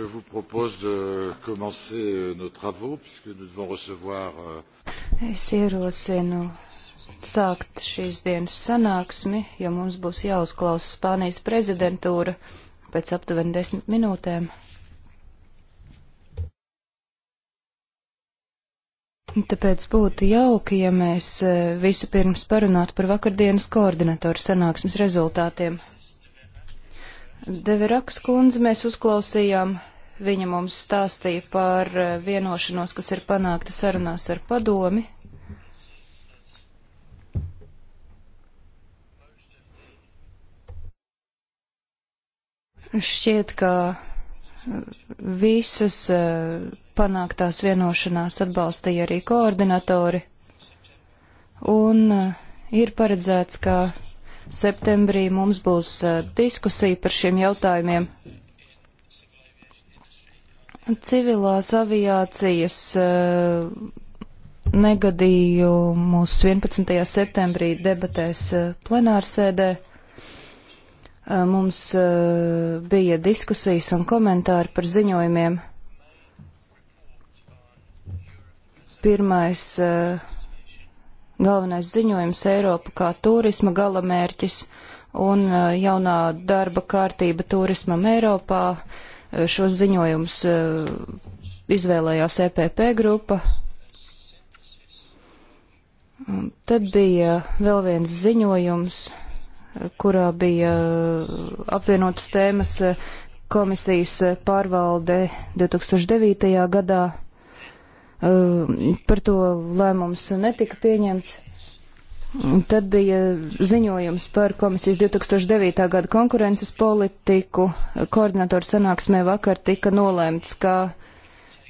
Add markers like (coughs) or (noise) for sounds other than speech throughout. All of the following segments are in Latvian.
je vous propose de commencer euh, nos travaux puisque nous devons recevoir. Euh, es ierosinu sākt šīs dienas sanāksmi, jo mums būs jāuzklausa Spānijas prezidentūra pēc aptuveni desmit minūtēm. Tāpēc būtu jauki, ja mēs e, vispirms parunātu par vakardienas koordinatoru sanāksmes rezultātiem. Deverakas kundze mēs uzklausījām Viņa mums stāstīja par eh, vienošanos, kas ir panākta sarunās ar padomi. Šķiet, ka eh, visas eh, panāktās vienošanās atbalstīja arī koordinatori, un ir paredzēts, ka septembrī mums būs diskusija par šiem jautājumiem civilās aviācijas eh, negadījumus 11. septembrī debatēs eh, plenārsēdē. Eh, mums bija diskusijas un komentāri par ziņojumiem. Pirmais galvenais ziņojums Eiropa kā turisma galamērķis un jaunā darba kārtība turismam Eiropā Eh, šos ziņojumus eh, izvēlējās EPP grupa. Un tad bija vēl viens ziņojums, eh, kurā bija apvienotas tēmas komisijas pārvalde 2009. gadā. Par to lēmums netika pieņemts. Tad bija ziņojums par komisijas 2009. gada konkurences politiku. Koordinatoru sanāksmē vakar tika nolēmts, ka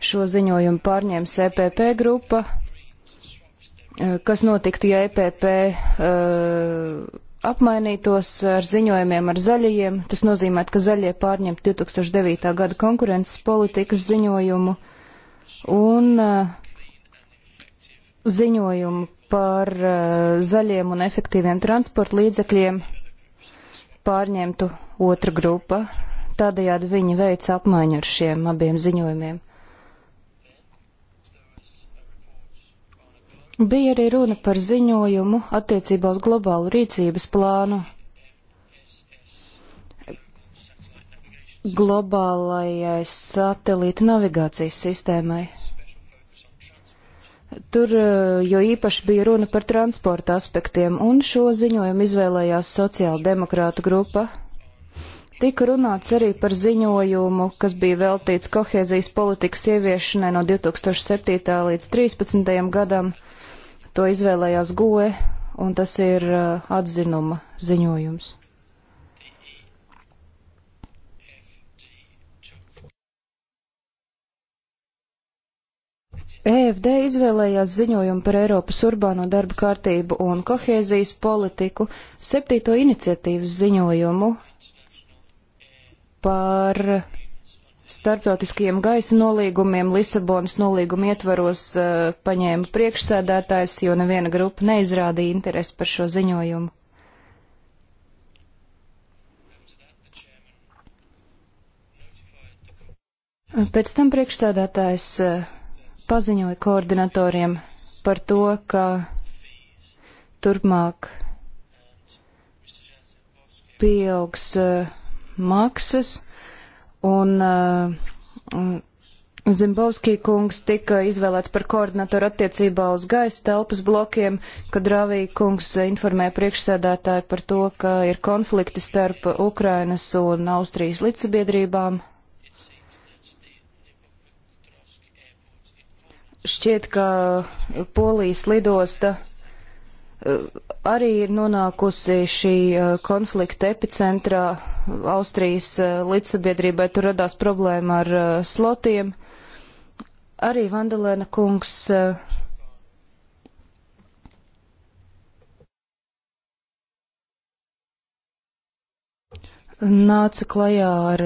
šo ziņojumu pārņems EPP grupa. Eh, kas notiktu, ja EPP uh, eh, apmainītos ar ziņojumiem ar zaļajiem? Tas nozīmē, ka zaļie pārņemtu 2009. gada konkurences politikas ziņojumu un uh, ziņojumu par eh, zaļiem un efektīviem transporta līdzekļiem pārņemtu otra grupa. Tādējādi viņi veica apmaiņu ar šiem abiem ziņojumiem. Bija arī runa par ziņojumu attiecībā uz globālu rīcības plānu globālajai satelītu navigācijas sistēmai. Tur eh, jo īpaši bija runa par transporta aspektiem, un šo ziņojumu izvēlējās sociāla demokrāta grupa. Tika runāts arī par ziņojumu, kas bija veltīts kohēzijas politikas ieviešanai no 2007. līdz 2013. gadam. To izvēlējās GOE, un tas ir eh, atzinuma ziņojums. EFD izvēlējās ziņojumu par Eiropas urbāno darba kārtību un kohēzijas politiku, septīto iniciatīvas ziņojumu par starptautiskajiem gaisa nolīgumiem Lisabonas nolīguma ietvaros uh, paņēma priekšsēdētājs, jo neviena grupa neizrādīja interesi par šo ziņojumu. Pēc tam priekšsēdētājs uh, paziņoja koordinatoriem par to, ka turpmāk pieaugs uh, maksas un eh, uh, Zimbovskī kungs tika izvēlēts par koordinatoru attiecībā uz gaisa telpas blokiem, kad Ravī kungs informēja priekšsēdētāju par to, ka ir konflikti starp Ukrainas un Austrijas līdzsabiedrībām. šķiet, ka Polijas lidosta eh, arī ir nonākusi šī eh, konflikta epicentrā Austrijas eh, līdzsabiedrībai. Tur radās problēma ar slotiem. Arī Vandelēna kungs. Nāca klajā ar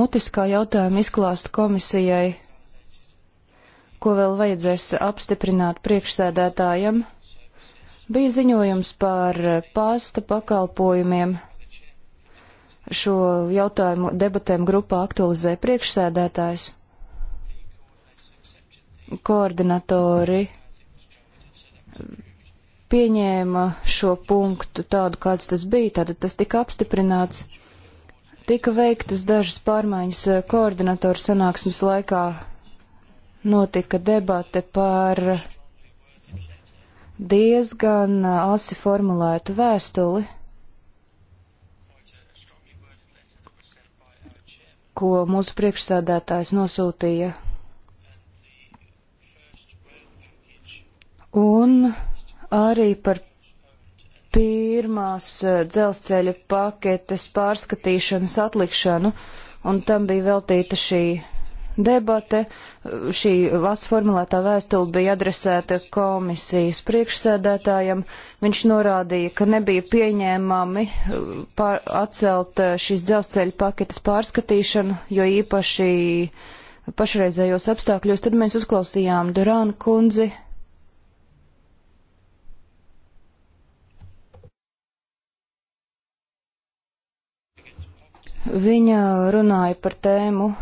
mutiskā jautājuma izklāstu komisijai ko vēl vajadzēs apstiprināt priekšsēdētājam, bija ziņojums par pāsta pakalpojumiem. Šo jautājumu debatēm grupā aktualizē priekšsēdētājs. Koordinatori pieņēma šo punktu tādu, kāds tas bija, tātad tas tika apstiprināts. Tika veiktas dažas pārmaiņas koordinatoru sanāksmes laikā notika debate par diezgan uh, asi formulētu vēstuli, ko mūsu priekšsādātājs nosūtīja. Un arī par pirmās uh, dzelzceļa paketes pārskatīšanas atlikšanu, un tam bija veltīta šī debate. Šī valsts formulētā vēstule bija adresēta komisijas priekšsēdētājam. Viņš norādīja, ka nebija pieņēmami uh, pār, atcelt uh, šīs dzelzceļa paketes pārskatīšanu, jo īpaši pašreizējos apstākļos. Tad mēs uzklausījām Durānu kundzi. Viņa runāja par tēmu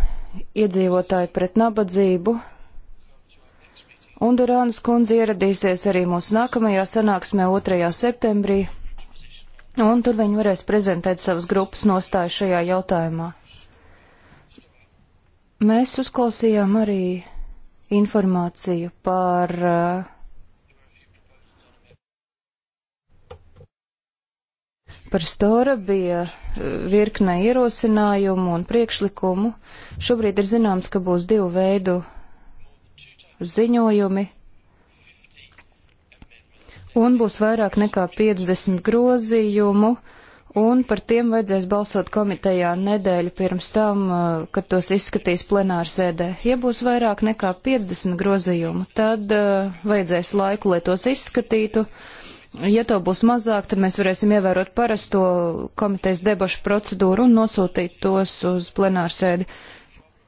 iedzīvotāji pret nabadzību. Un Durānas kundze ieradīsies arī mūsu nākamajā sanāksmē 2. septembrī, un tur viņi varēs prezentēt savas grupas nostāju šajā jautājumā. Mēs uzklausījām arī informāciju par uh, par Stora bija eh, virkne ierosinājumu un priekšlikumu. Šobrīd ir zināms, ka būs divu veidu ziņojumi un būs vairāk nekā 50 grozījumu, un par tiem vajadzēs balsot komitejā nedēļu pirms tam, eh, kad tos izskatīs plenārsēdē. Ja būs vairāk nekā 50 grozījumu, tad uh, vajadzēs laiku, lai tos izskatītu. Uh, Ja to būs mazāk, tad mēs varēsim ievērot parasto komitejas debašu procedūru un nosūtīt tos uz plenārsēdi.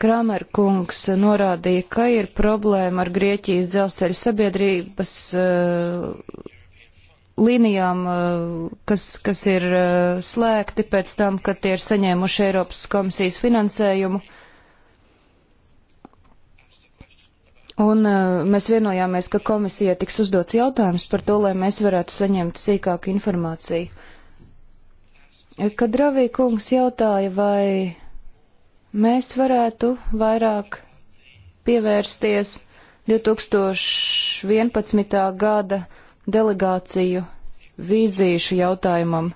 Kramer kungs norādīja, ka ir problēma ar Grieķijas dzelzceļa sabiedrības uh, līnijām, uh, kas, kas ir uh, slēgti pēc tam, kad tie ir saņēmuši Eiropas komisijas finansējumu. Uh, Un uh, mēs vienojāmies, ka komisija tiks uzdots jautājums par to, lai mēs varētu saņemt sīkāku informāciju. Kad Ravī kungs jautāja, vai mēs varētu vairāk pievērsties 2011. gada delegāciju vīzīšu jautājumam,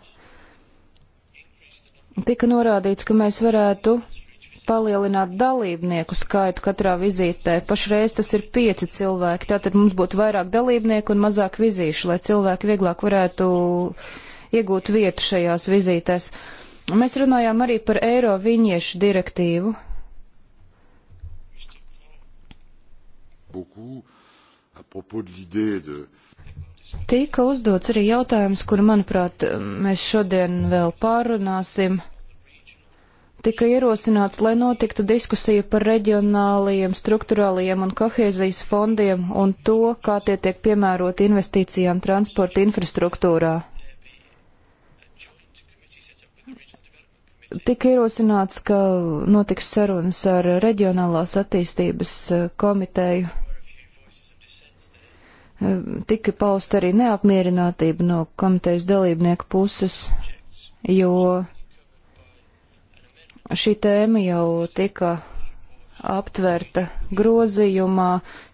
tika norādīts, ka mēs varētu palielināt dalībnieku skaitu katrā vizītē. Pašreiz tas ir pieci cilvēki, tātad mums būtu vairāk dalībnieku un mazāk vizīšu, lai cilvēki vieglāk varētu iegūt vietu šajās vizītēs. Mēs runājām arī par eiro viņiešu direktīvu. Tika uzdots arī jautājums, kuru, manuprāt, mēs šodien vēl pārunāsim tika ierosināts, lai notiktu diskusija par reģionālajiem, struktūrālajiem un kohēzijas fondiem un to, kā tie tiek piemēroti investīcijām transporta infrastruktūrā. Tika ierosināts, ka notiks sarunas ar reģionālās attīstības e, komiteju. E, tika paust arī neapmierinātība no komitejas dalībnieku puses, jo Šī tēma jau tika aptverta grozījumā,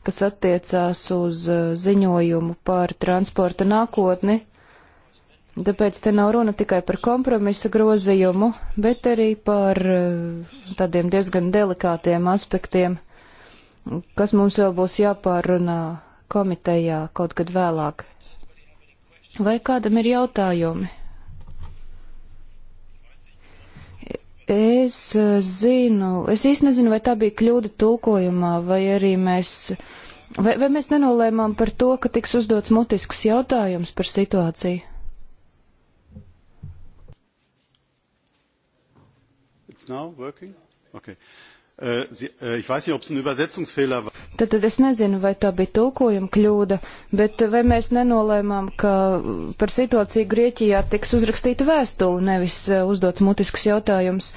kas attiecās uz uh, ziņojumu par transporta nākotni. Tāpēc te nav runa tikai par kompromisa grozījumu, bet arī par uh, tādiem diezgan delikātiem aspektiem, kas mums vēl būs jāpārunā komitejā kaut kad vēlāk. Vai kādam ir jautājumi? Es eh, zinu, es īsti nezinu, vai tā bija kļūda tulkojumā, vai arī mēs, vai, vai mēs nenolēmām par to, ka tiks uzdots mutisks jautājums par situāciju. It's now working? Okay. Uh, Äh, sie, äh, ich weiß nicht, ob es ein Übersetzungsfehler war. Tad, tad es nezinu, vai tā bija tulkojuma kļūda, bet vai mēs nenolēmām, ka par situāciju Grieķijā tiks uzrakstīta vēstule, nevis e, uzdots mutisks jautājums.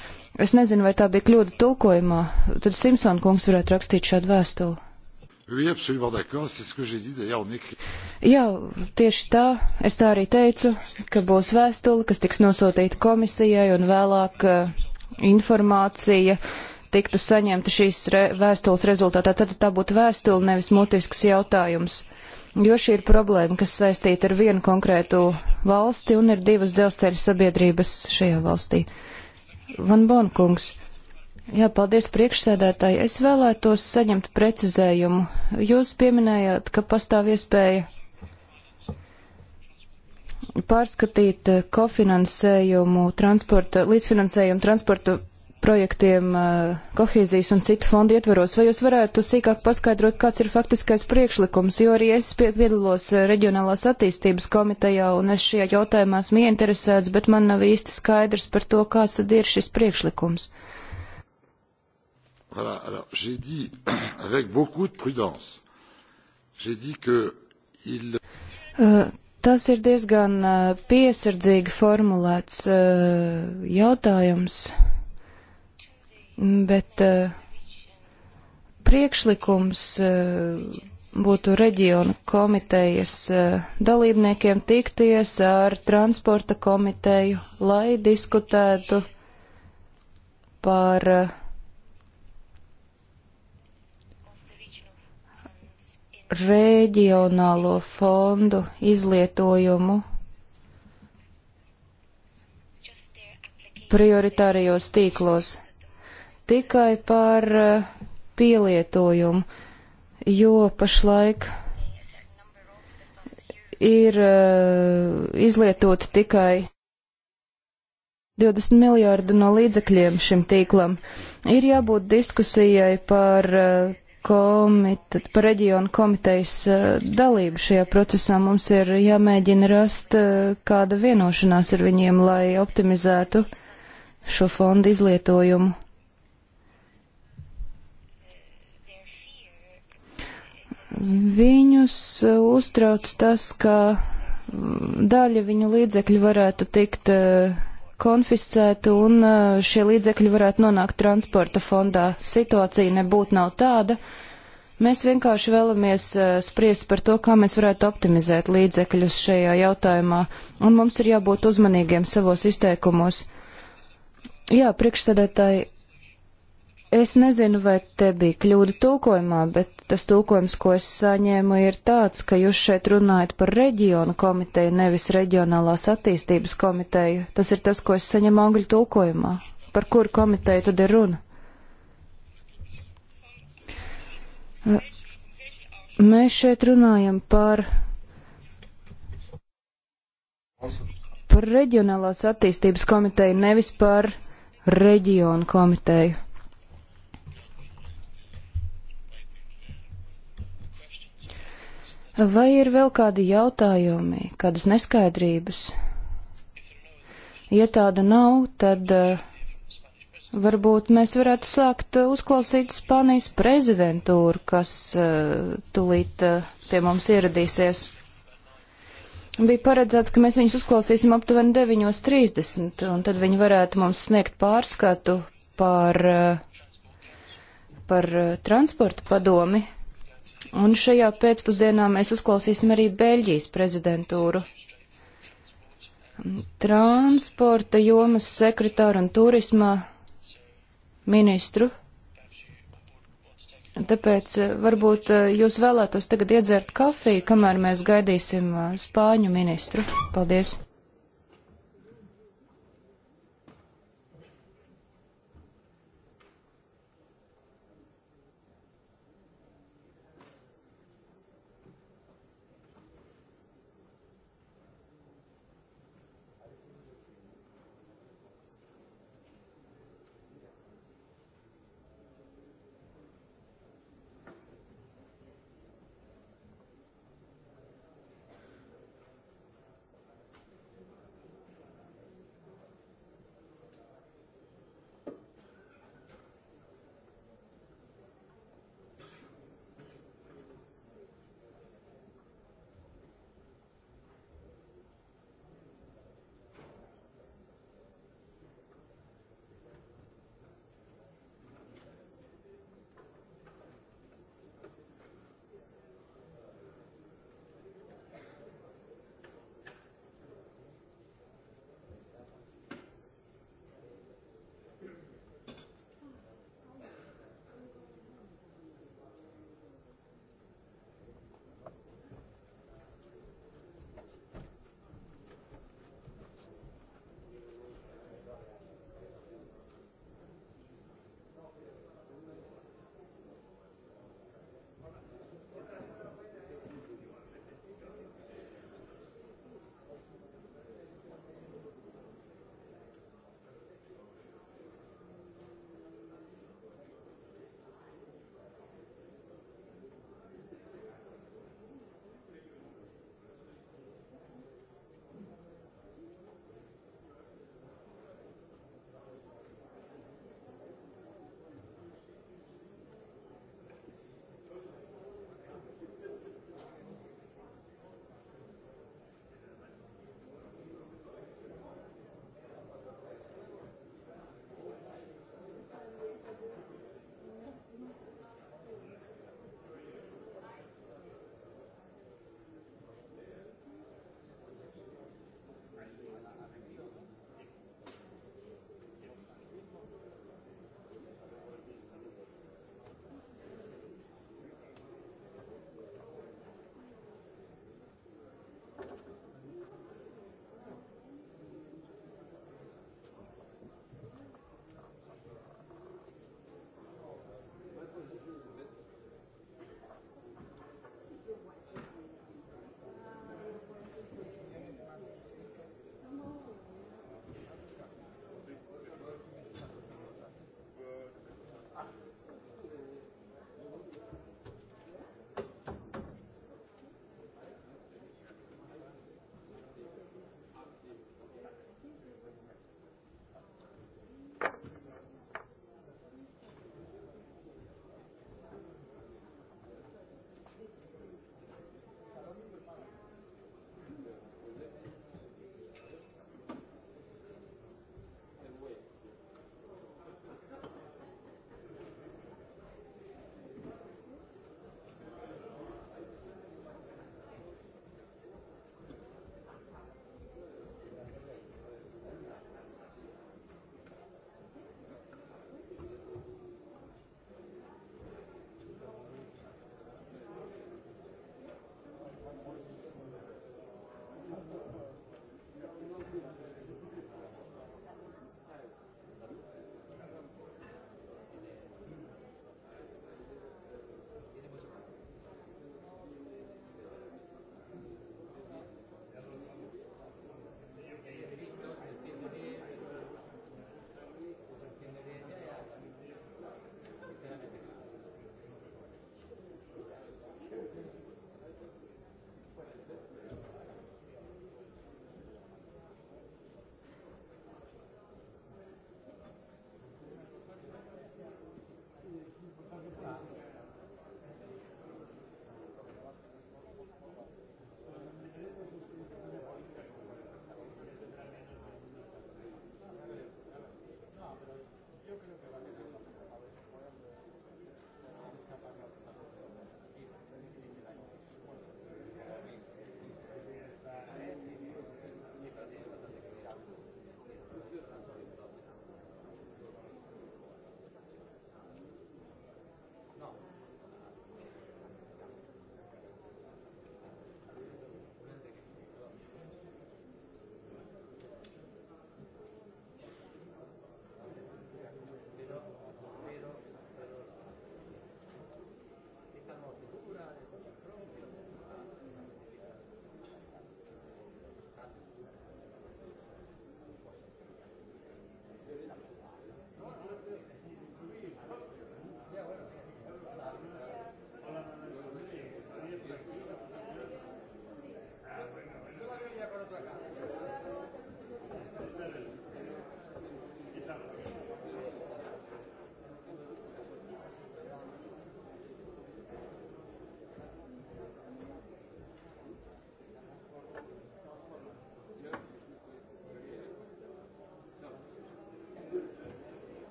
Es nezinu, vai tā bija kļūda tulkojumā. Tad Simpson kungs varētu rakstīt šādu vēstuli. Oui, absolument d'accord, c'est ce que j'ai dit d'ailleurs en écrit. Jā, tieši tā, es tā arī teicu, ka būs vēstule, kas tiks nosūtīta komisijai un vēlāk uh, informācija. Uh, tiktu saņemta šīs re vēstules rezultātā, tad tā būtu vēstule, nevis mutisks jautājums. Jo šī ir problēma, kas saistīta ar vienu konkrētu valsti un ir divas dzelzceļa sabiedrības šajā valstī. Van Bonkungs. Jā, paldies priekšsēdētāji. Es vēlētos saņemt precizējumu. Jūs pieminējāt, ka pastāv iespēja pārskatīt eh, kofinansējumu transporta, līdzfinansējumu transporta projektiem uh, kohēzijas un citu fondu ietveros. Vai jūs varētu sīkāk paskaidrot, kāds ir faktiskais priekšlikums, jo arī es piedalos uh, reģionālās attīstības komitejā un es šajā jautājumā esmu ieinteresēts, bet man nav īsti skaidrs par to, kāds tad ir šis priekšlikums. Voilà, alors j'ai dit (coughs) avec beaucoup de prudence, j'ai dit que il. Euh, tas ir diezgan uh, piesardzīgi formulēts uh, jautājums. Uh, bet eh, priekšlikums eh, būtu reģiona komitejas eh, dalībniekiem tikties ar transporta komiteju, lai diskutētu par reģionālo fondu izlietojumu prioritārijos tīklos tikai par eh, pielietojumu, jo pašlaik ir eh, izlietota tikai 20 miljārdu no līdzekļiem šim tīklam. Ir jābūt diskusijai par, eh, komite, par reģionu komitejas dalību šajā procesā. Mums ir jāmēģina rast kāda vienošanās ar viņiem, lai optimizētu šo fondu izlietojumu. Viņus uh, uztrauc tas, ka mm, daļa viņu līdzekļu varētu tikt uh, konfiscēta un uh, šie līdzekļi varētu nonākt transporta fondā. Situācija nebūtu nav tāda. Mēs vienkārši vēlamies spriest par to, kā mēs varētu optimizēt līdzekļus šajā jautājumā, un mums ir jābūt uzmanīgiem savos izteikumos. Jā, priekšsēdētāji, Es nezinu, vai te bija kļūda tulkojumā, bet tas tulkojums, ko es saņēmu, ir tāds, ka jūs šeit runājat par reģionu komiteju, nevis reģionālās attīstības komiteju. Tas ir tas, ko es saņemu angļu tulkojumā. Par kuru komiteju tad ir runa? Mēs šeit runājam par. Par reģionālās attīstības komiteju, nevis par reģionu komiteju. Vai ir vēl kādi jautājumi, kādas neskaidrības? Ja tāda nav, tad eh, varbūt mēs varētu sākt eh, uzklausīt Spānijas prezidentūru, kas eh, tulīt pie mums ieradīsies. Bija paredzēts, ka mēs viņus uzklausīsim aptuveni 9.30, un tad viņi varētu mums sniegt pārskatu par, par transporta padomi Un šajā pēcpusdienā mēs uzklausīsim arī Beļģijas prezidentūru. Transporta jomas sekretāru un turisma ministru. Tāpēc eh, varbūt eh, jūs vēlētos tagad iedzert kafiju, kamēr mēs gaidīsim eh, spāņu ministru. Paldies!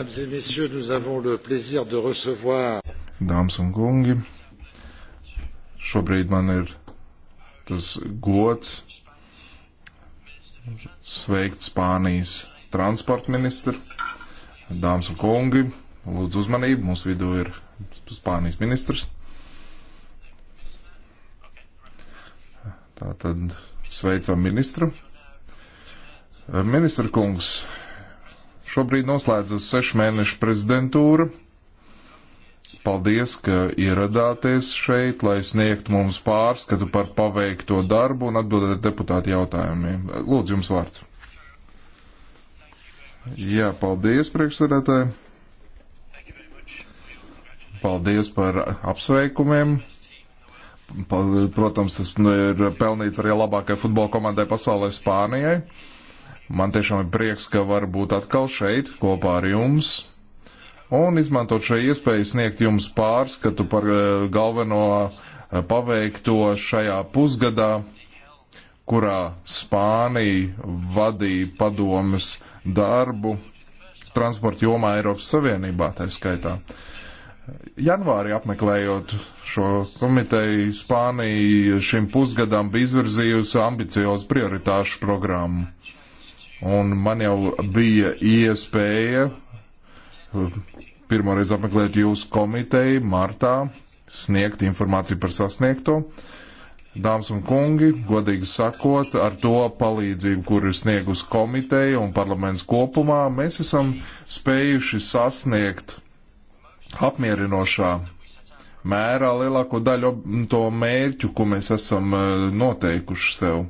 Mesdames et messieurs, nous avons le plaisir de recevoir. Dāmas un kungi, šobrīd man ir tas gods sveikt Spānijas transporta ministru. Dāmas un kungi, lūdzu uzmanību, mūsu vidū ir Spānijas ministrs. Tātad sveicam ministru. Ministra kungs, Šobrīd noslēdzas sešu mēnešu prezidentūra. Paldies, ka ieradāties šeit, lai sniegt mums pārskatu par paveikto darbu un atbildēt deputāti jautājumiem. Lūdzu, jums vārds. Jā, paldies, priekšsēdētāji. Paldies par apsveikumiem protams, tas ir pelnīts arī labākajai futbola komandai pasaulē Spānijai. Man tiešām ir prieks, ka var būt atkal šeit kopā ar jums un izmantot šo iespēju sniegt jums pārskatu par eh, galveno eh, paveikto šajā pusgadā, kurā Spānija vadīja padomas darbu transporta jomā Eiropas Savienībā, tā skaitā. Janvārī apmeklējot šo komiteju, Spānija šim pusgadam bija izvirzījusi ambiciozu prioritāšu programmu Un man jau bija iespēja uh, pirmoreiz apmeklēt jūsu komiteju martā, sniegt informāciju par sasniegto. Dāmas un kungi, godīgi sakot, ar to palīdzību, kur ir sniegus komiteja un parlaments kopumā, mēs esam spējuši sasniegt apmierinošā mērā lielāko daļu to mērķu, ko mēs esam uh, noteikuši sev.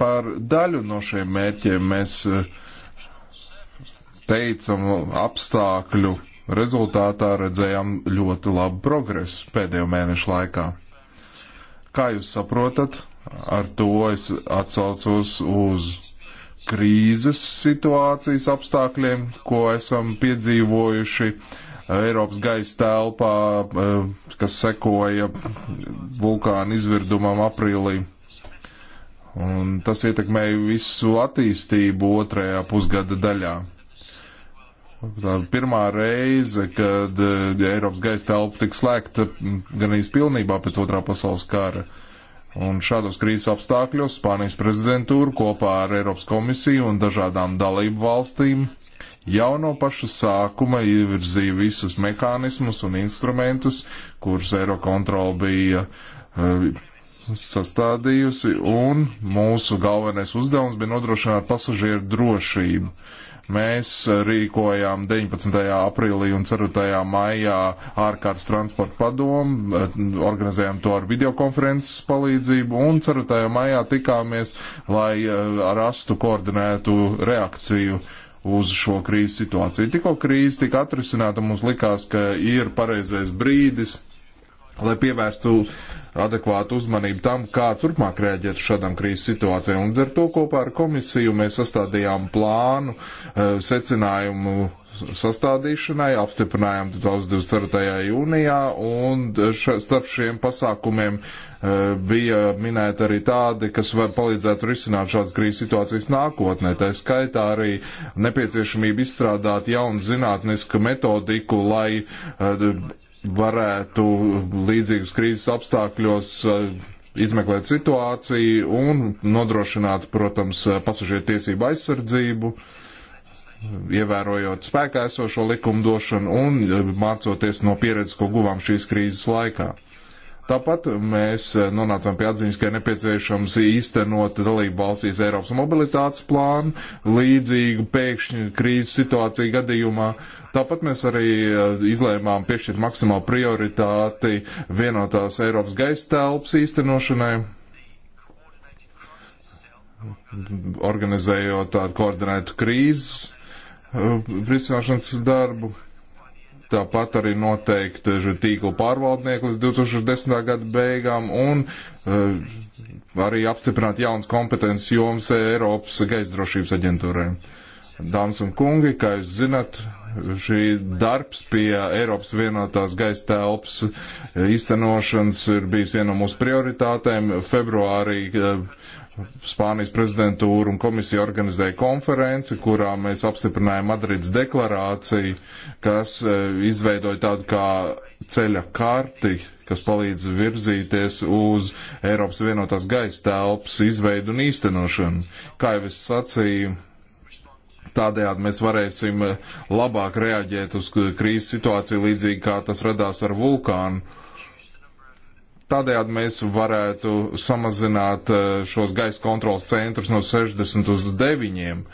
Par daļu no šiem mērķiem mēs eh, teicam apstākļu rezultātā redzējām ļoti labu progresu pēdējo mēnešu laikā. Kā jūs saprotat, ar to es atsaucos uz krīzes situācijas apstākļiem, ko esam piedzīvojuši eh, Eiropas gaisa telpā, eh, kas sekoja vulkāna izvirdumam aprīlī un tas ietekmēja visu attīstību otrajā pusgada daļā. Tā pirmā reize, kad Eiropas gaisa telpa tika slēgta gan īstenībā pēc otrā pasaules kara. Un šādos krīzes apstākļos Spānijas prezidentūra kopā ar Eiropas komisiju un dažādām dalību valstīm jau no paša sākuma ievirzīja visus mehānismus un instrumentus, kurus Eirokontrola bija uh, sastādījusi, un mūsu galvenais uzdevums bija nodrošināt pasažieru drošību. Mēs rīkojām 19. aprīlī un 4. maijā ārkārtas transporta padomu, eh, organizējām to ar videokonferences palīdzību un 4. maijā tikāmies, lai eh, rastu koordinētu reakciju uz šo krīzes situāciju. Tikko krīze tika atrisināta, mums likās, ka ir pareizais brīdis lai pievērstu adekvātu uzmanību tam, kā turpmāk rēģēt šādām krīzes situācijām. Līdz ar to kopā ar komisiju mēs sastādījām plānu, e, secinājumu sastādīšanai, apstiprinājām to 24. jūnijā, un ša, starp šiem pasākumiem e, bija minēta arī tādi, kas var palīdzēt risināt šādas krīzes situācijas nākotnē. Tā skaitā arī nepieciešamība izstrādāt jaunu zinātnisku metodiku, lai e, varētu līdzīgus krīzes apstākļos uh, izmeklēt situāciju un nodrošināt, protams, uh, pasažieru tiesību aizsardzību, ievērojot spēkā esošo likumdošanu un uh, mācoties no pieredzes, ko guvām šīs krīzes laikā. Tāpat mēs eh, nonācām pie atziņas, ka ir nepieciešams īstenot dalību valstīs Eiropas mobilitātes plānu, līdzīgu pēkšņu krīzes situāciju gadījumā. Tāpat mēs arī eh, izlēmām piešķirt maksimālu prioritāti vienotās Eiropas gaisa telpas īstenošanai organizējot tādu koordinētu krīzes eh, risināšanas darbu tāpat arī noteikti tīkla pārvaldnieku līdz 2010. gada beigām un eh, arī apstiprināt jaunas kompetences jomas Eiropas gaisdrošības aģentūrai. Dāmas un kungi, kā jūs zinat, šī darbs pie Eiropas vienotās gaisa telpas eh, īstenošanas ir bijis viena no mūsu prioritātēm. Februārī eh, Spānijas prezidentūra un komisija organizēja konferenci, kurā mēs apstiprinājām Madrids deklarāciju, kas e, izveidoja tādu kā ceļa karti, kas palīdz virzīties uz Eiropas vienotās gaisa telpas izveidu un īstenošanu. Kā jau es sacīju, Tādējādi mēs varēsim e, labāk reaģēt uz krīzes situāciju, līdzīgi kā tas radās ar vulkānu Tādējādi mēs varētu samazināt eh, šos gaisa kontrolas centrus no 60 uz 9.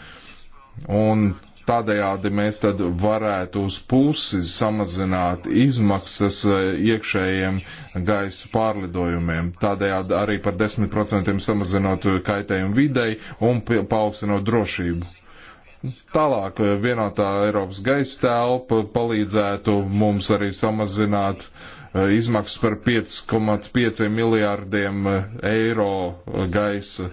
Un tādējādi mēs tad varētu uz pusi samazināt izmaksas eh, iekšējiem gaisa pārlidojumiem. Tādējādi arī par 10% samazinot kaitējumu videi un paaugstinot drošību. Tālāk eh, vienotā Eiropas gaisa telpa palīdzētu mums arī samazināt uh, Eh, izmaksas par 5,5 miljārdiem eh, eiro eh, gaisa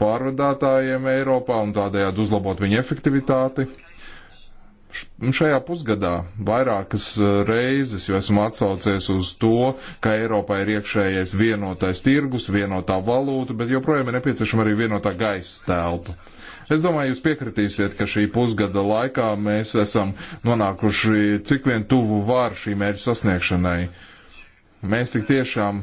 pārvadātājiem Eiropā un tādējādi uzlabot viņu efektivitāti. Šajā pusgadā vairākas reizes jau esmu atsaucies uz to, ka Eiropā ir iekšējais vienotais tirgus, vienotā valūta, bet joprojām ir nepieciešama arī vienotā gaisa telpa. Uh, Es domāju, jūs piekritīsiet, ka šī pusgada laikā mēs esam nonākuši cik vien tuvu var šī mērķa sasniegšanai. Mēs tik tiešām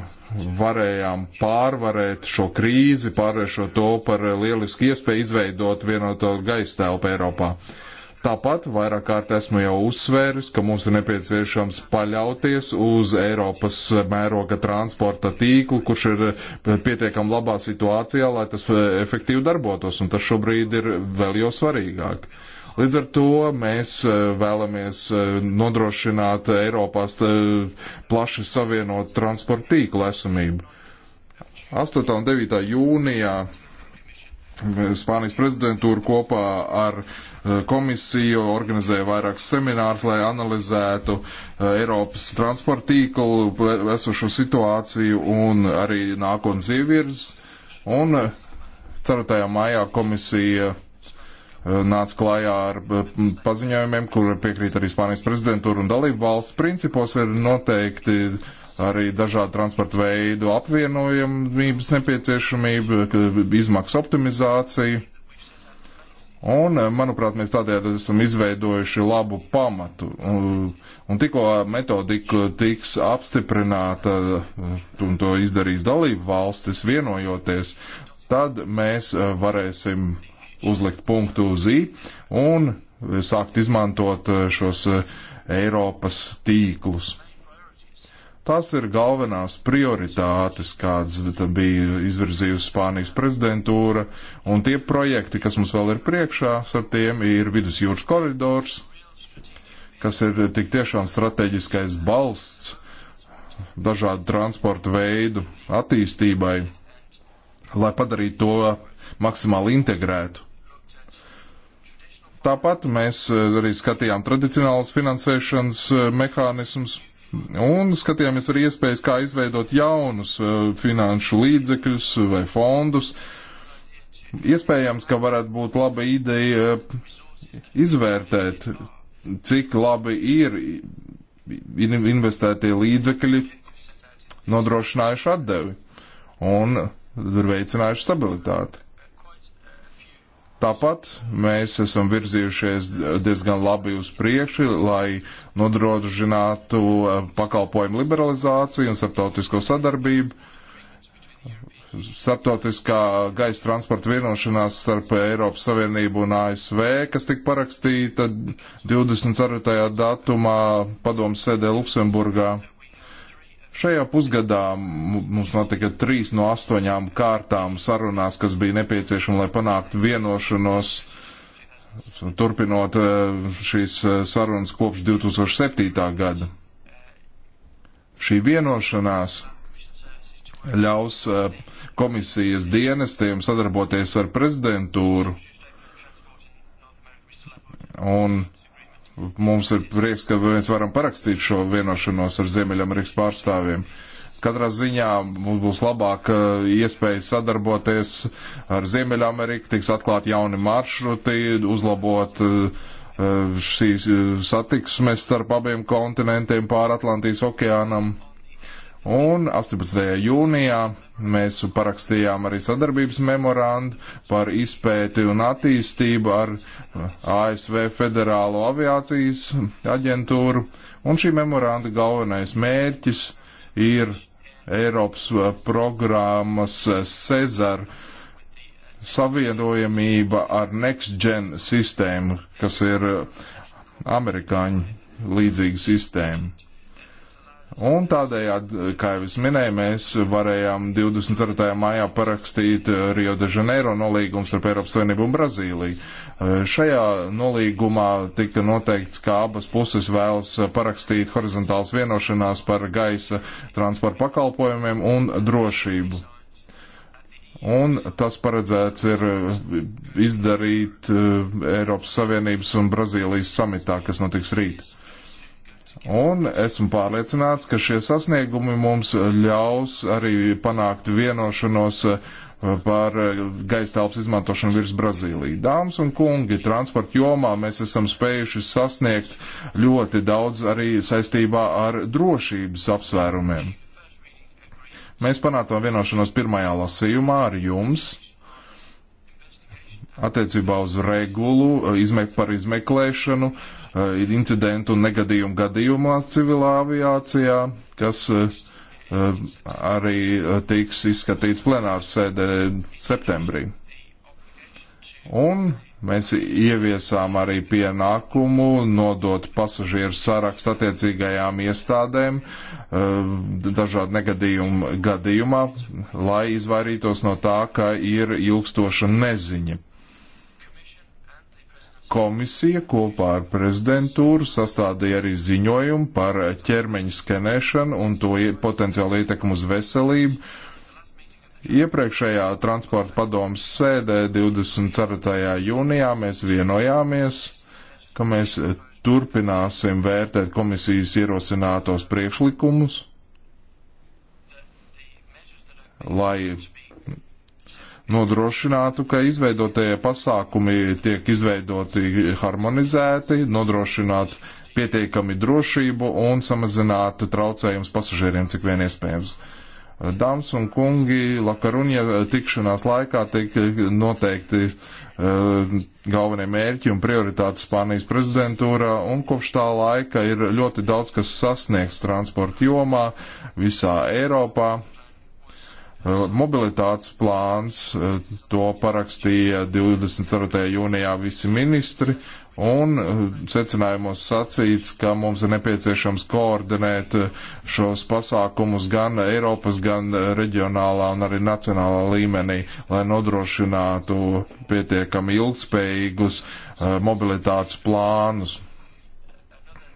varējām pārvarēt šo krīzi, pārvēršot to par lielisku iespēju izveidot vienoto gaisa telpu Eiropā. Uh, Tāpat vairāk kārt esmu jau uzsvēris, ka mums ir nepieciešams paļauties uz Eiropas mēroga transporta tīklu, kurš ir pietiekam labā situācijā, lai tas e, efektīvi darbotos, un tas šobrīd ir vēl jau svarīgāk. Līdz ar to mēs e, vēlamies e, nodrošināt Eiropās plaši savienot transporta tīklu esamību. 8. un 9. jūnijā Spānijas prezidentūra kopā ar eh, komisiju organizēja vairākus seminārus, lai analizētu eh, Eiropas transporta tīklu eh, esošo situāciju un arī nākotnes ievirzes. Un 4. maijā komisija nāca klājā ar paziņojumiem, kur piekrīt arī Spānijas prezidentūra un dalību valsts. Principos ir noteikti arī dažādu transporta veidu apvienojamības nepieciešamību, izmaksu optimizāciju. Un, eh, manuprāt, mēs tādējādi esam izveidojuši labu pamatu. Un, un tikko metodika tiks apstiprināta eh, un to izdarīs dalību valstis vienojoties, tad mēs eh, varēsim uzlikt punktu uz i un sākt izmantot šos Eiropas tīklus. Tās ir galvenās prioritātes, kādas bija izvirzījusi Spānijas prezidentūra, un tie projekti, kas mums vēl ir priekšā, ar tiem ir vidusjūras koridors, kas ir tik tiešām strateģiskais balsts dažādu transportu veidu attīstībai, lai padarītu to maksimāli integrētu. Tāpat mēs eh, arī skatījām tradicionālus finansēšanas eh, mehānismus, Un skatījāmies arī iespējas, kā izveidot jaunus eh, finanšu līdzekļus vai fondus. Iespējams, ka varētu būt laba ideja eh, izvērtēt, cik labi ir investētie līdzekļi nodrošinājuši atdevi un veicinājuši stabilitāti. Tāpat mēs esam virzījušies diezgan labi uz priekšu, lai nodrošinātu eh, pakalpojumu liberalizāciju un starptautisko sadarbību. Startautiskā gaisa transporta vienošanās starp Eiropas Savienību un ASV, kas tika parakstīta 24. datumā padomu sēdē Luksemburgā Šajā pusgadā mums notika trīs no astoņām kārtām sarunās, kas bija nepieciešama, lai panāktu vienošanos, turpinot e, šīs e, sarunas kopš 2007. gada. Šī vienošanās ļaus e, komisijas dienestiem sadarboties ar prezidentūru un Mums ir prieks, ka mēs varam parakstīt šo vienošanos ar Ziemeļamerikas pārstāvjiem. Katrā ziņā mums būs labāka iespēja sadarboties ar Ziemeļameriku, tiks atklāti jauni maršruti, uzlabot eh, šīs eh, satiksmes starp abiem kontinentiem pāri Atlantijas okeānam. Un 18. jūnijā mēs parakstījām arī sadarbības memorandu par izpēti un attīstību ar uh, ASV Federālo aviācijas aģentūru. Un šī memoranda galvenais mērķis ir Eiropas uh, programmas uh, Cezar savienojamība ar NextGen sistēmu, kas ir amerikāņu līdzīga sistēma. Un tādējādi, kā jau es minēju, mēs varējām 24. maijā parakstīt eh, Rio de Janeiro nolīgums ar Eiropas Savienību un Brazīliju. Eh, šajā nolīgumā tika noteikts, ka abas puses vēlas eh, parakstīt horizontāls vienošanās par gaisa transporta pakalpojumiem un drošību. Un tas paredzēts ir izdarīt Eiropas Savienības un Brazīlijas samitā, kas notiks rīt. Un esmu pārliecināts, ka šie sasniegumi mums ļaus arī panākt vienošanos eh, par eh, gaisa telpas izmantošanu virs Brazīliju. Dāmas un kungi, transporta jomā mēs esam spējuši sasniegt ļoti daudz arī saistībā ar drošības apsvērumiem. Mēs panācām vienošanos pirmajā lasījumā ar jums attiecībā uz regulu eh, izme par izmeklēšanu eh, incidentu un negadījumu gadījumā civilā aviācijā, kas eh, arī tiks izskatīts plenārs sēdē septembrī. Un mēs ieviesām arī pienākumu nodot pasažieru sarakstu attiecīgajām iestādēm dažādu negadījumu gadījumā, lai izvairītos no tā, ka ir ilgstoša neziņa Komisija kopā ar prezidentūru sastādīja arī ziņojumu par ķermeņa skenēšanu un to potenciālu ietekmu uz veselību. Iepriekšējā transporta padomas sēdē 24. jūnijā mēs vienojāmies, ka mēs turpināsim vērtēt komisijas ierosinātos priekšlikumus, lai nodrošinātu, ka izveidotie pasākumi tiek izveidoti harmonizēti, nodrošināt pietiekami drošību un samazināt traucējumus pasažieriem, cik vien iespējams. Dāmas un kungi, Lakaruņa tikšanās laikā tiek noteikti uh, galvenie mērķi un prioritātes Spānijas prezidentūrā, un kopš tā laika ir ļoti daudz, kas sasniegs transporta jomā visā Eiropā Uh, mobilitātes plāns uh, to parakstīja 24. jūnijā visi ministri, un uh, secinājumos sacīts, ka mums ir nepieciešams koordinēt šos pasākumus gan Eiropas, gan reģionālā un arī nacionālā līmenī, lai nodrošinātu pietiekami ilgspējīgus mobilitātes plānus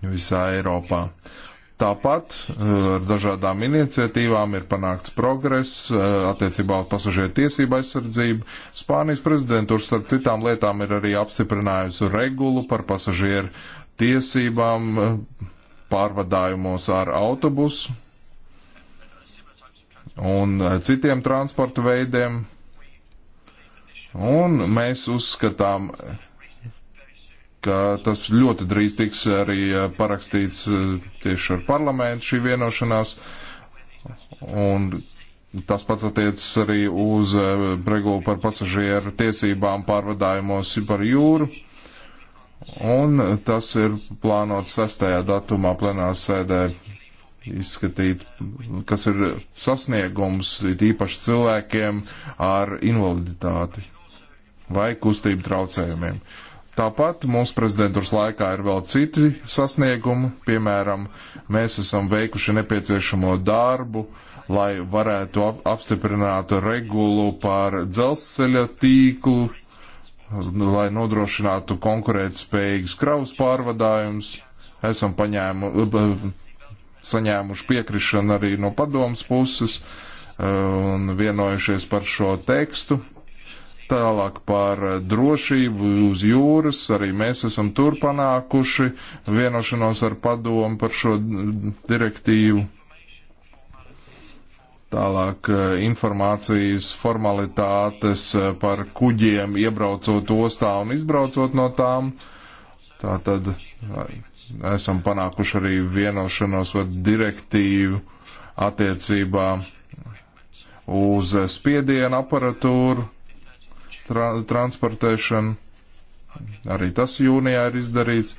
visā Eiropā. Uh, Tāpat eh, ar dažādām iniciatīvām ir panākts progress eh, attiecībā uz pasažieru tiesību aizsardzību. Spānijas prezidentūra starp citām lietām ir arī apstiprinājusi regulu par pasažieru tiesībām eh, pārvadājumos ar autobusu un citiem transporta veidiem. Un mēs uzskatām, ka tas ļoti drīz tiks arī eh, parakstīts eh, tieši ar parlamentu šī vienošanās. Un tas pats attiecas arī uz eh, regulu par pasažieru tiesībām pārvadājumos par jūru. Un tas ir plānots 6. datumā plenāru sēdē izskatīt, kas ir sasniegums īpaši cilvēkiem ar invaliditāti vai kustību traucējumiem. Uh, Tāpat mūsu prezidentūras laikā ir vēl citi sasniegumi, piemēram, mēs esam veikuši nepieciešamo darbu, lai varētu ap apstiprināt regulu par dzelzceļa tīklu, lai nodrošinātu konkurētspējīgus kravas pārvadājumus. Esam paņēmu, saņēmuši piekrišanu arī no padomas puses un vienojušies par šo tekstu. Tālāk par drošību uz jūras, arī mēs esam tur panākuši vienošanos ar padomu par šo direktīvu. Tālāk eh, informācijas formalitātes eh, par kuģiem iebraucot ostā un izbraucot no tām. Tātad eh, esam panākuši arī vienošanos par direktīvu attiecībā uz spiedienu aparatūru tra transportēšanu. Arī tas jūnijā ir izdarīts.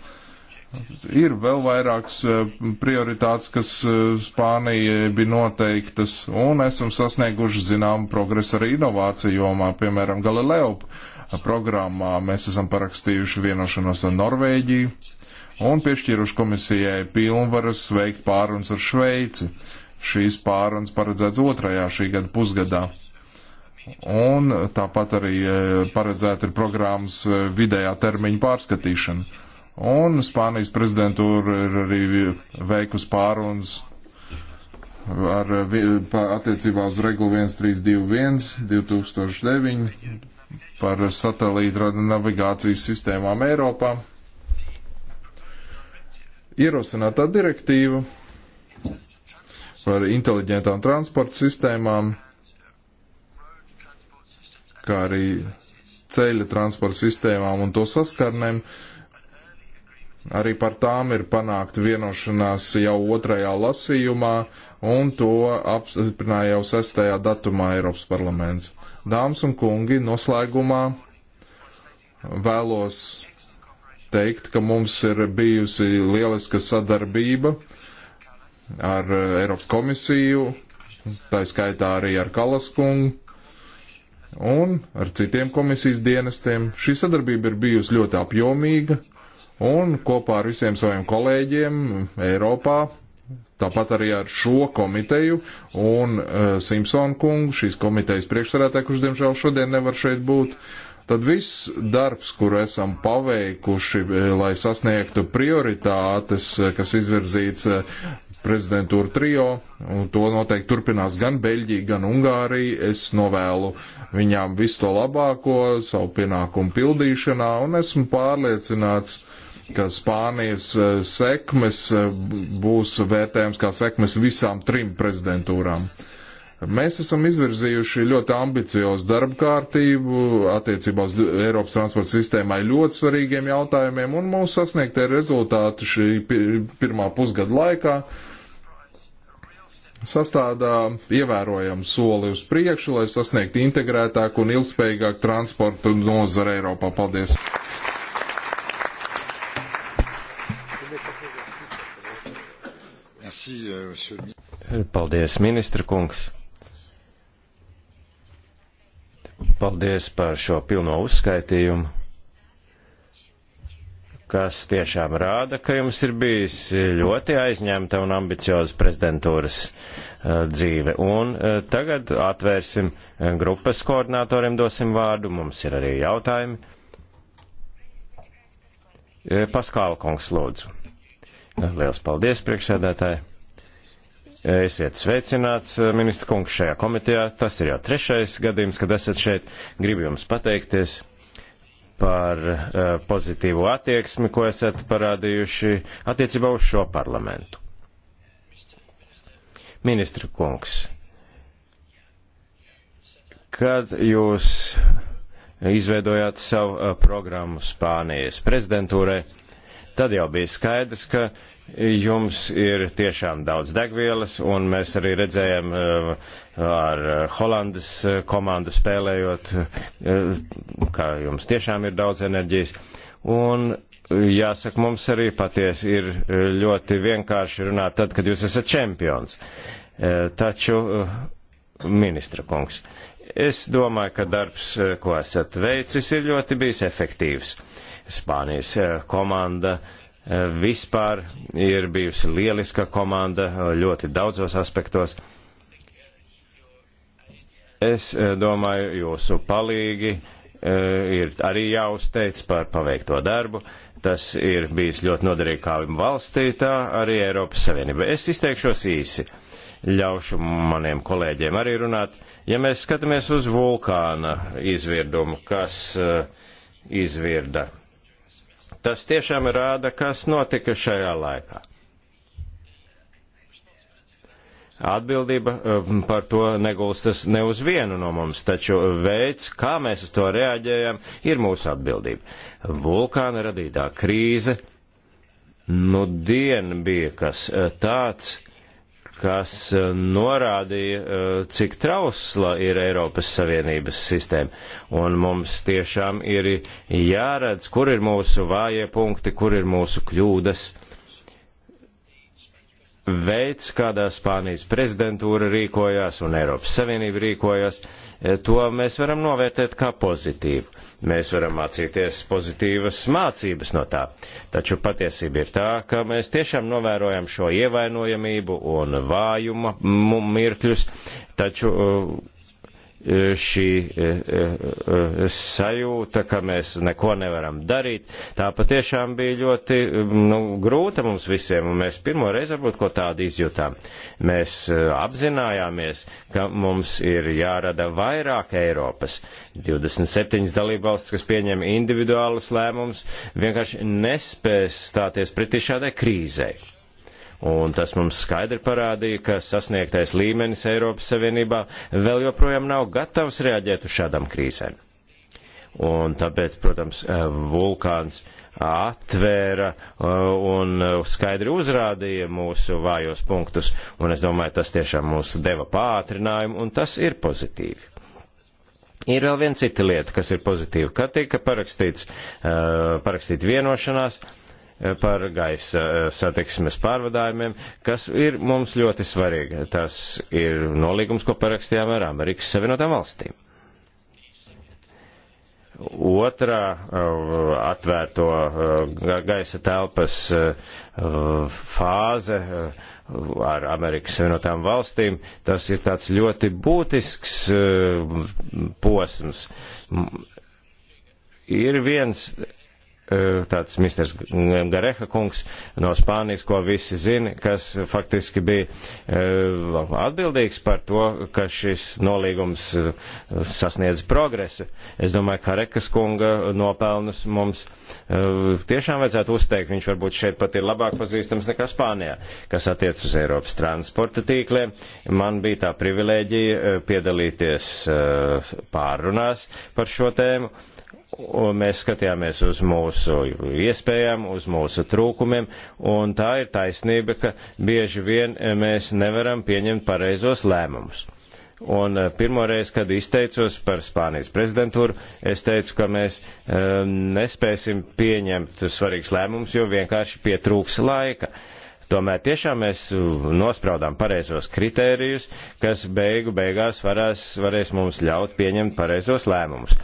Ir vēl vairākas eh, prioritātes, kas eh, Spānijai bija noteiktas, un esam sasnieguši zināmu progresu arī inovāciju jomā, piemēram, Galileo programmā. Mēs esam parakstījuši vienošanos ar Norvēģiju un piešķīruši komisijai pilnvaras veikt pārunas ar Šveici. Šīs pārunas paredzēts otrajā šī gada pusgadā. Un tāpat arī e, paredzēta ir programmas e, vidējā termiņa pārskatīšana. Un Spānijas prezidentūra ir arī veikusi pārunas ar e, attiecībā uz regulu 1321 2009 par satelīta navigācijas sistēmām Eiropā. Ierosinātā direktīva par inteliģentām transporta sistēmām kā arī ceļa transporta sistēmām un to saskarnēm. Arī par tām ir panākt vienošanās jau otrajā lasījumā, un to apstiprināja jau 6. datumā Eiropas parlaments. Dāmas un kungi, noslēgumā vēlos teikt, ka mums ir bijusi lieliska sadarbība ar Eiropas komisiju, tā skaitā arī ar Kalaskungu un ar citiem komisijas dienestiem. Šī sadarbība ir bijusi ļoti apjomīga un kopā ar visiem saviem kolēģiem Eiropā, tāpat arī ar šo komiteju un uh, eh, Simpsonu kungu, šīs komitejas priekšsarētāju, kurš diemžēl šodien nevar šeit būt, uh, tad viss darbs, kuru esam paveikuši, eh, lai sasniegtu prioritātes, eh, kas izvirzīts eh, prezidentūra trijo, un to noteikti turpinās gan Beļģija, gan Ungārija. Es novēlu viņām visu to labāko savu pienākumu pildīšanā, un esmu pārliecināts, ka Spānijas sekmes būs vērtējums kā sekmes visām trim prezidentūrām. Mēs esam izvirzījuši ļoti ambiciozu darba kārtību attiecībā uz Eiropas transporta sistēmai ļoti svarīgiem jautājumiem, un mūsu sasniegtie rezultāti šī pirmā pusgada laikā sastādā ievērojamu soli uz priekšu, lai sasniegtu integrētāku un ilgspējīgāku transportu nozara Eiropā. Paldies! Euh, Paldies, ministra kungs! Paldies par šo pilno uzskaitījumu, kas tiešām rāda, ka jums ir bijis ļoti aizņemta un ambicioza prezidentūras eh, dzīve. Un eh, tagad atvērsim eh, grupas koordinatoriem, dosim vārdu, mums ir arī jautājumi. Paskāla kungs lūdzu. Liels paldies priekšsēdētāji. Esiet sveicināts, eh, ministra kungs, šajā komitejā. Tas ir jau trešais gadījums, kad esat šeit. Gribu jums pateikties par eh, pozitīvo attieksmi, ko esat parādījuši attiecībā uz šo parlamentu. Ministra kungs, kad jūs izveidojāt savu eh, programmu Spānijas prezidentūrai, tad jau bija skaidrs, ka jums ir tiešām daudz degvielas, un mēs arī redzējām eh, ar eh, Holandas eh, komandu spēlējot, ka jums tiešām ir daudz enerģijas. Un jāsaka, mums arī patiesi ir ļoti vienkārši runāt tad, kad jūs esat čempions. Taču, ministra kungs, es domāju, ka darbs, ko esat veicis, ir ļoti bijis efektīvs. Spānijas eh, komanda eh, vispār ir bijusi lieliska komanda eh, ļoti daudzos aspektos. Es domāju, jūsu palīgi ir arī jāuzteic par paveikto darbu. Tas ir bijis ļoti noderīgi kā valstī, tā arī Eiropas Savienība. Es izteikšos īsi, ļaušu maniem kolēģiem arī runāt. Ja mēs skatāmies uz vulkāna izvirdumu, kas izvirda Tas tiešām rāda, kas notika šajā laikā. Atbildība eh, par to negulstas ne uz vienu no mums, taču veids, kā mēs uz to reaģējam, ir mūsu atbildība. Vulkāna radītā krīze, nu dien bija kas eh, tāds, kas eh, norādīja, eh, cik trausla ir Eiropas Savienības sistēma. Un mums tiešām ir jāredz, kur ir mūsu vājie punkti, kur ir mūsu kļūdas. Veids, kādā Spānijas prezidentūra rīkojās un Eiropas Savienība rīkojās, eh, to mēs varam novērtēt kā pozitīvu. Mēs varam mācīties pozitīvas mācības no tā. Taču patiesība ir tā, ka mēs tiešām novērojam šo ievainojamību un vājuma mirkļus, taču uh, E, šī e, e, sajūta, ka mēs neko nevaram darīt. Tā patiešām bija ļoti nu, grūta mums visiem, un mēs pirmo reizi varbūt ko tādu izjūtām. Mēs apzinājāmies, ka mums ir jārada vairāk Eiropas. 27 dalībvalstis, kas pieņem individuālus lēmumus, vienkārši nespēs stāties pretī šādai krīzei Un tas mums skaidri parādīja, ka sasniegtais līmenis Eiropas Savienībā vēl joprojām nav gatavs reaģēt uz šādām krīzēm. Un tāpēc, protams, eh, vulkāns atvēra eh, un eh, skaidri uzrādīja mūsu vājos punktus, un es domāju, tas tiešām mūs deva pātrinājumu, un tas ir pozitīvi. Ir vēl viena cita lieta, kas ir pozitīva, ka tika parakstīts, parakstīt vienošanās, uh, par gaisa eh, satiksmes pārvadājumiem, kas ir mums ļoti svarīgi. Tas ir nolīgums, ko parakstījām ar Amerikas Savienotām valstīm otrā eh, atvērto eh, gaisa telpas fāze ar Amerikas Savienotām valstīm, tas ir tāds ļoti būtisks posms. Ir viens tāds misters Gareha kungs no Spānijas, ko visi zina, kas faktiski bija atbildīgs par to, ka šis nolīgums sasniedz progresu. Es domāju, ka Rekas kunga nopelnus mums tiešām vajadzētu uzteikt. Viņš varbūt šeit pat ir labāk pazīstams nekā Spānijā, kas attiec uz Eiropas transporta tīkliem. Man bija tā privilēģija piedalīties pārrunās par šo tēmu un mēs skatījāmies uz mūsu iespējām, uz mūsu trūkumiem, un tā ir taisnība, ka bieži vien mēs nevaram pieņemt pareizos lēmumus. Un eh, pirmoreiz, kad izteicos par Spānijas prezidentūru, es teicu, ka mēs um, nespēsim pieņemt svarīgus lēmumus, jo vienkārši pietrūks laika. Uh, Tomēr tiešām mēs nospraudām pareizos kritērijus, kas beigu beigās varēs, varēs mums ļaut pieņemt pareizos lēmumus.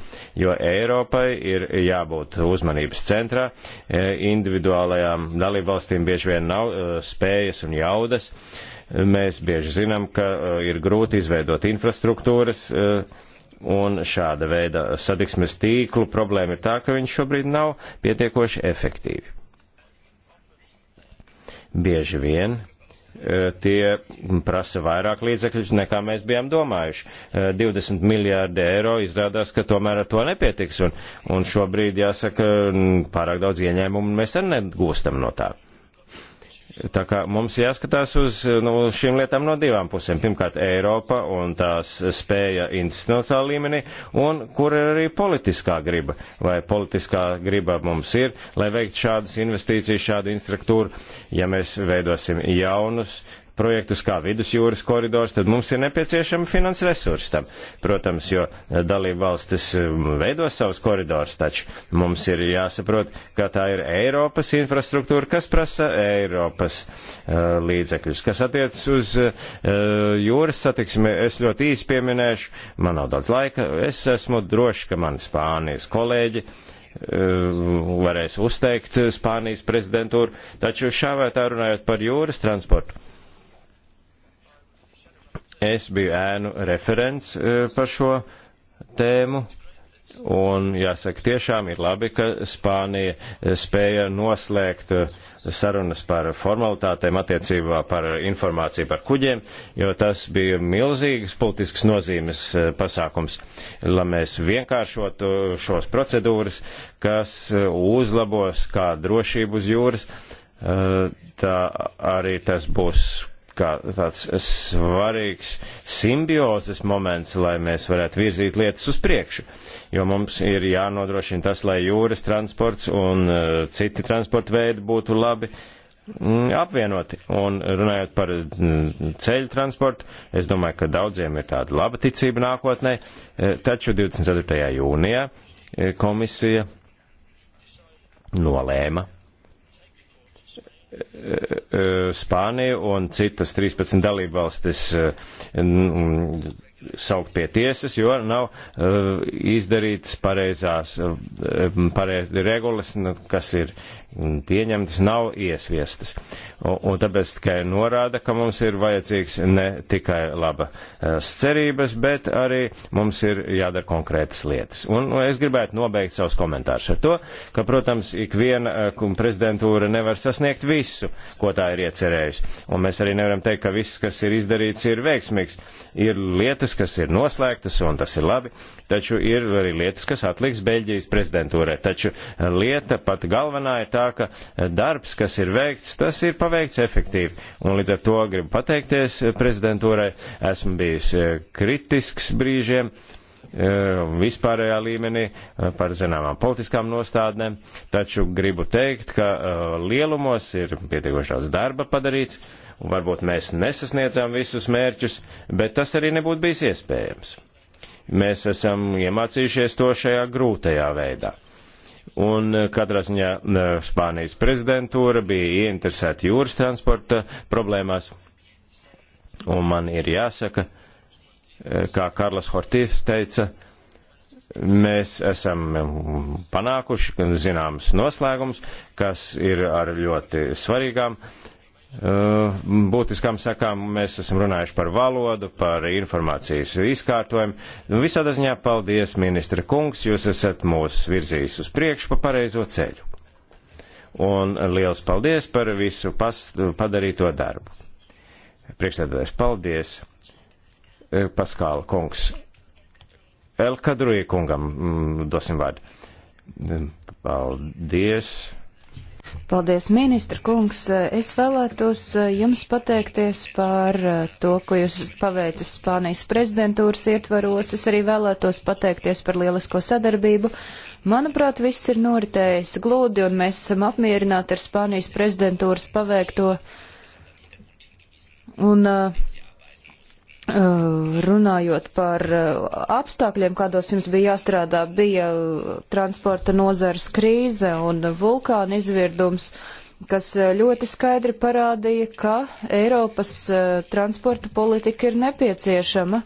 Jo Eiropai ir jābūt uzmanības centrā, e, individuālajām dalībvalstīm bieži vien nav e, spējas un jaudas. Mēs bieži zinām, ka e, ir grūti izveidot infrastruktūras un šāda veida satiksmes tīklu problēma ir tā, ka viņš šobrīd nav pietiekoši efektīvi. Bieži vien e, tie prasa vairāk līdzekļus, nekā mēs bijām domājuši. 20 e, miljārdi eiro izrādās, ka tomēr ar to nepietiks, un, un šobrīd, jāsaka, pārāk daudz ieņēmumu mēs arī negūstam no tā. Tā kā mums jāskatās uz nu, šīm lietām no divām pusēm. Pirmkārt, Eiropa un tās spēja institucionālā līmenī, un kur ir arī politiskā griba. Vai politiskā griba mums ir, lai veikt šādas investīcijas, šādu instruktūru, ja mēs veidosim jaunus projektus kā vidusjūras koridors, tad mums ir nepieciešama finanses resursi tam. Protams, jo eh, dalībvalstis um, veido savus koridors, taču mums ir jāsaprot, ka tā ir Eiropas infrastruktūra, kas prasa Eiropas uh, līdzekļus. Kas attiecas uz uh, jūras satiksmi, es ļoti īsi pieminēšu, man nav daudz laika, es esmu drošs, ka mani Spānijas kolēģi varēs uzteikt Spānijas prezidentūru, taču šā vai tā runājot par jūras transportu. Es biju ēnu referents e, par šo tēmu. Un jāsaka, tiešām ir labi, ka Spānija e, spēja noslēgt e, sarunas par formalitātēm attiecībā par informāciju par kuģiem, jo tas bija milzīgs politisks nozīmes pasākums, lai mēs vienkāršotu šos procedūras, kas uzlabos kā drošību uz jūras, tā arī tas būs kā tāds svarīgs simbiozes moments, lai mēs varētu virzīt lietas uz priekšu. Jo mums ir jānodrošina tas, lai jūras transports un uh, citi transporta veidi būtu labi mm, apvienoti. Un runājot par mm, ceļu transportu, es domāju, ka daudziem ir tāda laba ticība nākotnē, eh, taču 24. jūnijā eh, komisija nolēma Spānija un citas 13 dalībvalstis eh, saukt pie tiesas, jo nav uh, eh, izdarīts pareizās, uh, pareizi regulas, nu, kas ir pieņemtas, nav iesviestas. Un, un tāpēc tikai norāda, ka mums ir vajadzīgs ne tikai laba uh, cerības, bet arī mums ir jādara konkrētas lietas. Un, un es gribētu nobeigt savus komentārus ar to, ka, protams, ikviena uh, prezidentūra nevar sasniegt visu, ko tā ir iecerējusi. Un mēs arī nevaram teikt, ka viss, kas ir izdarīts, ir veiksmīgs. Ir lietas, lietas, kas ir noslēgtas, un tas ir labi, taču ir arī lietas, kas atliks Beļģijas prezidentūrē. Taču lieta pat galvenā ir tā, ka darbs, kas ir veikts, tas ir paveikts efektīvi, un līdz ar to gribu pateikties prezidentūrai. Esmu bijis eh, kritisks brīžiem, eh, vispārējā līmenī eh, par zināmām politiskām nostādnēm, taču gribu teikt, ka lielumos ir pietiekošās darba padarīts, un varbūt mēs nesasniedzām visus mērķus, bet tas arī nebūtu bijis iespējams. Mēs esam iemācījušies to šajā grūtajā veidā. Un eh, katrā ziņā eh, Spānijas prezidentūra bija ieinteresēta jūras transporta problēmās. Un man ir jāsaka, eh, kā Karlas Hortīs teica, mēs esam mm, panākuši zināmas noslēgums, kas ir ar ļoti svarīgām Eh, būtiskām sakām mēs esam runājuši par valodu, par informācijas izkārtojumu. Visādā ziņā paldies, ministra kungs, jūs esat mūs virzījis uz priekšu pa pareizo ceļu. Un liels paldies par visu pas, padarīto darbu. Priekšstādājs paldies, eh, Paskāla kungs. Elkadruja kungam mm, dosim vārdu. Paldies. Paldies, ministra kungs. Es vēlētos eh, jums pateikties par eh, to, ko jūs paveicis Spānijas prezidentūras ietvaros. Es arī vēlētos pateikties par lielisko sadarbību. Manuprāt, viss ir noritējis glūdi, un mēs esam apmierināti ar Spānijas prezidentūras paveikto. Un uh, Eh, runājot par eh, apstākļiem, kādos jums bija jāstrādā, bija eh, transporta nozars krīze un vulkāna izvirdums, kas ļoti skaidri parādīja, ka Eiropas transporta politika ir nepieciešama.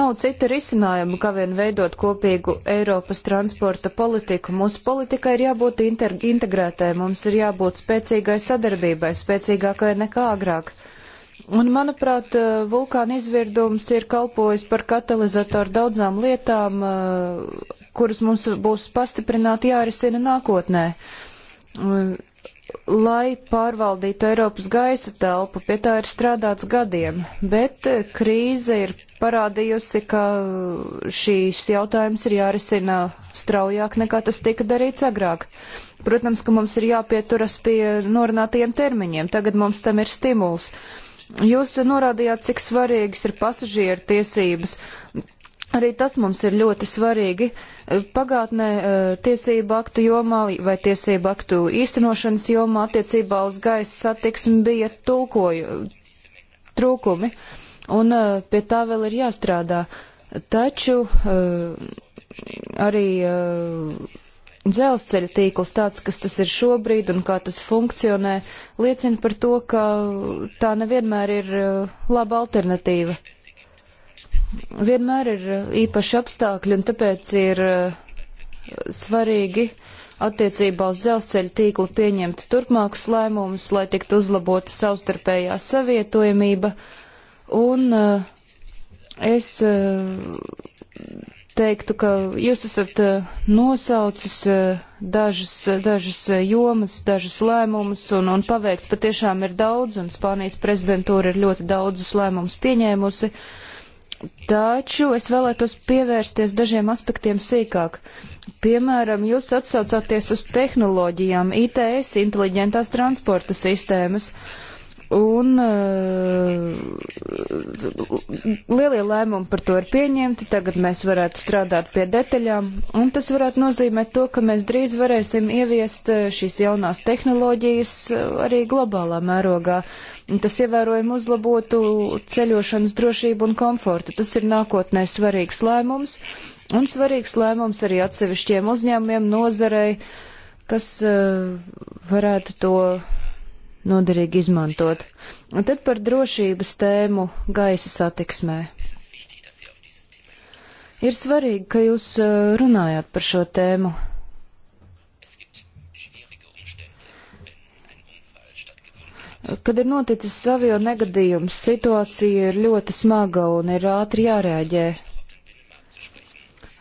Nav cita risinājuma, kā vien veidot kopīgu Eiropas transporta politiku. Mūsu politikai ir jābūt integrētai, mums ir jābūt spēcīgai sadarbībai, spēcīgākai nekā agrāk. Un, manuprāt, eh, vulkāna izvirdums ir kalpojis par katalizatoru daudzām lietām, eh, kuras mums būs pastiprināti jārisina nākotnē. Eh, lai pārvaldītu Eiropas gaisa telpu, pie tā ir strādāts gadiem, bet krīze ir parādījusi, ka šīs jautājums ir jārisina straujāk nekā tas tika darīts agrāk. Protams, ka mums ir jāpieturas pie norunātajiem termiņiem, tagad mums tam ir stimuls. Uh, Jūs norādījāt, cik svarīgas ir pasažieru tiesības. Arī tas mums ir ļoti svarīgi. Pagātnē eh, tiesību aktu jomā vai tiesību aktu īstenošanas jomā attiecībā uz gaisa satiksmi bija tulkoju trūkumi, un eh, pie tā vēl ir jāstrādā. Taču eh, arī dzelzceļa tīkls tāds, kas tas ir šobrīd un kā tas funkcionē, liecina par to, ka tā nevienmēr ir uh, laba alternatīva. Vienmēr ir uh, īpaši apstākļi un tāpēc ir uh, svarīgi attiecībā uz dzelzceļa tīklu pieņemt turpmākus lēmumus, lai tiktu uzlabota savstarpējā savietojamība. Un es teiktu, ka jūs esat eh, nosaucis eh, dažas, eh, dažas jomas, dažas lēmumus, un, un paveikts patiešām ir daudz, un Spānijas prezidentūra ir ļoti daudzus lēmumus pieņēmusi. Taču es vēlētos pievērsties dažiem aspektiem sīkāk. Piemēram, jūs atsaucāties uz tehnoloģijām, ITS, inteliģentās transporta sistēmas. Uh, Un eh, lielie lēmumi par to ir pieņemti, tagad mēs varētu strādāt pie detaļām, un tas varētu nozīmēt to, ka mēs drīz varēsim ieviest eh, šīs jaunās tehnoloģijas eh, arī globālā mērogā. Tas ievērojami uzlabotu ceļošanas drošību un komfortu. Tas ir nākotnē svarīgs lēmums, un svarīgs lēmums arī atsevišķiem uzņēmumiem, nozarei, kas varētu to noderīgi izmantot. Un tad par drošības tēmu gaisa satiksmē. Ir svarīgi, ka jūs runājāt par šo tēmu. Kad ir noticis avio negadījums, situācija ir ļoti smaga un ir ātri jārēģē.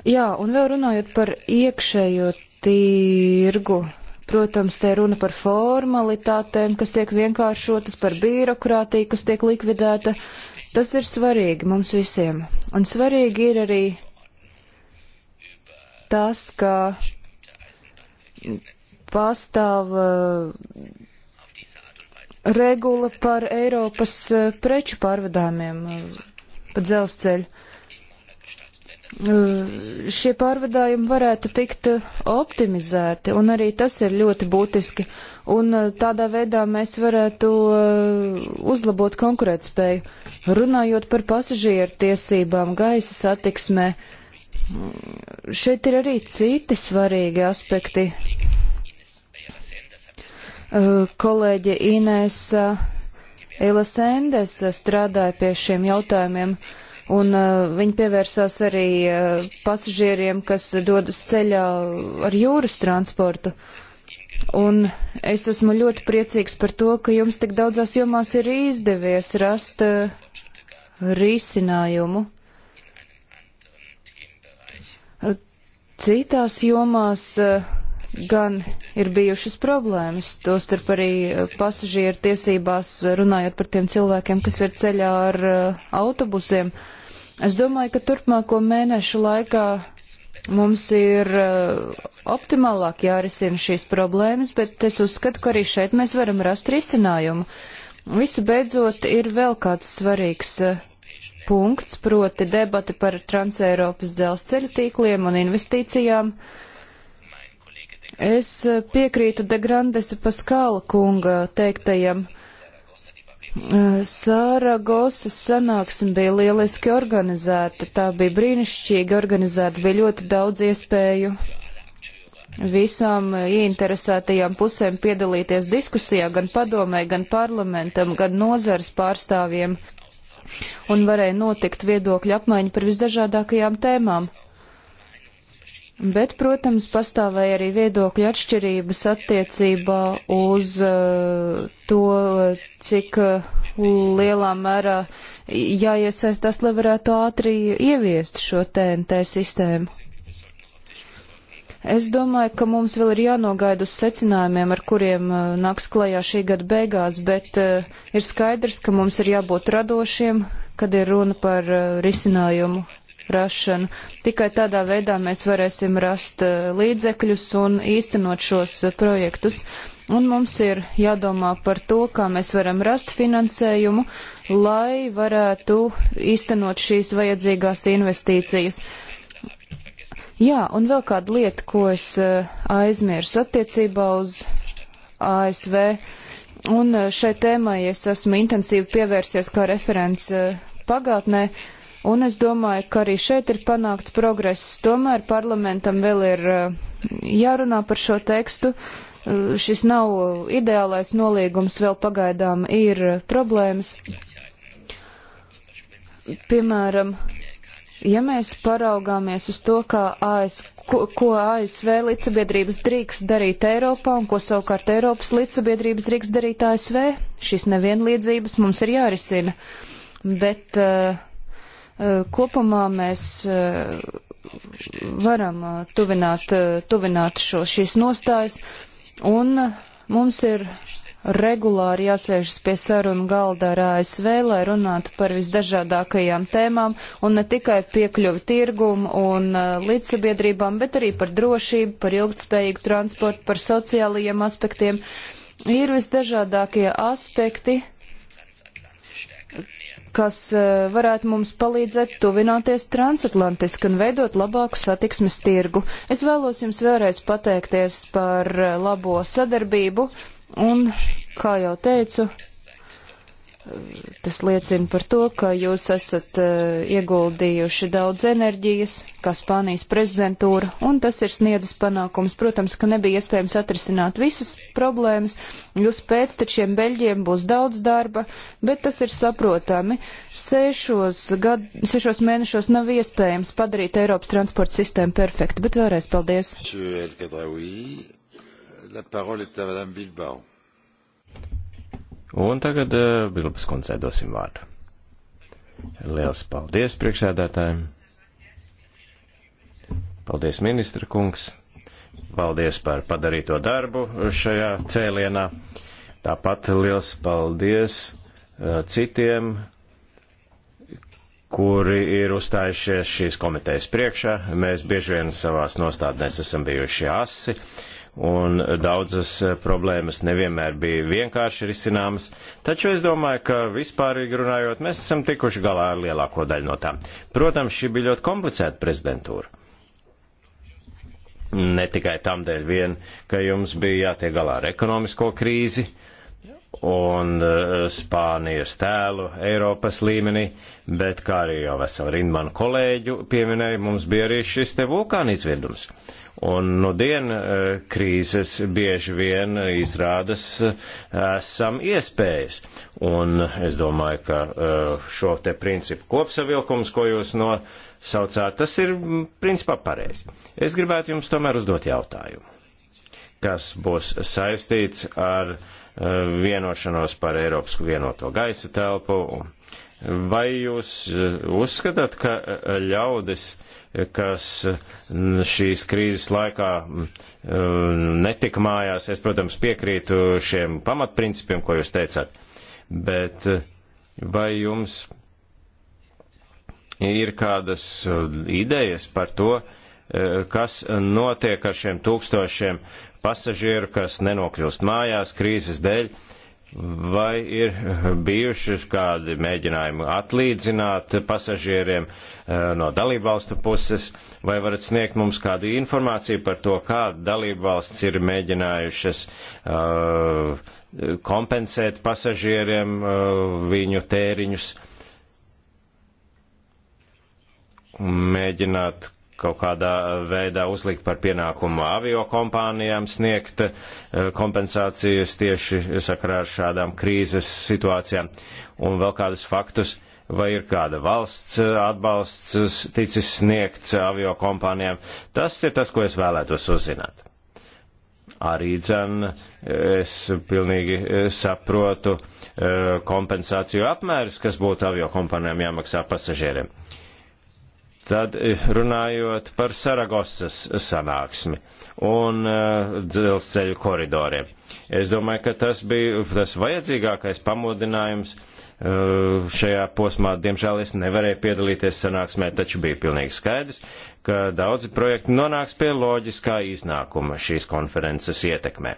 Jā, un vēl runājot par iekšējo tirgu. Protams, te runa par formalitātēm, kas tiek vienkāršotas, par birokrātiju, kas tiek likvidēta. Tas ir svarīgi mums visiem. Un svarīgi ir arī tas, ka pastāv uh, regula par Eiropas uh, preču pārvadājumiem uh, pa dzelzceļu šie pārvadājumi varētu tikt optimizēti, un arī tas ir ļoti būtiski. Un eh, tādā veidā mēs varētu eh, uzlabot konkurētspēju. Runājot par pasažieru tiesībām, gaisa satiksmē, mm, šeit ir arī citi svarīgi aspekti. Eh, kolēģe Inēsa Ila Sendesa strādāja pie šiem jautājumiem. Uh, un uh, viņi pievērsās arī uh, pasažieriem, kas dodas ceļā ar jūras transportu. Un es esmu ļoti priecīgs par to, ka jums tik daudzās jomās ir izdevies rast uh, risinājumu. Uh, citās jomās uh, gan ir bijušas problēmas, tostarp arī uh, pasažieru tiesībās runājot par tiem cilvēkiem, kas ir ceļā ar uh, autobusiem. Uh, Es domāju, ka turpmāko mēnešu laikā mums ir uh, optimālāk jārisina šīs problēmas, bet es uzskatu, ka arī šeit mēs varam rast risinājumu. Visu beidzot ir vēl kāds svarīgs uh, punkts, proti debati par Transeiropas dzelzceļa tīkliem un investīcijām. Es uh, piekrītu De Grandesa Paskāla kunga teiktajam. Sāragosas sanāksme bija lieliski organizēta, tā bija brīnišķīgi organizēta, bija ļoti daudz iespēju visām ieinteresētajām pusēm piedalīties diskusijā, gan padomē, gan parlamentam, gan nozars pārstāvjiem, un varēja notikt viedokļu apmaiņa par visdažādākajām tēmām. Bet, protams, pastāvēja arī viedokļu atšķirības attiecībā uz uh, to, cik uh, lielā mērā jāiesaistās, lai varētu ātri ieviest šo TNT sistēmu. Es domāju, ka mums vēl ir jānogaida uz secinājumiem, ar kuriem uh, nāks klajā šī gada beigās, bet ir skaidrs, ka mums ir jābūt radošiem, kad ir runa par risinājumu rašanu. Tikai tādā veidā mēs varēsim rast eh, līdzekļus un īstenot šos eh, projektus. Un mums ir jādomā par to, kā mēs varam rast finansējumu, lai varētu īstenot šīs vajadzīgās investīcijas. Jā, un vēl kāda lieta, ko es eh, aizmirsu attiecībā uz ASV. Un šai tēmai es esmu intensīvi pievērsies kā referents pagātnē. Uh, Un es domāju, ka arī šeit ir panākts progress. Tomēr parlamentam vēl ir eh, jārunā par šo tekstu. Eh, šis nav ideālais nolīgums, vēl pagaidām ir problēmas. Piemēram, ja mēs paraugāmies uz to, kā ASK ko, ko ASV līdzsabiedrības drīkst darīt Eiropā un ko savukārt Eiropas līdzsabiedrības drīkst darīt ASV. Šīs nevienlīdzības mums ir jārisina. Bet uh, Eh, kopumā mēs eh, varam eh, tuvināt, tuvināt šo, šīs nostājas, un mums ir regulāri jāsēžas pie sarunu galda ar ASV, lai runātu par visdažādākajām tēmām, un ne tikai piekļuvi tirgumu un līdzsabiedrībām, bet arī par drošību, par ilgtspējīgu transportu, par sociālajiem aspektiem. Ir visdažādākie aspekti, kas e, varētu mums palīdzēt tuvināties transatlantiski un veidot labāku satiksmes tirgu. Es vēlos jums vēlreiz pateikties par e, labo sadarbību un, kā jau teicu, Tas liecina par to, ka jūs esat eh, ieguldījuši daudz enerģijas, kā Spānijas prezidentūra, un tas ir sniedzis panākums. Protams, ka nebija iespējams atrisināt visas problēmas. Jūs pēctečiem beļģiem būs daudz darba, bet tas ir saprotami. Sešos, gad, sešos mēnešos nav iespējams padarīt Eiropas transporta sistēmu perfektu, bet vēlreiz paldies. La parole est à Madame Bilbao. Un tagad uh, Bilbas kundzei dosim vārdu. Liels paldies priekšsēdētājiem. Paldies ministra kungs. Paldies par padarīto darbu šajā cēlienā. Tāpat liels paldies uh, citiem, kuri ir uzstājušies šīs komitejas priekšā. Mēs bieži vien savās nostādnēs esam bijuši asi. Uh, un daudzas eh, problēmas nevienmēr bija vienkārši risināmas, taču es domāju, ka vispārīgi runājot, mēs esam tikuši galā ar lielāko daļu no tām. Protams, šī bija ļoti komplicēta prezidentūra. Ne tikai tam dēļ vien, ka jums bija jātiek galā ar ekonomisko krīzi, un eh, Spānijas tēlu Eiropas līmenī, bet kā arī jau vesela rinda manu kolēģu pieminēja, mums bija arī šis te vulkāna izvirdums. Un nu dien eh, krīzes bieži vien izrādas eh, esam iespējas. Un es domāju, ka eh, šo te principu kopsavilkums, ko jūs nosaucāt, tas ir mm, principā pareizi. Es gribētu jums tomēr uzdot jautājumu, kas būs saistīts ar vienošanos par Eiropas vienoto gaisa telpu. Vai jūs uzskatāt, ka ļaudis kas šīs krīzes laikā mm, mm, netika mājās. Es, protams, piekrītu šiem pamatprincipiem, ko jūs teicāt, bet mm, vai jums ir kādas idejas par to, kas notiek ar šiem tūkstošiem pasažieru, kas nenokļūst mājās krīzes dēļ? Vai ir bijuši kādi mēģinājumi atlīdzināt pasažieriem eh, no dalībvalstu puses, vai varat sniegt mums kādu informāciju par to, kā dalībvalsts ir mēģinājušas eh, kompensēt pasažieriem eh, viņu tēriņus, mēģināt kaut kādā veidā uzlikt par pienākumu avio kompānijām sniegt eh, kompensācijas tieši sakarā ar šādām krīzes situācijām un vēl kādus faktus, vai ir kāda valsts eh, atbalsts ticis sniegts avio kompānijām. Tas ir tas, ko es vēlētos uzzināt. Arī dzen eh, es pilnīgi saprotu kompensāciju apmērus, kas būtu avio kompānijām jāmaksā pasažieriem. Uh, Tad eh, runājot par Saragosas sanāksmi un uh, dzelzceļu koridoriem. Es domāju, ka tas bija tas vajadzīgākais pamodinājums uh, šajā posmā. Diemžēl es nevarēju piedalīties sanāksmē, taču bija pilnīgi skaidrs, ka daudzi projekti nonāks pie loģiskā iznākuma šīs konferences ietekmē.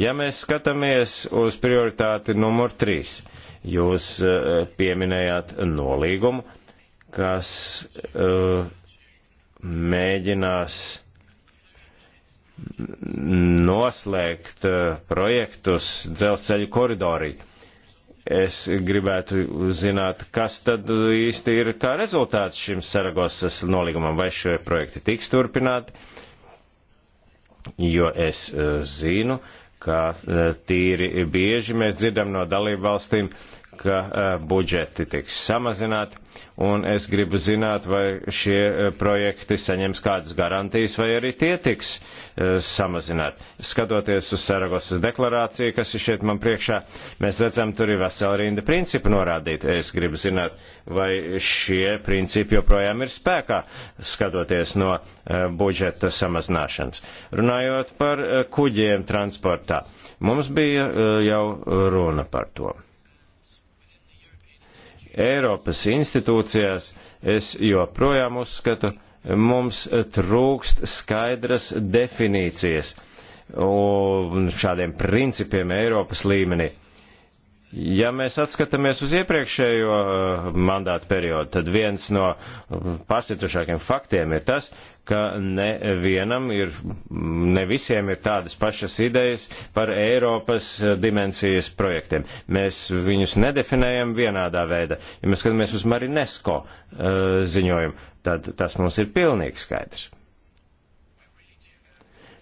Ja mēs skatāmies uz prioritāti numur 3, jūs uh, pieminējāt nolīgumu kas uh, mēģinās noslēgt uh, projektus dzelzceļu koridorī. Es gribētu zināt, kas tad īsti ir kā rezultāts šim Saragosas nolīgumam, vai šie projekti tiks turpināti, jo es uh, zinu, ka uh, tīri bieži mēs dzirdam no dalību valstīm, uh, ka e, budžeti tiks samazināti, un es gribu zināt, vai šie e, projekti saņems kādas garantijas, vai arī tie tiks e, samazināti. Skatoties uz Saragosas deklarāciju, kas ir šeit man priekšā, mēs redzam, tur ir vesela rinda principu norādīta. Es gribu zināt, vai šie principi joprojām ir spēkā, skatoties no budžeta samazināšanas. Runājot par kuģiem transportā, mums bija jau runa par to. Eiropas institūcijās, es joprojām uzskatu, mums trūkst skaidras definīcijas un šādiem principiem Eiropas līmenī. Ja mēs atskatāmies uz iepriekšējo uh, mandātu periodu, tad viens no uh, pārsteidzošākiem faktiem ir tas, ka nevienam ir, mm, ne visiem ir tādas pašas idejas par Eiropas uh, dimensijas projektiem. Mēs viņus nedefinējam vienādā veidā. Ja mēs skatāmies uz Marinesko ziņojumu, tad tas mums ir pilnīgi skaidrs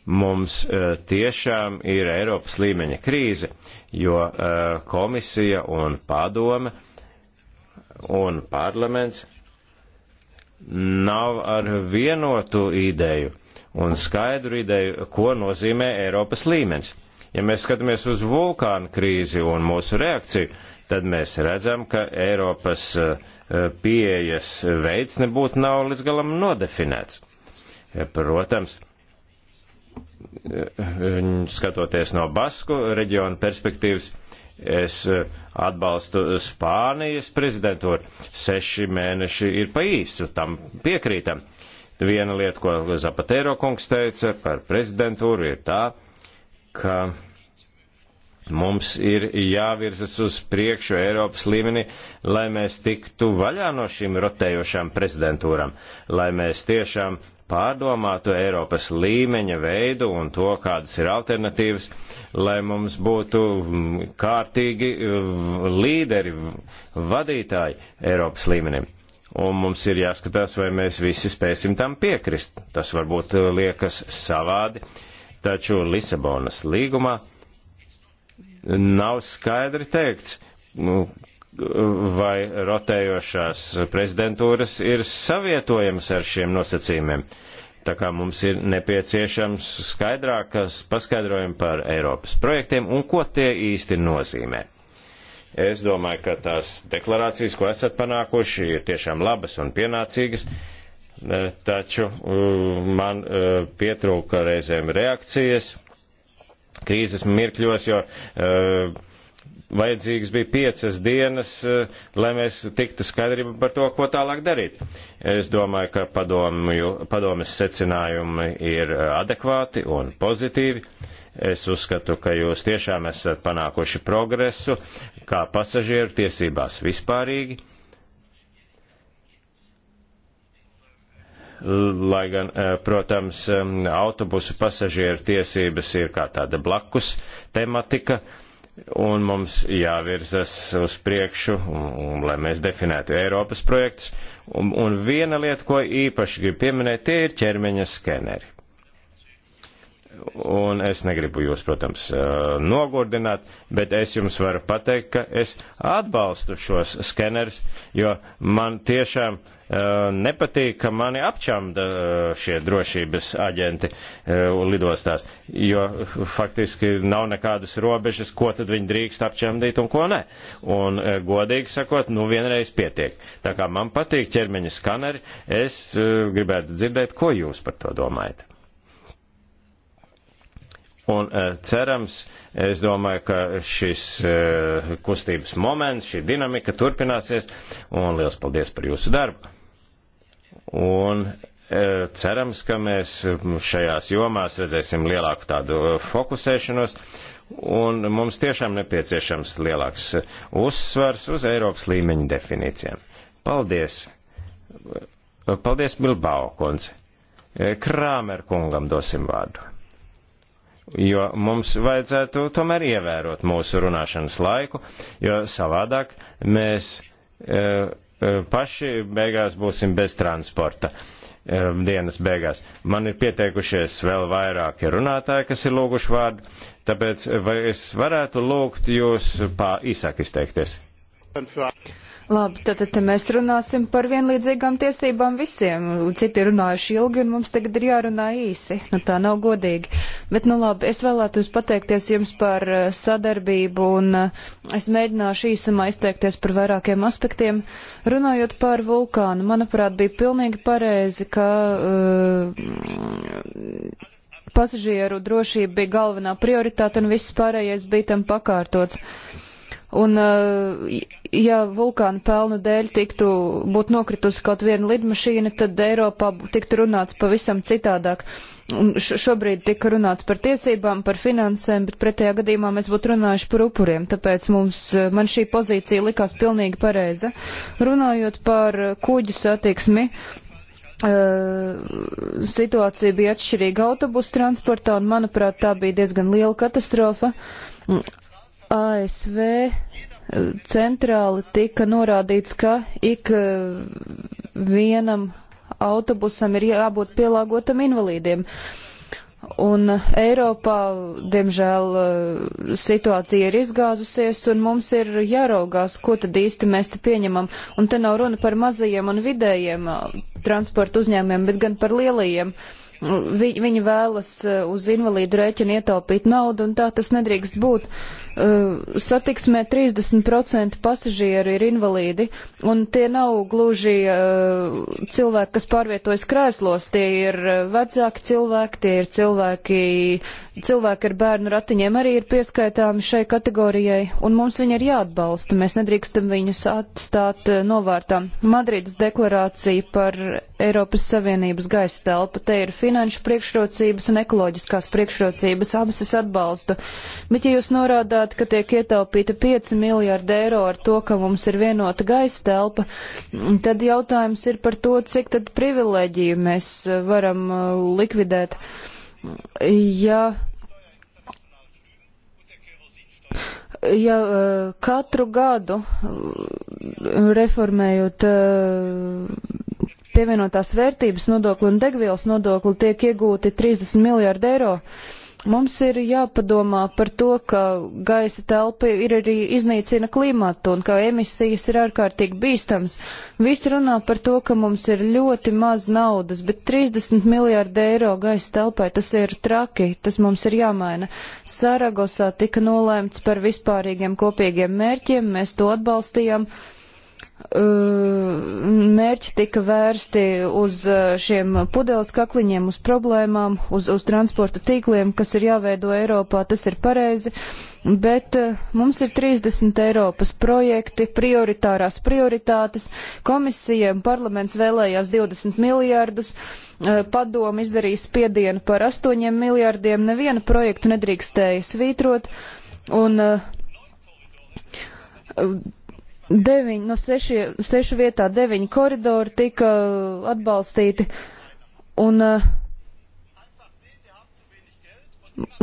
mums eh, tiešām ir Eiropas līmeņa krīze, jo eh, komisija un padome un parlaments nav ar vienotu ideju un skaidru ideju, ko nozīmē Eiropas līmenis. Ja mēs skatāmies uz vulkānu krīzi un mūsu reakciju, tad mēs redzam, ka Eiropas eh, pieejas veids nebūtu nav līdz galam nodefinēts. Protams, Ehm, skatoties no Basku reģiona perspektīvas, es eh, atbalstu Spānijas prezidentūru. Seši mēneši ir pa īsu, tam piekrītam. Viena lieta, ko Zapatero kungs teica par prezidentūru, ir tā, ka mums ir jāvirzas uz priekšu Eiropas līmenī, lai mēs tiktu vaļā no šīm rotējošām prezidentūram, lai mēs tiešām pārdomātu Eiropas līmeņa veidu un to, kādas ir alternatīvas, lai mums būtu mm, kārtīgi mm, līderi, vadītāji Eiropas līmenim. Un mums ir jāskatās, vai mēs visi spēsim tam piekrist. Tas varbūt eh, liekas savādi, taču Lisabonas līgumā nav skaidri teikts, nu, vai rotējošās prezidentūras ir savietojams ar šiem nosacījumiem. Tā kā mums ir nepieciešams skaidrākas paskaidrojumi par Eiropas projektiem un ko tie īsti nozīmē. Es domāju, ka tās deklarācijas, ko esat panākuši, ir tiešām labas un pienācīgas, taču uh, man uh, pietrūka reizēm reakcijas krīzes mirkļos, jo uh, vajadzīgs bija piecas dienas, eh, lai mēs tiktu skaidrību par to, ko tālāk darīt. Es domāju, ka padomju, padomes secinājumi ir eh, adekvāti un pozitīvi. Es uzskatu, ka jūs tiešām esat panākuši progresu kā pasažieru tiesībās vispārīgi. Lai gan, eh, protams, autobusu pasažieru tiesības ir kā tāda blakus tematika, uh, un mums jāvirzas uz priekšu, un, un, lai mēs definētu Eiropas projektus. Un, un viena lieta, ko īpaši gribu pieminēt, tie ir ķermeņa skeneri un es negribu jūs, protams, eh, nogurdināt, bet es jums varu pateikt, ka es atbalstu šos skenerus, jo man tiešām eh, nepatīk, ka mani apčamda eh, šie drošības aģenti lidostās, jo faktiski nav nekādas robežas, ko tad viņi drīkst apčamdīt un ko nē. Un godīgi sakot, nu vienreiz pietiek. Tā kā man patīk ķermeņa skaneri, es gribētu dzirdēt, ko jūs par to domājat. Un e, cerams, es domāju, ka šis e, kustības moments, šī dinamika turpināsies, un liels paldies par jūsu darbu. Un e, cerams, ka mēs šajās jomās redzēsim lielāku tādu fokusēšanos, un mums tiešām nepieciešams lielāks uzsvars uz Eiropas līmeņa definīcijām. Paldies! Paldies, Bilbao kundze! Krāmer kungam dosim vārdu jo mums vajadzētu tomēr ievērot mūsu runāšanas laiku, jo savādāk mēs e, e, paši beigās būsim bez transporta e, dienas beigās. Man ir pieteikušies vēl vairāki runātāji, kas ir lūguši vārdu, tāpēc vai es varētu lūgt jūs pā īsāk izteikties? Labi, tad, tad mēs runāsim par vienlīdzīgām tiesībām visiem. Citi runājuši ilgi, un mums tagad ir jārunā īsi. Nu, tā nav godīgi. Bet, nu labi, es vēlētos pateikties jums par eh, sadarbību, un eh, es mēģināšu īsumā izteikties par vairākiem aspektiem. Runājot par vulkānu, manuprāt, bija pilnīgi pareizi, ka. Uh, Pasažieru drošība bija galvenā prioritāte, un viss pārējais bija tam pakārtots. Uh, Un, eh, ja vulkāna pelnu dēļ tiktu, būtu nokritusi kaut viena lidmašīna, tad Eiropā tiktu runāts pavisam citādāk. Un šobrīd tika runāts par tiesībām, par finansēm, bet pretējā gadījumā mēs būtu runājuši par upuriem, tāpēc mums, eh, man šī pozīcija likās pilnīgi pareiza. Runājot par kuģu satiksmi, eh, situācija bija atšķirīga autobusu transportā, un, manuprāt, tā bija diezgan liela katastrofa ASV centrāli tika norādīts, ka ik e, vienam autobusam ir jābūt pielāgotam invalīdiem. Un Eiropā, diemžēl, e, situācija ir izgāzusies, un mums ir jāraugās, ko tad īsti mēs te pieņemam. Un te nav runa par mazajiem un vidējiem e, transporta uzņēmiem, bet gan par lielajiem. Vi, viņi vēlas uz invalīdu rēķinu ietaupīt naudu, un tā tas nedrīkst būt. Uh, Eh, satiksmē 30% pasažieru ir invalīdi, un tie nav gluži eh, cilvēki, kas pārvietojas krēslos, tie ir eh, vecāki cilvēki, tie ir cilvēki, cilvēki ar bērnu ratiņiem arī ir pieskaitāmi šai kategorijai, un mums viņi ir jāatbalsta, mēs nedrīkstam viņus atstāt novārtā. Madrīdas deklarācija par Eiropas Savienības gaisa telpu, te ir finanšu priekšrocības un ekoloģiskās priekšrocības, abas es atbalstu. Bet, ja jūs norādāt, uzskata, ka tiek ietaupīta 5 miljārdi eiro ar to, ka mums ir vienota gaisa telpa, tad jautājums ir par to, cik tad privileģiju mēs eh, varam eh, likvidēt. Ja, ja eh, katru gadu reformējot pievienotās vērtības nodokli un degvielas nodokli tiek iegūti 30 miljārdi eiro, Mums ir jāpadomā par to, ka gaisa telpa ir arī iznīcina klimatu un ka emisijas ir ārkārtīgi bīstams. Visi runā par to, ka mums ir ļoti maz naudas, bet 30 miljārdi eiro gaisa telpai tas ir traki, tas mums ir jāmaina. Saragosā tika nolēmts par vispārīgiem kopīgiem mērķiem, mēs to atbalstījām mērķi tika vērsti uz šiem pudeles kakliņiem, uz problēmām, uz, uz transporta tīkliem, kas ir jāveido Eiropā, tas ir pareizi, bet mums ir 30 Eiropas projekti, prioritārās prioritātes, komisija, parlaments vēlējās 20 miljārdus, padomu izdarīja spiedienu par 8 miljārdiem, neviena projektu nedrīkstēja svītrot, un Deviņi, no seši, sešu vietā deviņi koridori tika atbalstīti. Un uh,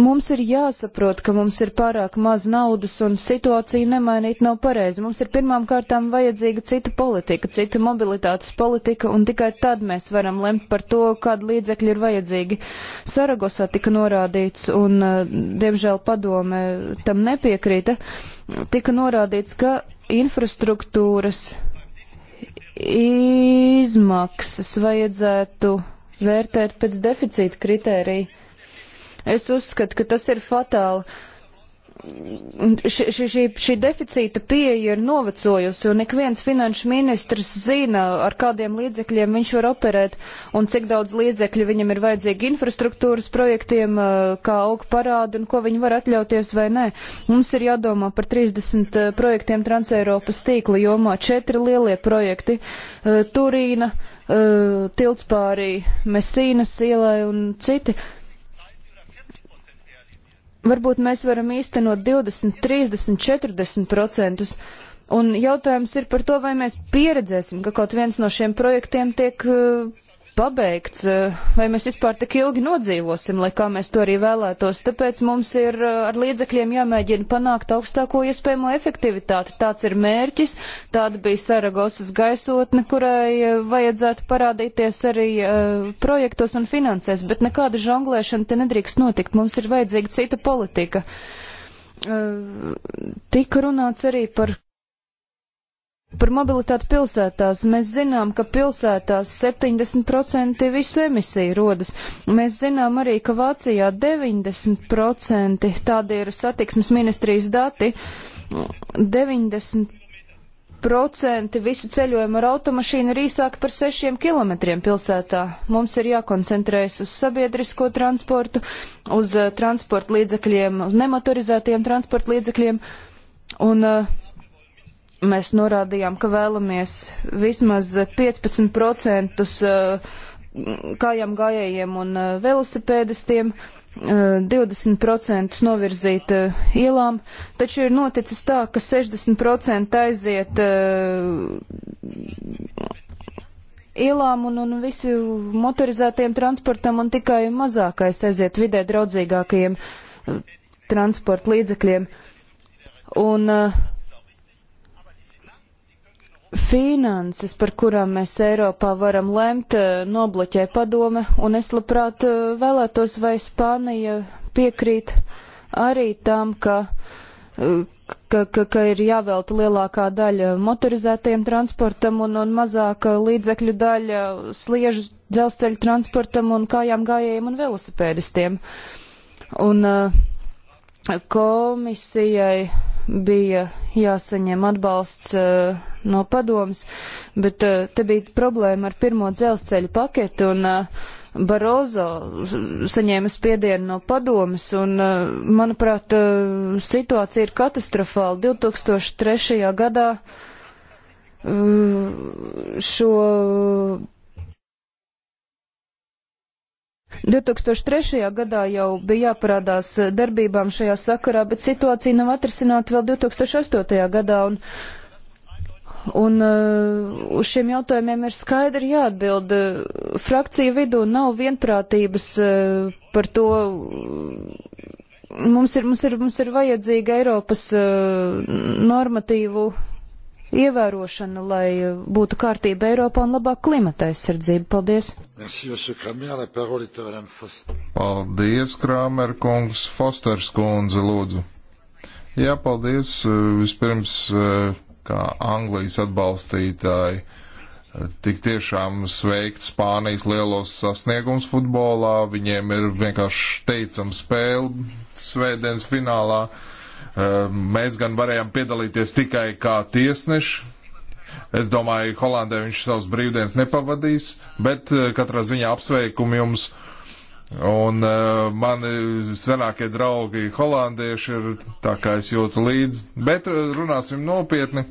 Mums ir jāsaprot, ka mums ir pārāk maz naudas un situāciju nemainīt nav pareizi. Mums ir pirmām kārtām vajadzīga cita politika, cita mobilitātes politika, un tikai tad mēs varam lemt par to, kāda līdzekļa ir vajadzīgi. Saragosā tika norādīts, un, eh, diemžēl, padome tam nepiekrīta, tika norādīts, ka infrastruktūras izmaksas vajadzētu vērtēt pēc deficīta kritērija. Es uzskatu, ka tas ir fatāli. Ši, ši, šī, šī deficīta pieeja ir novecojusi, un ik viens finanšu ministrs zina, ar kādiem līdzekļiem viņš var operēt, un cik daudz līdzekļu viņam ir vajadzīgi infrastruktūras projektiem, kā auga parādi, un ko viņi var atļauties vai nē. Mums ir jādomā par 30 projektiem Transeiropas tīkla jomā, četri lielie projekti - Turīna, Tilts pārī, Mesīnas ielai un citi varbūt mēs varam īstenot 20, 30, 40 procentus. Un jautājums ir par to, vai mēs pieredzēsim, ka kaut viens no šiem projektiem tiek uh, pabeigts, eh, vai mēs vispār tik ilgi nodzīvosim, lai kā mēs to arī vēlētos. Tāpēc mums ir eh, ar līdzekļiem jāmēģina panākt augstāko iespējamo efektivitāti. Tāds ir mērķis, tāda bija Saragosas gaisotne, kurai eh, vajadzētu parādīties arī uh, projektos un finansēs, bet nekāda žonglēšana te nedrīkst notikt. Mums ir vajadzīga cita politika. Uh, tika runāts arī par Par mobilitāti pilsētās mēs zinām, ka pilsētās 70% visu emisiju rodas. Mēs zinām arī, ka Vācijā 90% tādi ir satiksmes ministrijas dati. 90% visu ceļojumu ar automašīnu ir īsāk par 6 km pilsētā. Mums ir jākoncentrējas uz sabiedrisko transportu, uz eh, transporta līdzekļiem, uz nemotorizētiem transporta līdzekļiem. Un, uh, Mēs norādījām, ka vēlamies vismaz 15% eh, kājām gājējiem un eh, velosipēdistiem, 20% eh, novirzīt ielām, taču ir noticis tā, ka 60% aiziet ielām un, un visu motorizētajiem transportam un tikai mazākais aiziet vidē draudzīgākajiem transporta līdzekļiem. Un uh, finanses, par kurām mēs Eiropā varam lemt, eh, nobloķē padome, un es labprāt eh, vēlētos, vai Spānija piekrīt arī tam, ka, eh, ka, ka, ka ir jāvelta lielākā daļa motorizētajiem transportam un, un mazāka līdzekļu daļa sliežu dzelzceļu transportam un kājām gājējiem un velosipēdistiem. Un komisijai bija jāsaņem atbalsts uh, no padomas, bet uh, te bija problēma ar pirmo dzelzceļa paketu un uh, Barozo saņēma spiedienu no padomas un, uh, manuprāt, uh, situācija ir katastrofāla. 2003. gadā uh, šo 2003. gadā jau bija jāparādās darbībām šajā sakarā, bet situācija nav atrisināta vēl 2008. gadā. Un, un uh, uz šiem jautājumiem ir skaidri jāatbild. Frakcija vidū nav vienprātības uh, par to. Uh, mums ir, mums ir, mums ir vajadzīga Eiropas normatīvu ievērošana, lai būtu kārtība Eiropā un labāk klimata aizsardzība. Paldies! Paldies, Krāmer kungs, Fosters kundze, lūdzu. Jā, paldies. Eh, vispirms, eh, kā Anglijas atbalstītāji, eh, tik tiešām sveikt Spānijas lielos sasniegums futbolā. Viņiem ir vienkārši teicama spēle svētdienas finālā. Uh, Ehm, mēs gan varējām piedalīties tikai kā tiesneši. Es domāju, Holandē viņš savus brīvdienas nepavadīs, bet eh, katrā ziņā apsveikumi jums. Un uh, mani senākie draugi holandieši ir tā kā es jūtu līdzi. Bet uh, runāsim nopietni.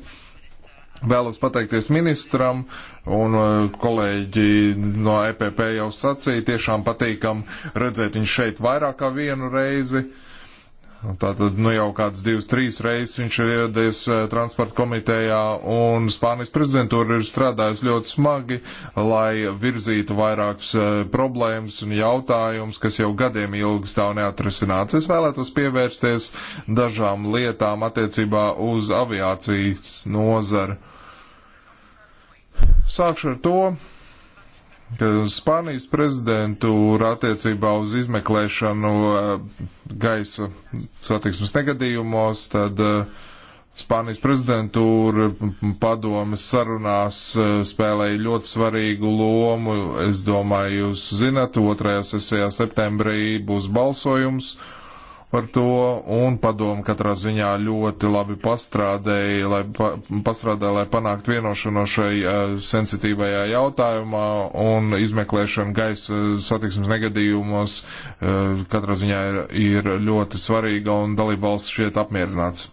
Vēlos pateikties ministram un uh, kolēģi no EPP jau sacīja, tiešām patīkam redzēt viņu šeit vairāk kā vienu reizi. Uh, Tātad, nu jau kāds divas, trīs reizes viņš ir iedies eh, transporta komitejā, un Spānijas prezidentūra ir strādājusi ļoti smagi, lai virzītu vairākas eh, problēmas un jautājumus, kas jau gadiem ilgi stāv neatrisināts. Es vēlētos pievērsties dažām lietām attiecībā uz aviācijas nozari. Sākšu ar to, ka Spānijas prezidentūra attiecībā uz izmeklēšanu eh, gaisa satiksmes negadījumos, tad eh, Spānijas prezidentūra padomas sarunās eh, spēlēja ļoti svarīgu lomu. Es domāju, jūs zinat, 2. sesijā septembrī būs balsojums. Uh, par to, un padomu katrā ziņā ļoti labi pastrādēja, lai, pa, pastrādē, lai panāktu vienošanos šai uh, sensitīvajā jautājumā, un izmeklēšana gaisa eh, satiksmes negadījumos uh, katrā ziņā ir, ir ļoti svarīga, un dalībvalsts šiet apmierināts.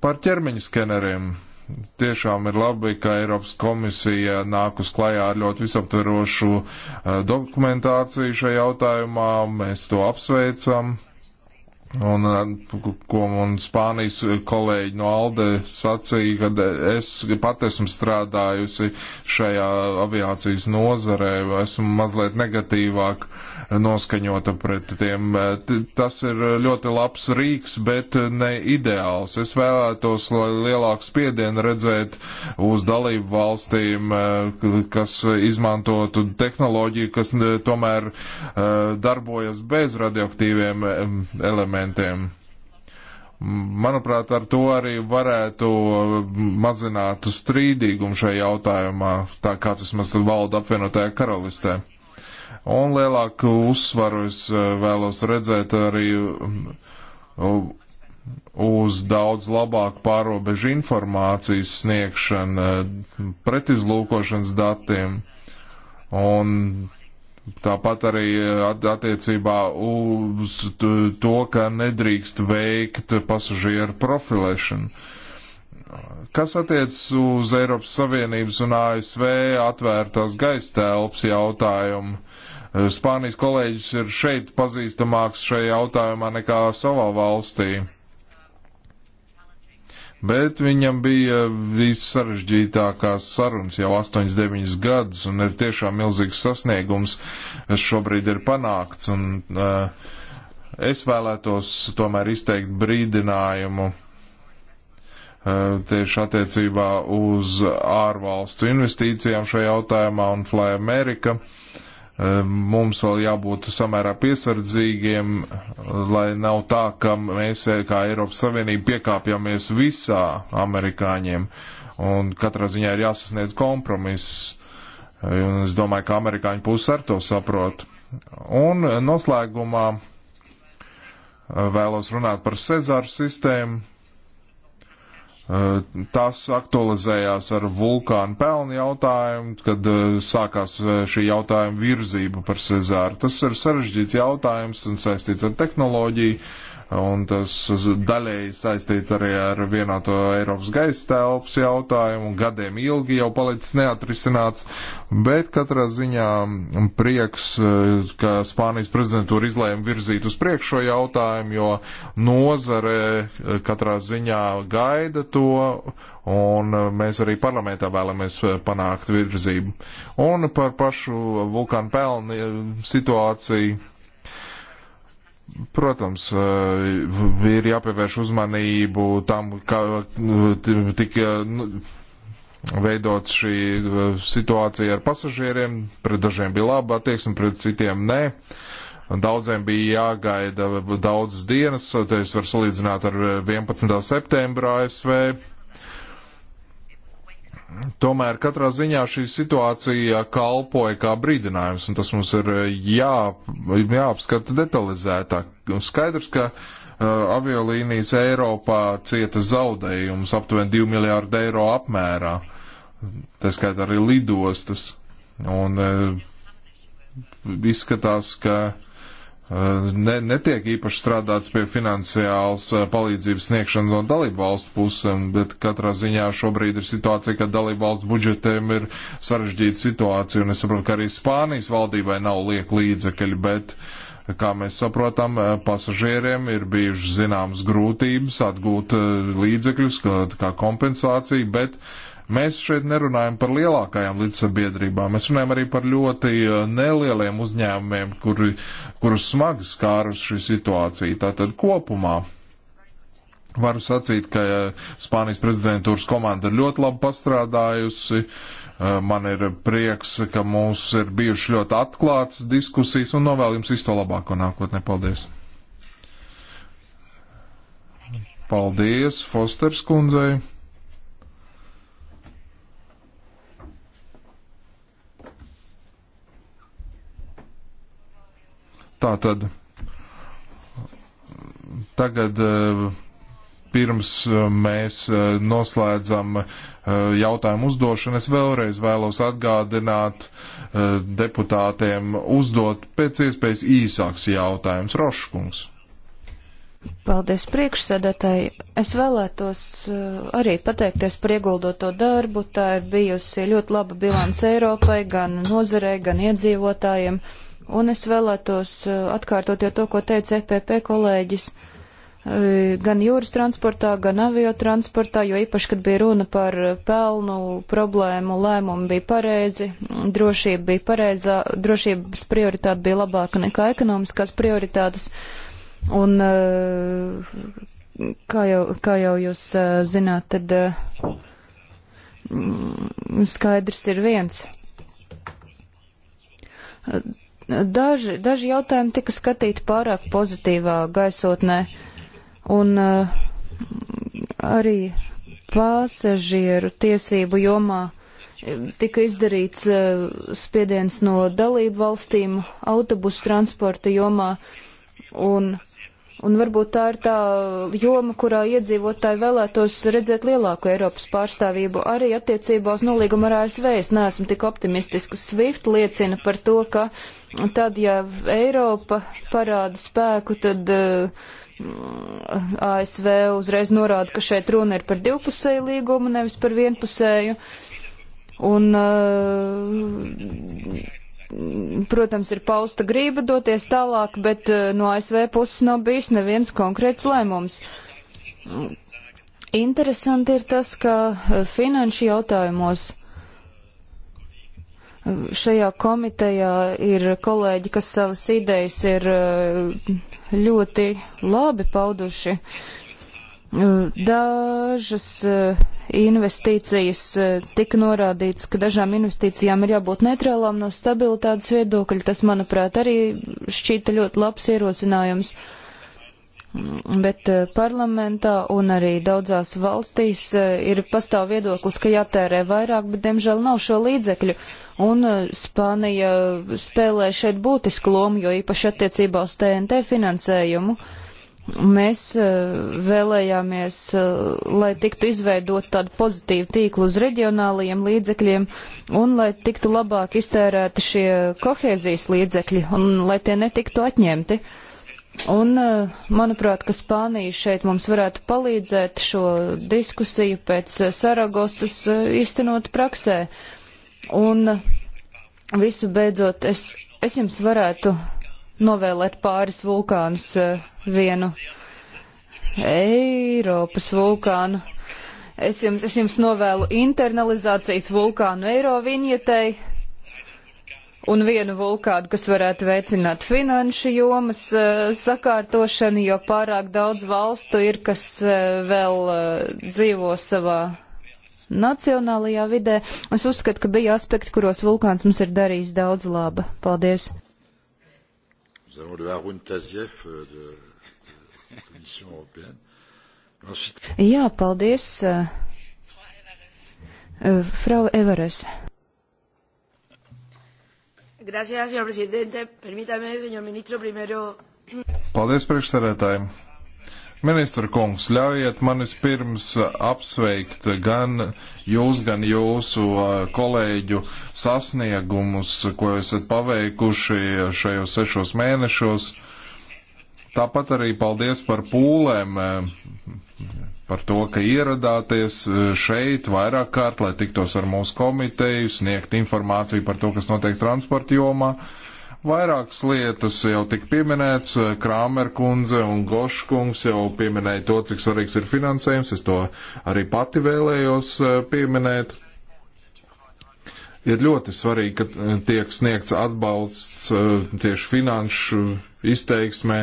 Par ķermeņa skeneriem tiešām ir labi, ka Eiropas komisija nāk uz klajā ar ļoti visaptverošu eh, dokumentāciju šajā jautājumā. Mēs to apsveicam. Un, eh, ko man Spānijas kolēģi no Alde sacīja, kad es pat esmu strādājusi šajā aviācijas nozarē, esmu mazliet negatīvāk uh, noskaņota pret tiem. Tas ir ļoti labs rīks, bet ne ideāls. Es vēlētos, lai lielāku spiedienu redzēt uz dalību valstīm, kas izmantotu tehnoloģiju, kas tomēr darbojas bez radioaktīviem elementiem. Manuprāt, ar to arī varētu mazināt strīdīgumu šajā jautājumā, tā kā tas maz valda apvienotajā karalistē. Un lielāku uzsvaru es eh, vēlos redzēt arī um, uz daudz labāku pārobežu informācijas sniegšanu, eh, pretizlūkošanas datiem. Un tāpat arī eh, attiecībā uz to, ka nedrīkst veikt pasažieru profilēšanu. Uh, Kas attiecas uz Eiropas Savienības un ASV atvērtās gaisa telpas jautājumu? Spānijas kolēģis ir šeit pazīstamāks šajā jautājumā nekā savā valstī. Bet viņam bija viss sarežģītākās sarunas jau 8-9 gadus, un ir tiešām milzīgs sasniegums, kas šobrīd ir panākts. Un, uh, es vēlētos tomēr izteikt brīdinājumu uh, Eh, tieši attiecībā uz ārvalstu investīcijām šajā jautājumā un Fly America. Eh, mums vēl jābūt samērā piesardzīgiem, lai nav tā, ka mēs eh, kā Eiropas Savienība piekāpjamies visā amerikāņiem. Un katrā ziņā ir jāsasniedz kompromiss. Un es domāju, ka amerikāņu puse ar to saprot. Un noslēgumā vēlos runāt par Cezāru sistēmu Eh, tas aktualizējās ar vulkānu pelnu jautājumu, kad eh, sākās eh, šī jautājuma virzība par Cezāru. Tas ir sarežģīts jautājums un saistīts ar tehnoloģiju, un tas daļēji saistīts arī ar vienoto Eiropas gaisa telpas jautājumu, gadiem ilgi jau palicis neatrisināts, bet katrā ziņā prieks, eh, ka Spānijas prezidentūra izlēma virzīt uz priekšu šo jautājumu, jo nozare eh, katrā ziņā gaida to, un eh, mēs arī parlamentā vēlamies panākt virzību. Un par pašu vulkānu pelnu situāciju Protams, eh, ir jāpievērš uzmanību tam, kā tika eh, nu, veidot šī eh, situācija ar pasažieriem. Pret dažiem bija laba attieksme, pret citiem nē. Daudziem bija jāgaida daudzas dienas, te es varu salīdzināt ar 11. septembra ASV Tomēr katrā ziņā šī situācija kalpoja kā brīdinājums, un tas mums ir eh, jā, jāapskata detalizētāk. Skaidrs, ka uh, aviolīnijas Eiropā cieta zaudējumus aptuveni 2 miljārdu eiro apmērā. Tā skaitā arī lidostas. Un uh, izskatās, ka uh, Eh, ne, netiek īpaši strādāts pie finansiāls eh, palīdzības sniegšanas no dalību valstu pusēm, bet katrā ziņā šobrīd ir situācija, ka dalību valstu budžetiem ir sarežģīta situācija, un es saprotu, ka arī Spānijas valdībai nav liek līdzekļi, bet, eh, kā mēs saprotam, pasažieriem ir bijušas zināmas grūtības atgūt līdzekļus kā, kā kompensāciju, bet uh, Mēs šeit nerunājam par lielākajām līdzsabiedrībām, mēs runājam arī par ļoti eh, nelieliem uzņēmumiem, kuri, kurus smagi skārus šī situācija. Tātad kopumā varu sacīt, ka eh, Spānijas prezidentūras komanda ir ļoti labi pastrādājusi. Eh, man ir prieks, ka mums ir bijuši ļoti atklāts diskusijas un novēl jums visu to labāko nākotnē. Paldies! Paldies Fosters kundzei! Tātad tagad eh, pirms eh, mēs eh, noslēdzam jautājumu uzdošanu, es vēlreiz vēlos atgādināt deputātiem uzdot pēc iespējas īsāks jautājums. Roškungs. Paldies priekšsēdētāji. Es vēlētos arī pateikties par ieguldoto darbu. Tā ir bijusi ļoti laba bilance Eiropai, gan nozarei, gan iedzīvotājiem. Uh, Un es vēlētos eh, atkārtot jau to, ko teica EPP kolēģis eh, gan jūras transportā, gan aviotransportā, jo īpaši, kad bija runa par pelnu problēmu, lēmumi bija pareizi, drošība bija pareizā, drošības prioritāte bija labāka nekā ekonomiskās prioritātes. Un, eh, kā jau, kā jau jūs zināt, tad skaidrs ir viens Daži, daži jautājumi tika skatīti pārāk pozitīvā gaisotnē, un uh, arī pasažieru tiesību jomā eh, tika izdarīts uh, spiediens no dalību valstīm autobusu transporta jomā, un uh, Un varbūt tā ir tā joma, kurā iedzīvotāji vēlētos redzēt lielāku Eiropas pārstāvību. Arī attiecībā uz nolīgumu ar ASV es neesmu tik optimistiska. Swift liecina par to, ka tad, ja Eiropa parāda spēku, tad uh, eh, ASV uzreiz norāda, ka šeit runa ir par divpusēju līgumu, nevis par vienpusēju. Un, uh, protams, ir pausta grība doties tālāk, bet eh, no ASV puses nav bijis neviens konkrēts lēmums. Interesanti ir tas, ka eh, finanšu jautājumos eh, šajā komitejā ir kolēģi, kas savas idejas ir ļoti labi pauduši. Uh, Dažas eh, investīcijas eh, tika norādīts, ka dažām investīcijām ir jābūt neutrālām no stabilitātes viedokļa. Tas, manuprāt, arī šķīta ļoti labs ierosinājums. Bet eh, parlamentā un arī daudzās valstīs ir pastāv viedoklis, ka jātērē vairāk, bet diemžēl nav šo līdzekļu. Un Spānija spēlē šeit būtisku lomu, jo īpaši attiecībā uz TNT finansējumu. Uh, Mēs eh, vēlējāmies, eh, lai tiktu izveidot tādu pozitīvu tīklu uz reģionālajiem līdzekļiem un lai tiktu labāk iztērēti šie kohēzijas līdzekļi un lai tie netiktu atņemti. Un, eh, manuprāt, ka Spānija šeit mums varētu palīdzēt šo diskusiju pēc Saragosas īstenot praksē. Un visu beidzot, es, es jums varētu novēlēt pāris vulkānus eh, vienu Eiropas vulkānu. Es jums, es jums novēlu internalizācijas vulkānu Eirovinietei un vienu vulkānu, kas varētu veicināt finanšu jomas eh, sakārtošanu, jo pārāk daudz valstu ir, kas eh, vēl dzīvo savā nacionālajā vidē. Es uzskatu, ka bija aspekti, kuros vulkāns mums ir darījis daudz laba. Paldies! Nous avons le Haroun Taziev euh, de, de la Commission européenne. Ensuite... Jā, paldies. Uh, Frau Everes. Gracias, señor presidente. Permítame, señor ministro, primero. Paldies, priekšsarētāji. Ministra kungs, ļaujiet man vispirms apsveikt gan jūs, gan jūsu uh, kolēģu sasniegumus, ko esat paveikuši šajos sešos mēnešos. Tāpat arī paldies par pūlēm, uh, par to, ka ieradāties uh, šeit vairāk kārt, lai tiktos ar mūsu komiteju, sniegt informāciju par to, kas notiek transporta jomā. Uh, Vairākas lietas jau tika pieminēts, eh, Krāmerkundze un Goškungs jau pieminēja to, cik svarīgs ir finansējums, es to arī pati vēlējos eh, pieminēt. Ir ļoti svarīgi, ka eh, tiek sniegts atbalsts tieši finanšu izteiksmē,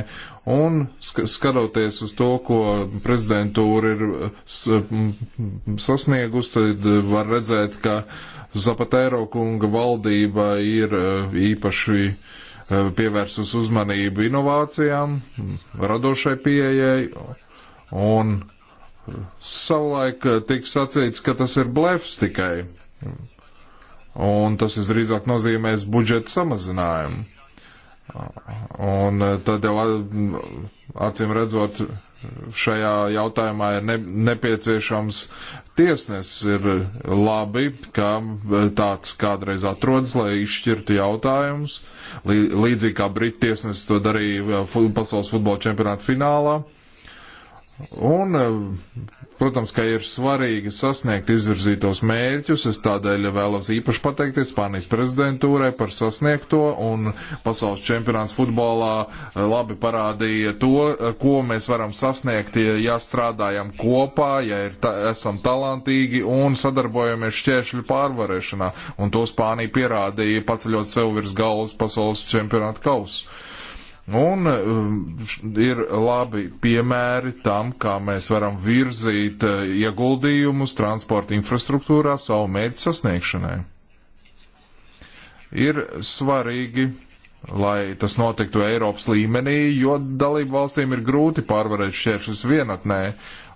un skatoties uz to, ko prezidentūra ir sasniegusi, tad var redzēt, ka uh, Zapatero kunga valdība ir eh, īpaši eh, pievērsus uzmanību inovācijām, radošai pieejai, un savulaik eh, tika sacīts, ka tas ir blefs tikai, un tas visdrīzāk nozīmēs budžeta samazinājumu. Un eh, tad jau eh, acīm redzot, šajā jautājumā ir ne, nepieciešams tiesnesis. Ir labi, ka eh, tāds kādreiz atrodas, lai izšķirtu jautājumus. Līdzīgi kā Brit tiesnesis to darīja pasaules futbola čempionāta finālā. Un, eh, protams, ka ir svarīgi sasniegt izvirzītos mērķus. Es tādēļ vēlos īpaši pateikties Spānijas prezidentūrai par sasniegto, un pasaules čempionāts futbolā eh, labi parādīja to, eh, ko mēs varam sasniegt, ja strādājam kopā, ja ir ta esam talantīgi un sadarbojamies šķēršļu pārvarēšanā. Un to Spānija pierādīja, paceļot sev virs galvas pasaules čempionāta kausu. Un um, ir labi piemēri tam, kā mēs varam virzīt uh, ieguldījumus transporta infrastruktūrā savu mērķu sasniegšanai. Ir svarīgi, lai tas notiktu Eiropas līmenī, jo dalību valstīm ir grūti pārvarēt šķēršļus vienatnē,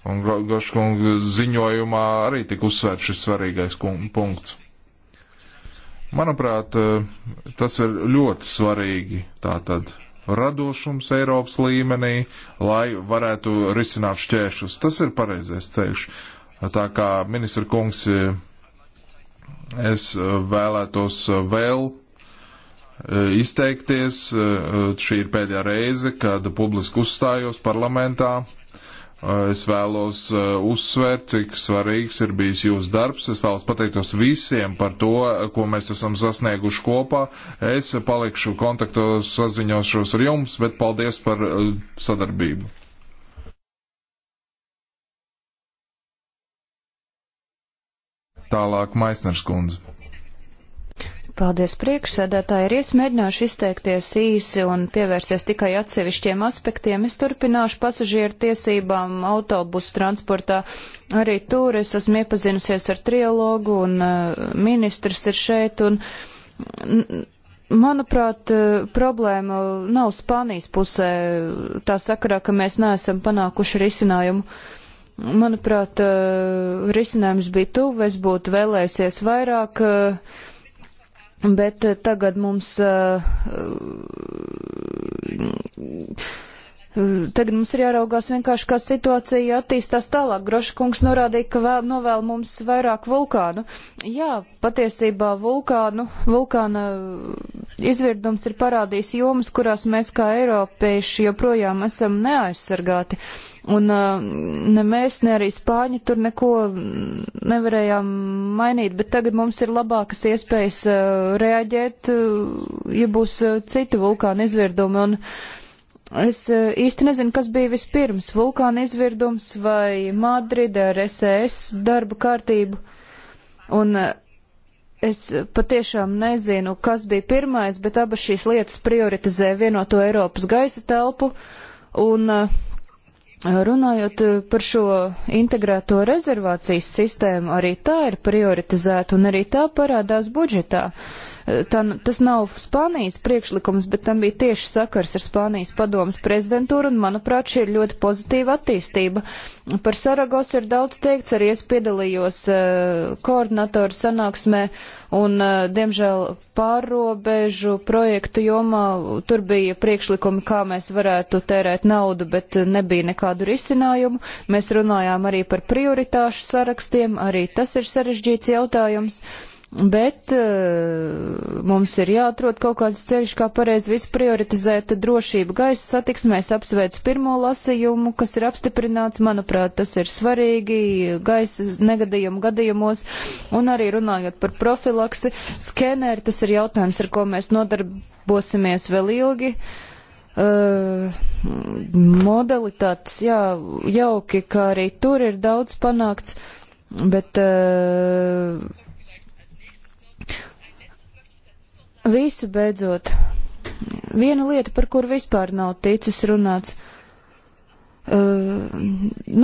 un Goškunga ziņojumā arī tik uzsvērt šis svarīgais punkts. Manuprāt, uh, tas ir ļoti svarīgi tātad radošums Eiropas līmenī, lai varētu risināt šķēršus. Tas ir pareizais ceļš. Tā kā ministra kungs, es vēlētos vēl e, izteikties. E, šī ir pēdējā reize, kad publiski uzstājos parlamentā. Eh, es vēlos eh, uzsvērt, cik svarīgs ir bijis jūsu darbs. Es vēlos pateiktos visiem par to, eh, ko mēs esam sasnieguši kopā. Es palikšu kontaktos, saziņošos ar jums, bet paldies par sadarbību. Tālāk Maisners kundze. Paldies priekšsēdētāji, ir iesmēģināšu izteikties īsi un pievērsties tikai atsevišķiem aspektiem. Es turpināšu pasažieru tiesībām autobusu transportā. Arī tur es esmu iepazinusies ar trialogu un uh, ministrs ir šeit un. Mm, manuprāt, uh, problēma nav Spānijas pusē, tā sakarā, ka mēs neesam panākuši risinājumu. Manuprāt, uh, risinājums bija tuvu, es būtu vēlējusies vairāk. Uh, Bet eh, tagad mums. Eh, eh, tagad mums ir jāraugās vienkārši, kā situācija attīstās tālāk. Groša kungs norādīja, ka vēl, novēl mums vairāk vulkānu. Jā, patiesībā vulkānu, vulkāna izvirdums ir parādījis jomas, kurās mēs kā eiropieši joprojām esam neaizsargāti. Uh, Un ne mēs, ne arī Spāņi tur neko nevarējām mainīt, bet tagad mums ir labākas iespējas reaģēt, ja būs citi vulkāna izvirdumi. Un es īsti nezinu, kas bija vispirms - vulkāna izvirdums vai Madrida ar SES e darba kārtību. Un es patiešām nezinu, kas bija pirmais, bet abas šīs lietas prioritizē vienoto Eiropas gaisa telpu. Un uh, Runājot eh, par šo integrēto rezervācijas sistēmu, arī tā ir prioritizēta un arī tā parādās budžetā. Eh, tā, tas nav Spānijas priekšlikums, bet tam bija tieši sakars ar Spānijas padomas prezidentūru, un, manuprāt, šī ir ļoti pozitīva attīstība. Par Saragos ir daudz teikts, arī es piedalījos uh, koordinatoru sanāksmē. Uh, un, eh, diemžēl, pārrobežu projektu jomā tur bija priekšlikumi, kā mēs varētu tērēt naudu, bet eh, nebija nekādu risinājumu. Mēs runājām arī par prioritāšu sarakstiem, arī tas ir sarežģīts jautājums. Uh, bet uh, mums ir jāatrod kaut kāds ceļš, kā pareizi visprioritizēt drošību gaisa satiksmēs, apsveic pirmo lasījumu, kas ir apstiprināts, manuprāt, tas ir svarīgi gaisa negadījumu gadījumos, un arī runājot par profilaksi, skeneri, tas ir jautājums, ar ko mēs nodarbosimies vēl ilgi. Uh, eh, modalitātes, jā, jauki, ka arī tur ir daudz panākts, bet uh, visu beidzot, viena lieta, par kuru vispār nav ticis runāts, uh,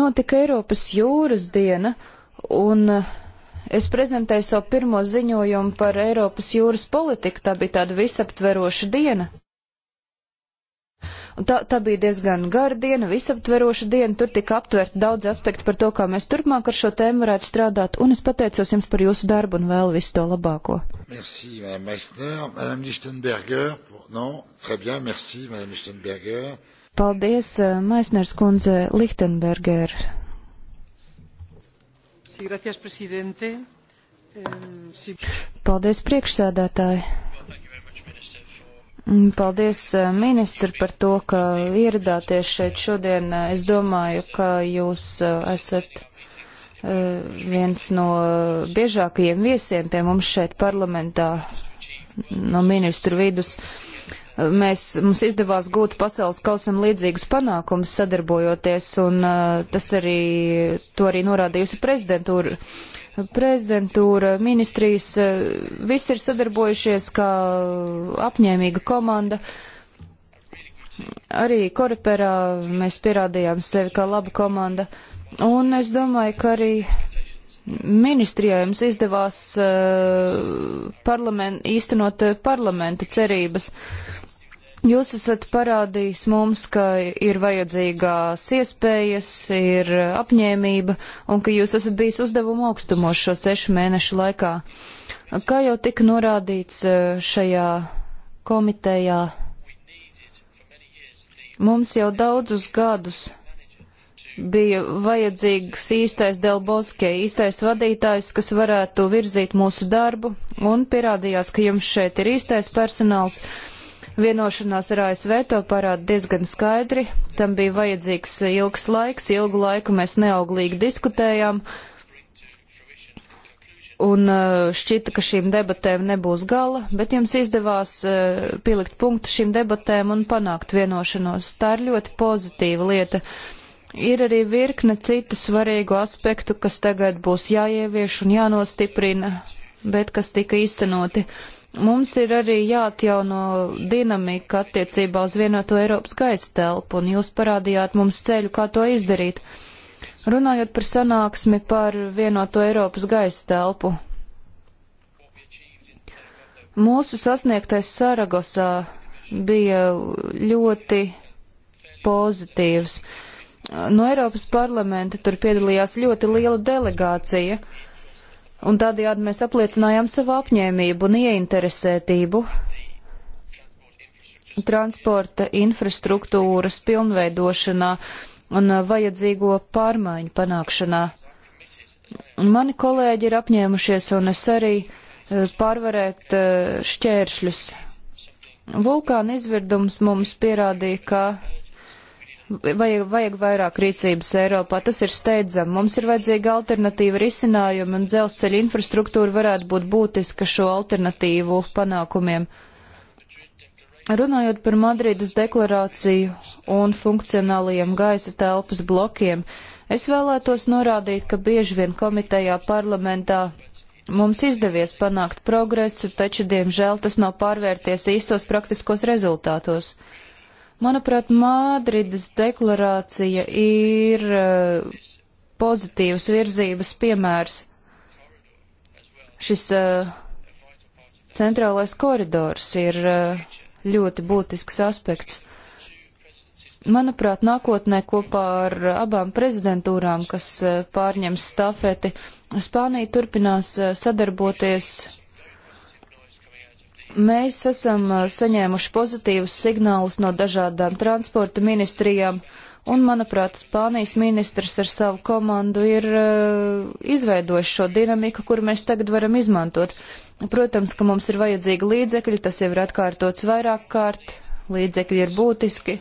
notika Eiropas jūras diena, un uh, es prezentēju savu pirmo ziņojumu par Eiropas jūras politiku. Tā bija tāda visaptveroša diena. Tā, tā bija diezgan gara diena, visaptveroša diena, tur tika aptverti daudz aspektu par to, kā mēs turpmāk ar šo tēmu varētu strādāt, un es pateicos jums par jūsu darbu un vēlu visu to labāko. Merci, Madame Meissner. Madame Lichtenberger, non, très bien, merci, Madame Lichtenberger. Paldies, eh, Maisners kundze Lichtenberger. Sí, gracias, presidente. Um, sí. Paldies, priekšsēdētāji. Mm, paldies, eh, ministri, par to, ka ieradāties šeit šodien. Eh, es domāju, ka jūs eh, esat viens no biežākajiem viesiem pie mums šeit parlamentā no ministru vidus. Mēs, mums izdevās gūt pasaules kausam līdzīgus panākumus sadarbojoties, un tas arī, to arī norādījusi prezidentūra prezidentūra, ministrijas, eh, visi ir sadarbojušies kā apņēmīga komanda. Arī Koreperā mēs pierādījām sevi kā laba komanda. Un es domāju, ka arī ministrijā jums izdevās uh, eh, parlament, īstenot eh, parlamenta cerības. Uh, Jūs esat parādījis mums, ka ir vajadzīgās iespējas, ir apņēmība un ka jūs esat bijis uzdevuma augstumos šo sešu mēnešu laikā. Kā jau tika norādīts eh, šajā komitejā, mums jau daudzus gadus bija vajadzīgs īstais Delboskē, īstais vadītājs, kas varētu virzīt mūsu darbu, un pierādījās, ka jums šeit ir īstais personāls. Uh, Vienošanās ar ASV to parāda diezgan skaidri, tam bija vajadzīgs ilgs laiks, ilgu laiku mēs neauglīgi diskutējām, un uh, šķita, ka šīm debatēm nebūs gala, bet jums izdevās uh, pielikt punktu šīm debatēm un panākt vienošanos. Tā ir ļoti pozitīva lieta. Ir arī virkne citu svarīgu aspektu, kas tagad būs jāievieš un jānostiprina, bet kas tika īstenoti. Uh, Mums ir arī jāatjauno dinamika attiecībā uz vienoto Eiropas gaisa telpu, un jūs parādījāt mums ceļu, kā to izdarīt. Runājot par sanāksmi par vienoto Eiropas gaisa telpu. Mūsu sasniegtais Saragosā bija ļoti pozitīvs. No Eiropas parlamenta tur piedalījās ļoti liela delegācija. Uh, Un tādējādi mēs apliecinājām savu apņēmību un ieinteresētību transporta infrastruktūras pilnveidošanā un uh, vajadzīgo pārmaiņu panākšanā. Mani kolēģi ir apņēmušies, un es arī uh, pārvarēt uh, šķēršļus. Vulkāna izvirdums mums pierādīja, ka Vajag, vajag vairāk rīcības Eiropā, tas ir steidzami. Mums ir vajadzīga alternatīva risinājuma, un dzelzceļa infrastruktūra varētu būt būtiska šo alternatīvu panākumiem. Runājot par Madrīdas deklarāciju un funkcionālajiem gaisa telpas blokiem, es vēlētos norādīt, ka bieži vien komitejā parlamentā Mums izdevies panākt progresu, taču, diemžēl, tas nav pārvērties īstos praktiskos rezultātos. Manuprāt, Madrides deklarācija ir eh, pozitīvas virzības piemērs. Šis eh, centrālais koridors ir eh, ļoti būtisks aspekts. Manuprāt, nākotnē kopā ar abām prezidentūrām, kas pārņems stafeti, Spānija turpinās sadarboties mēs esam uh, saņēmuši pozitīvus signālus no dažādām transporta ministrijām, un, manuprāt, Spānijas ministrs ar savu komandu ir uh, izveidojuši šo dinamiku, kur mēs tagad varam izmantot. Protams, ka mums ir vajadzīgi līdzekļi, tas jau ir atkārtots vairāk kārt, līdzekļi ir būtiski,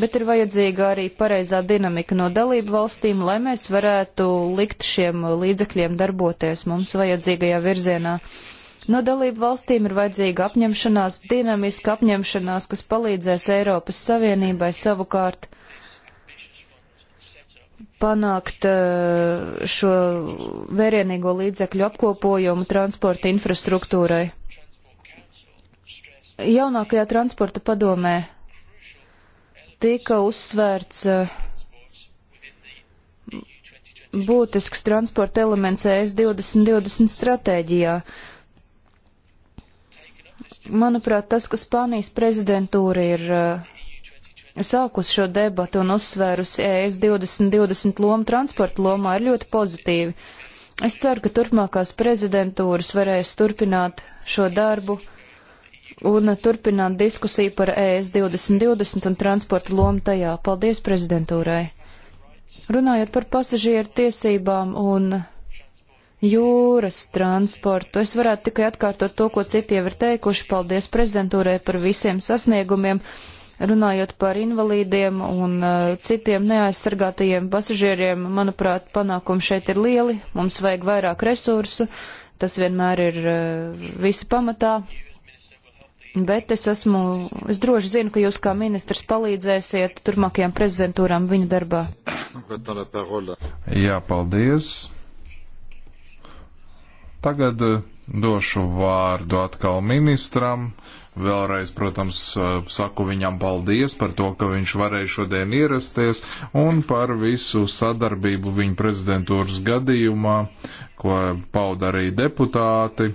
bet ir vajadzīga arī pareizā dinamika no dalību valstīm, lai mēs varētu likt šiem uh, līdzekļiem darboties mums vajadzīgajā virzienā. Uh, No dalību valstīm ir vajadzīga apņemšanās, dinamiska apņemšanās, kas palīdzēs Eiropas Savienībai savukārt panākt eh, šo vērienīgo līdzekļu apkopojumu transporta infrastruktūrai. Jaunākajā transporta padomē tika uzsvērts uh, būtisks transporta elements e ES 2020 stratēģijā. Manuprāt, tas, ka Spānijas prezidentūra ir eh, sākus šo debatu un uzsvērusi e ES 2020 lomu transporta lomā, ir ļoti pozitīvi. Es ceru, ka turpmākās prezidentūras varēs turpināt šo darbu un turpināt diskusiju par e ES 2020 un transporta lomu tajā. Paldies prezidentūrai! Runājot par pasažieru tiesībām un jūras transportu. Es varētu tikai atkārtot to, ko citi jau ir teikuši. Paldies prezidentūrai par visiem sasniegumiem. Runājot par invalīdiem un uh, citiem neaizsargātajiem pasažieriem, manuprāt, panākumi šeit ir lieli. Mums vajag vairāk resursu. Tas vienmēr ir uh, visi pamatā. Bet es esmu, es droši zinu, ka jūs kā ministrs palīdzēsiet turpmākajām prezidentūrām viņu darbā. (coughs) Jā, paldies. Tagad eh, došu vārdu atkal ministram. Vēlreiz, protams, eh, saku viņam paldies par to, ka viņš varēja šodien ierasties un par visu sadarbību viņa prezidentūras gadījumā, ko pauda arī deputāti.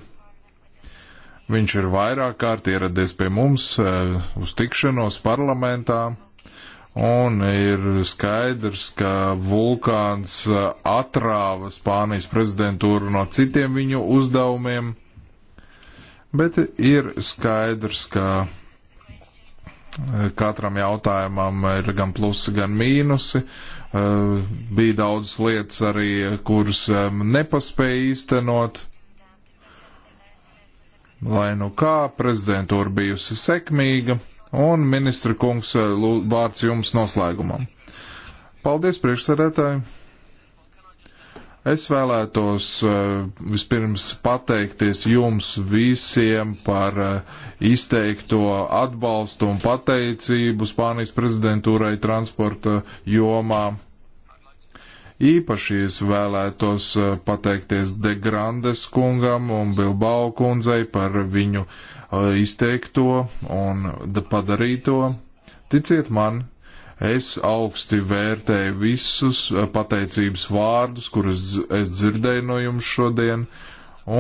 Viņš ir vairāk kārt ieradies pie mums eh, uz tikšanos parlamentā. Un ir skaidrs, ka vulkāns uh, atrāva Spānijas prezidentūru no citiem viņu uzdevumiem, bet ir skaidrs, ka uh, katram jautājumam ir gan plusi, gan mīnusi. Uh, bija daudz lietas arī, kuras um, nepaspēja īstenot. Lai nu kā prezidentūra bijusi sekmīga Un ministra kungs, vārds jums noslēgumam. Paldies, priekšsarētāji! Es vēlētos eh, vispirms pateikties jums visiem par eh, izteikto atbalstu un pateicību Spānijas prezidentūrai transporta jomā. Īpaši es vēlētos eh, pateikties De Grandes kungam un Bilbao kundzei par viņu Eh, izteikto un padarīto. Ticiet man, es augsti vērtēju visus eh, pateicības vārdus, kurus es dzirdēju no jums šodien,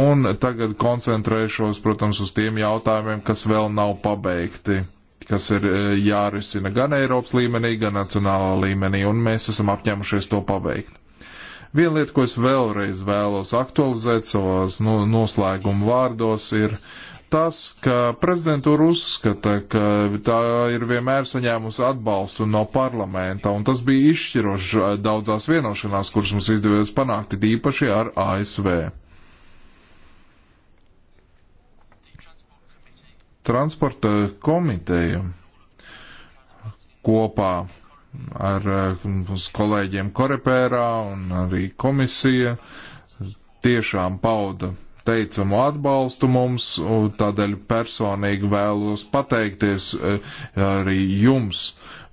un tagad koncentrēšos, protams, uz tiem jautājumiem, kas vēl nav pabeigti kas ir eh, jārisina gan Eiropas līmenī, gan nacionālā līmenī, un mēs esam apņēmušies to pabeigt. Viena lieta, ko es vēlreiz vēlos aktualizēt savās noslēguma vārdos, ir uh, tas, ka prezidentūra uzskata, ka tā ir vienmēr saņēmusi atbalstu no parlamenta, un tas bija izšķiroši eh, daudzās vienošanās, kuras mums izdevies panākt, īpaši ar ASV. Transporta komiteja kopā ar eh, kolēģiem Korepērā un arī komisija tiešām pauda teicamu atbalstu mums, tādēļ personīgi vēlos pateikties e, arī jums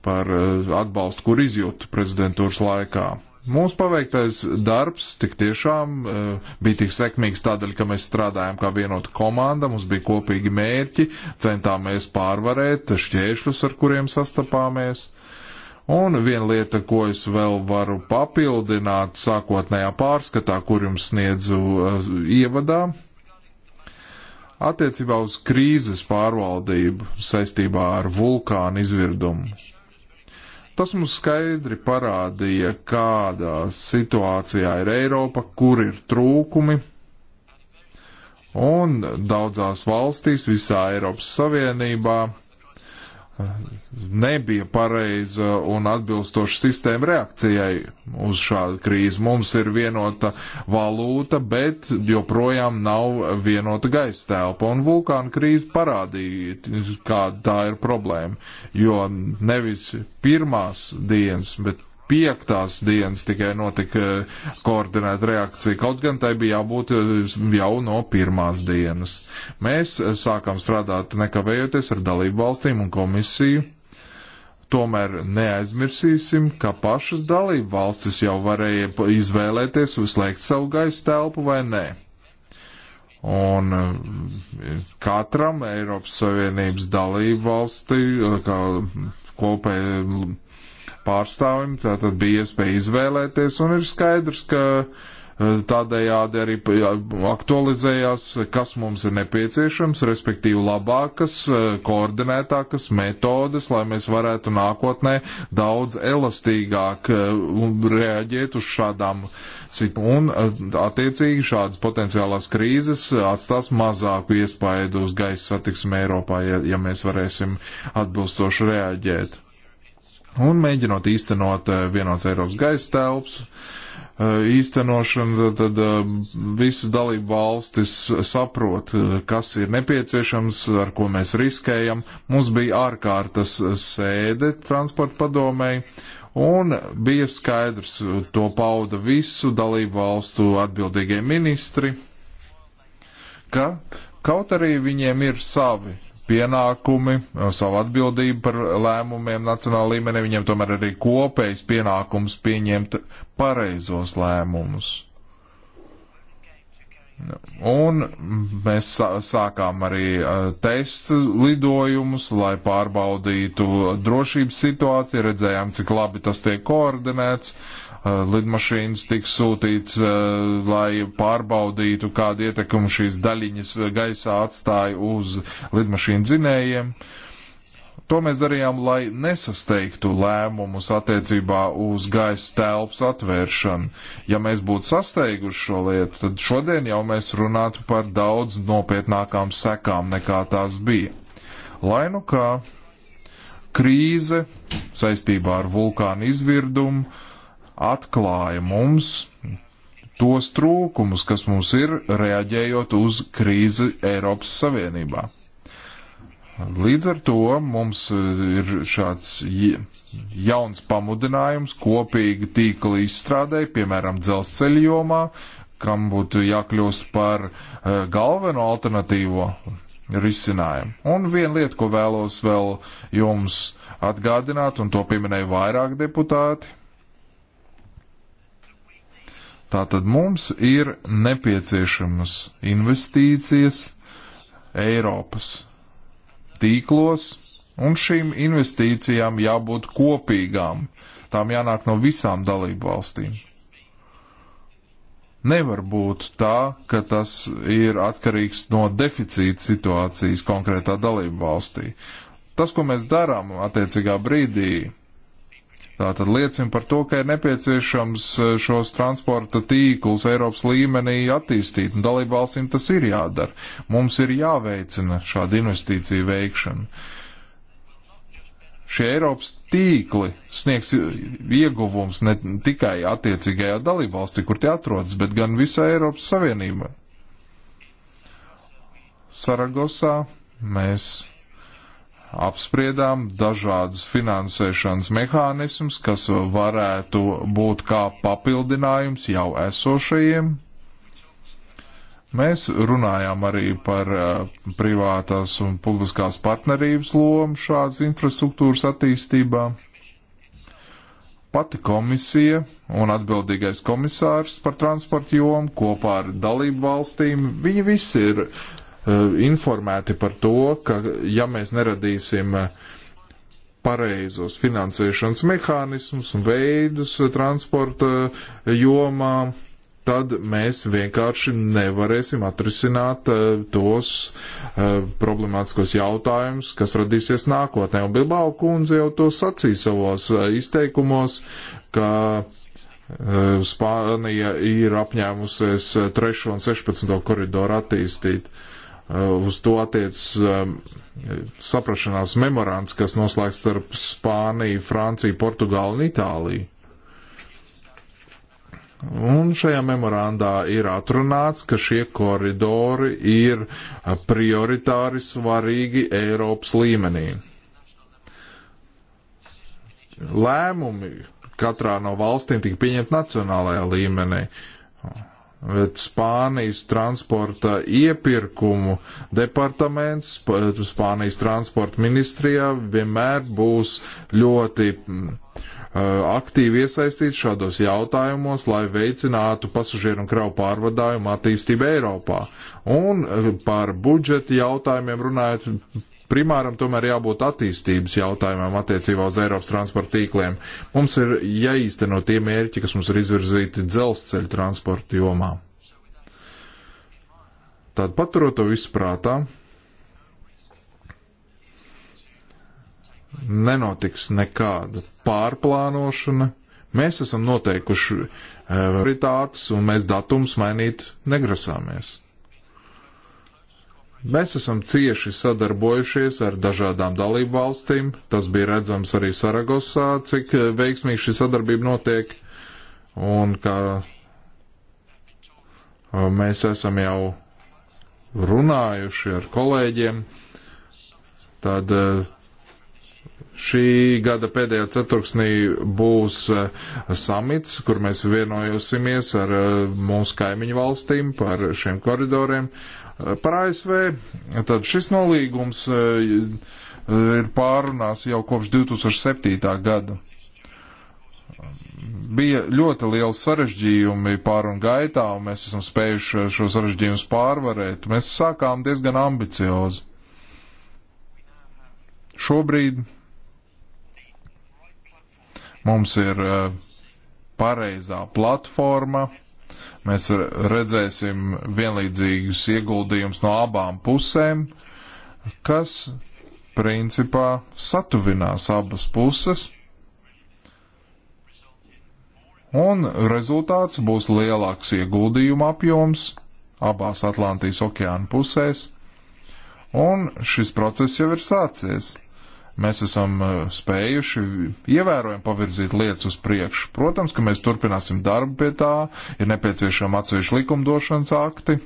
par e, atbalstu, kur izjūtu prezidentūras laikā. Mūsu paveiktais darbs tik tiešām e, bija tik sekmīgs tādēļ, ka mēs strādājām kā vienota komanda, mums bija kopīgi mērķi, centāmies pārvarēt šķēršļus, ar kuriem sastapāmies Un viena lieta, ko es vēl varu papildināt sākotnējā pārskatā, kur jums sniedzu uh, ievadā, attiecībā uz krīzes pārvaldību saistībā ar vulkānu izvirdumu. Tas mums skaidri parādīja, kādā situācijā ir Eiropa, kur ir trūkumi, un daudzās valstīs visā Eiropas Savienībā nebija pareiza un atbilstoša sistēma reakcijai uz šādu krīzi. Mums ir vienota valūta, bet joprojām nav vienota gaisa telpa. Un vulkāna krīze parādīja, kāda tā ir problēma. Jo nevis pirmās dienas, bet piektas dienas tikai notika eh, koordinēta reakcija, kaut gan tai bija jābūt eh, jau no pirmās dienas. Mēs eh, sākam strādāt nekavējoties ar dalību valstīm un komisiju. Tomēr neaizmirsīsim, ka pašas dalību valstis jau varēja izvēlēties uzslēgt savu gaisa telpu vai nē. Un katram Eiropas Savienības dalību valsti, kā kopēji pārstāvim, tātad bija iespēja izvēlēties, un ir skaidrs, ka e, tādējādi arī aktualizējās, kas mums ir nepieciešams, respektīvi labākas, e, koordinētākas metodes, lai mēs varētu nākotnē daudz elastīgāk e, reaģēt uz šādām situācijām, un attiecīgi šādas potenciālās krīzes atstās mazāku iespaidu uz gaisa satiksmi Eiropā, ja, ja mēs varēsim atbilstoši reaģēt. Un mēģinot īstenot eh, vienots Eiropas gaisa telps, eh, īstenošanu, tad, tad eh, visas dalību valstis saprot, kas ir nepieciešams, ar ko mēs riskējam. Mums bija ārkārtas sēde transporta padomēji, un bija skaidrs, to pauda visu dalību valstu atbildīgie ministri, ka kaut arī viņiem ir savi pienākumi, uh, savu atbildību par lēmumiem nacionāla līmenī, viņiem tomēr arī kopējs pienākums pieņemt pareizos lēmumus. Un mēs sākām arī uh, testu lidojumus, lai pārbaudītu drošības situāciju, redzējām, cik labi tas tiek koordinēts. Uh, Eh, lidmašīnas tiks sūtīts, eh, lai pārbaudītu, kādu ietekmu šīs daļiņas eh, gaisā atstāja uz lidmašīnu dzinējiem. To mēs darījām, lai nesasteigtu lēmumus attiecībā uz gaisa telpas atvēršanu. Ja mēs būtu sasteiguši šo lietu, tad šodien jau mēs runātu par daudz nopietnākām sekām nekā tās bija. Lai nu kā krīze saistībā ar vulkānu izvirdumu atklāja mums tos trūkumus, kas mums ir, reaģējot uz krīzi Eiropas Savienībā. Līdz ar to mums e, ir šāds jauns pamudinājums kopīgi tīkla izstrādēji, piemēram, dzelzceļa jomā, kam būtu jākļūst par e, galveno alternatīvo risinājumu. Un viena lieta, ko vēlos vēl jums atgādināt, un to pieminēja vairāk deputāti, Tātad mums ir nepieciešamas investīcijas Eiropas tīklos, un šīm investīcijām jābūt kopīgām. Tām jānāk no visām dalību valstīm. Nevar būt tā, ka tas ir atkarīgs no deficīta situācijas konkrētā dalību valstī. Tas, ko mēs darām attiecīgā brīdī, Tātad liecina par to, ka ir nepieciešams e, šos transporta tīklus Eiropas līmenī attīstīt, un dalību valstīm tas ir jādara. Mums ir jāveicina šāda investīcija veikšana. Šie Eiropas tīkli sniegs ieguvums ne tikai attiecīgajā dalību valstī, kur tie atrodas, bet gan visā Eiropas Savienībā. Saragosā mēs apspriedām dažādas finansēšanas mehānismus, kas varētu būt kā papildinājums jau esošajiem. Mēs runājām arī par eh, privātās un publiskās partnerības lomu šādas infrastruktūras attīstībā. Pati komisija un atbildīgais komisārs par transportu jomu kopā ar dalību valstīm, viņi visi ir uh, Eh, informēti par to, ka ja mēs neradīsim eh, pareizos finansēšanas mehānismus un veidus eh, transporta jomā, tad mēs vienkārši nevarēsim atrisināt tos problemātiskos jautājumus, kas radīsies nākotnē. Un Bilbao kundze jau to sacīja savos izteikumos, ka Spānija ir apņēmusies 3 un 16 koridoru attīstīt. Uh, Eh, uz to attiec ehm, saprašanās memorands, kas noslēgts starp Spāniju, Franciju, Portugālu un Itāliju. Un šajā memorandā ir atrunāts, ka šie koridori ir prioritāri svarīgi Eiropas līmenī. Lēmumi katrā no valstīm tika pieņemti nacionālajā līmenī. Spānijas transporta iepirkumu departaments, Spānijas transporta ministrijā vienmēr būs ļoti mm, uh, aktīvi iesaistīts šādos jautājumos, lai veicinātu pasažieru un kravu pārvadājumu attīstību Eiropā. Un uh, par budžeta jautājumiem runājot, Primāram tomēr jābūt attīstības jautājumam attiecībā uz Eiropas transporta tīkliem. Mums ir jāīsteno tie mērķi, kas mums ir izvirzīti dzelzceļa transporta jomā. Tātad paturot to visu prātā, nenotiks nekāda pārplānošana. Mēs esam noteikuši eh, prioritātes un mēs datums mainīt negrasāmies. Mēs esam cieši sadarbojušies ar dažādām dalību valstīm. Tas bija redzams arī Saragosā, cik eh, veiksmīgi šī sadarbība notiek. Un kā eh, mēs esam jau runājuši ar kolēģiem, tad uh, Šī gada pēdējā ceturksnī būs eh, samits, kur mēs vienojosimies ar eh, mūsu kaimiņu valstīm par šiem koridoriem. Eh, par ASV, tad šis nolīgums ir pārunās jau kopš 2007. gada bija ļoti lieli sarežģījumi pārunu gaitā, un mēs esam spējuši šo sarežģījumus pārvarēt. Mēs sākām diezgan ambiciozi. Šobrīd Mums ir eh, pareizā platforma. Mēs redzēsim vienlīdzīgus ieguldījumus no abām pusēm, kas principā satuvinās abas puses. Un rezultāts būs lielāks ieguldījuma apjoms abās Atlantijas okeāna pusēs. Un šis process jau ir sācies. Mēs esam uh, spējuši ievērojami pavirzīt lietas uz priekšu. Protams, ka mēs turpināsim darbu pie tā, ir nepieciešama atsevišķa likumdošanas akti,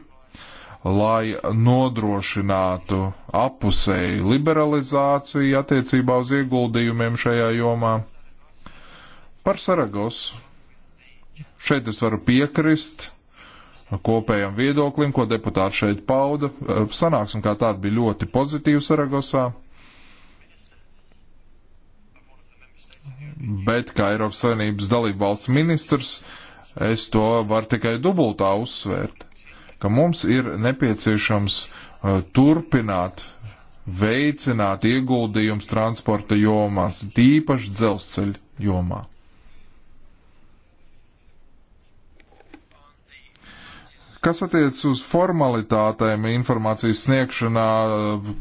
lai nodrošinātu apusēju liberalizāciju attiecībā uz ieguldījumiem šajā jomā. Par Saragos. Šeit es varu piekrist kopējam viedoklim, ko deputāti šeit pauda. Uh, sanāksim kā tāda bija ļoti pozitīva Saragosā. bet kā Eiropas Savienības dalība valsts ministrs es to varu tikai dubultā uzsvērt, ka mums ir nepieciešams uh, turpināt veicināt ieguldījums transporta jomās, tīpaši dzelzceļa jomā. Kas attiecas uz formalitātēm informācijas sniegšanā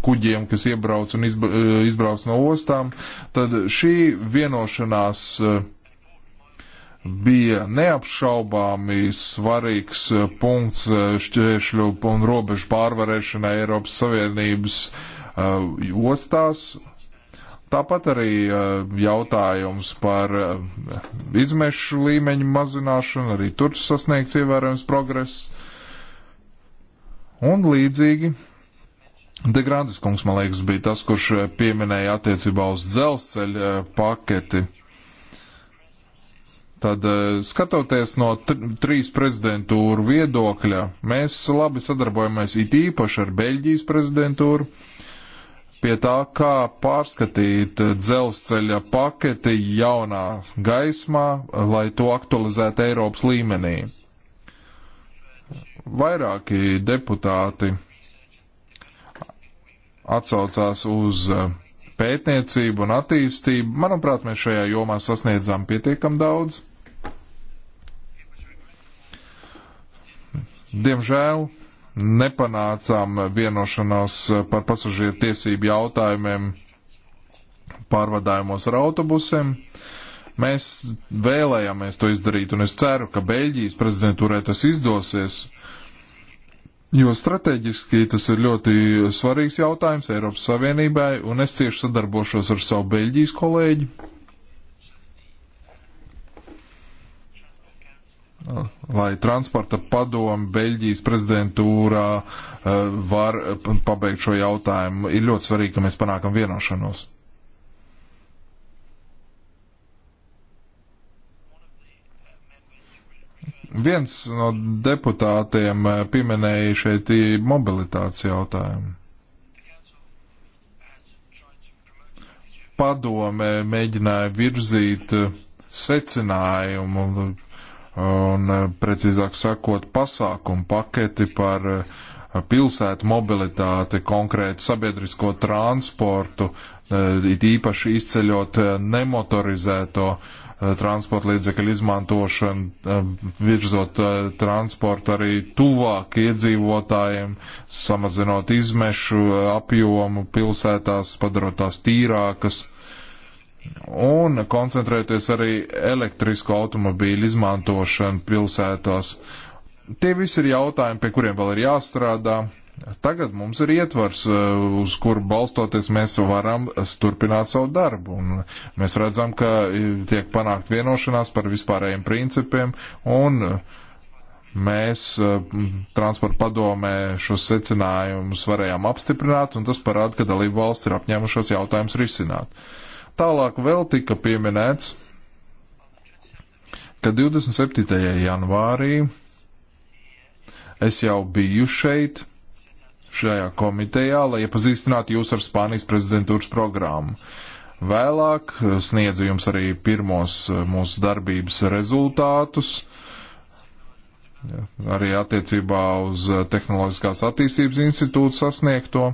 kuģiem, kas iebrauc un eh, izbrauc no ostām, tad šī vienošanās eh, bija neapšaubāmi svarīgs eh, punkts šķēršļu un robežu pārvarēšanai Eiropas Savienības ostās. Tāpat arī jautājums par izmešu līmeņu mazināšanu, arī tur sasniegts ievērojams progress. Un līdzīgi Degrāndis kungs, man liekas, bija tas, kurš eh, pieminēja attiecībā uz dzelzceļa eh, paketi. Tad eh, skatoties no trīs prezidentūru viedokļa, mēs labi sadarbojamies it īpaši ar Beļģijas prezidentūru pie tā, kā pārskatīt dzelzceļa paketi jaunā gaismā, lai to aktualizētu Eiropas līmenī. Vairāki deputāti atsaucās uz e, pētniecību un attīstību. Manuprāt, mēs šajā jomā sasniedzām pietiekam daudz. Diemžēl nepanācām vienošanos par pasažieru tiesību jautājumiem pārvadājumos ar autobusiem. Mēs vēlējāmies to izdarīt, un es ceru, ka Beļģijas prezidentūrē tas izdosies. Uh, Jo strateģiski tas ir ļoti svarīgs jautājums Eiropas Savienībai, un es cieši sadarbošos ar savu Beļģijas kolēģi. Lai transporta padoma Beļģijas prezidentūrā eh, var eh, pabeigt šo jautājumu, ir ļoti svarīgi, ka mēs panākam vienošanos. Viens no deputātiem eh, pieminēja šeit mobilitātes jautājumu. Padome mēģināja virzīt eh, secinājumu un, eh, precīzāk sakot, pasākumu paketi par pilsētu mobilitāti, konkrēti sabiedrisko transportu, it īpaši izceļot nemotorizēto uh, Eh, transporta līdzekļu izmantošanu, eh, virzot eh, transportu arī tuvāk iedzīvotājiem, samazinot izmešu apjomu pilsētās, padarot tās tīrākas un koncentrēties arī elektrisko automobīļu izmantošanu pilsētās. Tie visi ir jautājumi, pie kuriem vēl ir jāstrādā, Tagad mums ir ietvars, eh, uz kuru balstoties mēs varam turpināt savu darbu. Un mēs redzam, ka eh, tiek panākt vienošanās par vispārējiem principiem, un eh, mēs transporta padomē šos secinājumus varējām apstiprināt, un tas parāda, ka dalību valsts ir apņēmušās jautājumus risināt. Tālāk vēl tika pieminēts, ka 27. janvārī es jau biju šeit, šajā komitejā, lai iepazīstinātu jūs ar Spānijas prezidentūras programmu. Vēlāk eh, sniedzu jums arī pirmos eh, mūsu darbības rezultātus, eh, arī attiecībā uz Tehnoloģiskās attīstības institūtu sasniegto.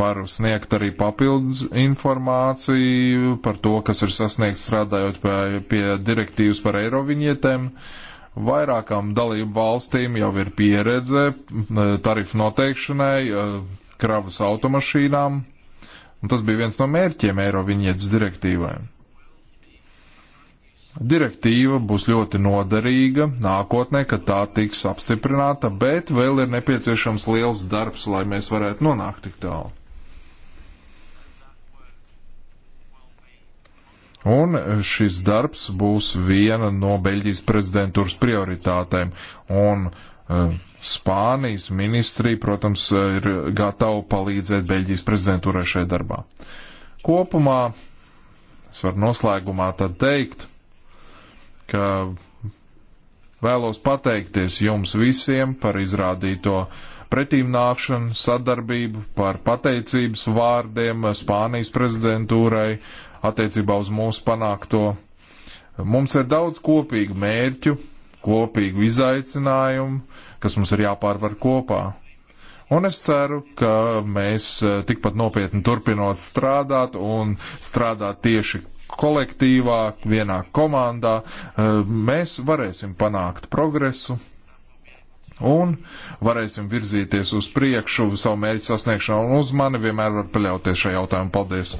Varu sniegt arī papildus informāciju par to, kas ir sasniegts strādājot pie, pie direktīvas par eirovinietēm. Uh, Vairākām dalību valstīm jau ir pieredze e, tarifu noteikšanai e, kravas automašīnām, un tas bija viens no mērķiem Eiroviņietas direktīvai. Direktīva būs ļoti noderīga nākotnē, kad tā tiks apstiprināta, bet vēl ir nepieciešams liels darbs, lai mēs varētu nonākt tik tālu. Un šis darbs būs viena no Beļģijas prezidentūras prioritātēm. Un eh, Spānijas ministrija, protams, ir gatava palīdzēt Beļģijas prezidentūrai šajā darbā. Kopumā es varu noslēgumā tad teikt, ka vēlos pateikties jums visiem par izrādīto pretīmnākšanu, sadarbību, par pateicības vārdiem Spānijas prezidentūrai attiecībā uz mūsu panākto. Mums ir daudz kopīgu mērķu, kopīgu izaicinājumu, kas mums ir jāpārvar kopā. Un es ceru, ka mēs eh, tikpat nopietni turpinot strādāt un strādāt tieši kolektīvā, vienā komandā, eh, mēs varēsim panākt progresu un varēsim virzīties uz priekšu savu mērķu sasniegšanā un uz mani vienmēr var paļauties šajā jautājumā. Paldies!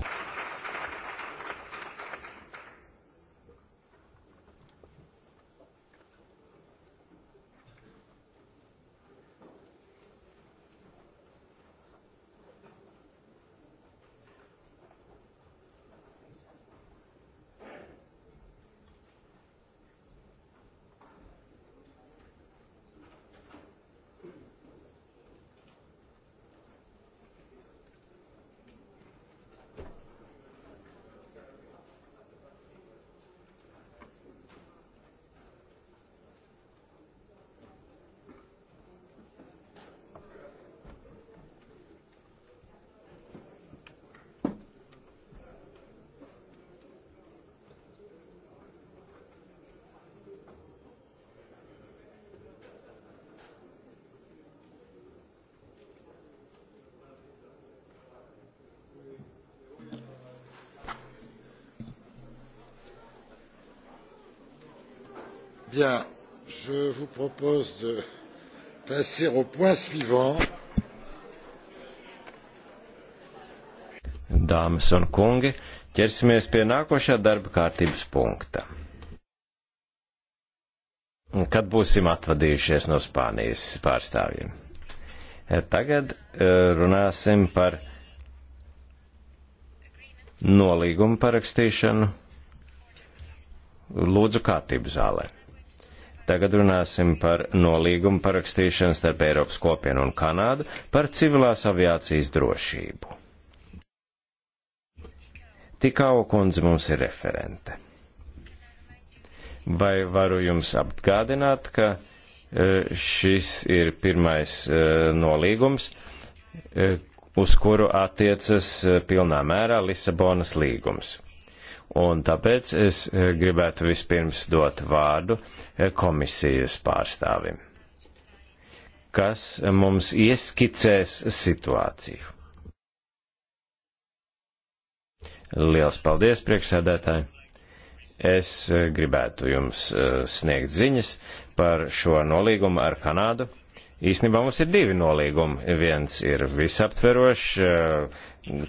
passer au point suivant. Dāmas un kungi, ķersimies pie nākošā darba kārtības punkta. Un kad būsim atvadījušies no Spānijas pārstāvjiem? Eh, tagad eh, runāsim par nolīgumu parakstīšanu. Lūdzu, kārtību zālē. Tagad runāsim par nolīgumu parakstīšanu starp Eiropas kopienu un Kanādu par civilās aviācijas drošību. Tikau kundze mums ir referente. Vai varu jums apgādināt, ka e, šis ir pirmais e, nolīgums, e, uz kuru attiecas pilnā mērā Lisabonas līgums? Un tāpēc es eh, gribētu vispirms dot vārdu eh, komisijas pārstāvim, kas eh, mums ieskicēs situāciju. Liels paldies, priekšsēdētāji! Es gribētu jums sniegt ziņas par šo nolīgumu ar Kanādu. Īsnībā mums ir divi nolīgumi. Viens ir visaptverošs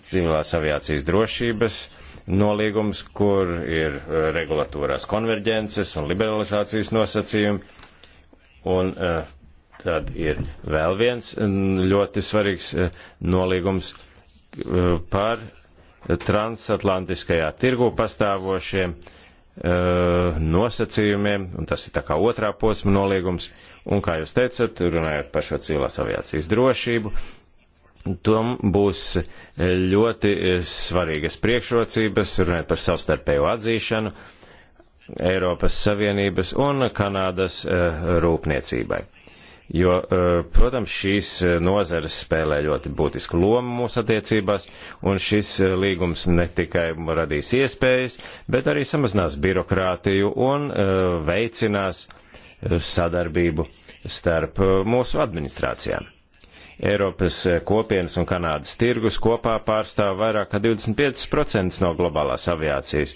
civilās aviācijas drošības uh, noliegums, kur ir eh, regulatorās konverģences un liberalizācijas nosacījumi. Un eh, tad ir vēl viens ļoti svarīgs eh, noliegums par transatlantiskajā tirgu pastāvošiem nosacījumiem, un tas ir tā kā otrā posma noliegums, un kā jūs teicat, runājot par šo civilās aviācijas drošību, Tom būs e, ļoti e, svarīgas priekšrocības, runājot par savstarpēju atzīšanu Eiropas Savienības un Kanādas e, rūpniecībai. Jo, protams, šīs nozeres spēlē ļoti būtisku lomu mūsu attiecībās, un šis līgums ne tikai radīs iespējas, bet arī samazinās birokrātiju un veicinās sadarbību starp mūsu administrācijām. Eiropas eh, kopienas un Kanādas tirgus kopā pārstāv vairāk kā 25% no globālās aviācijas.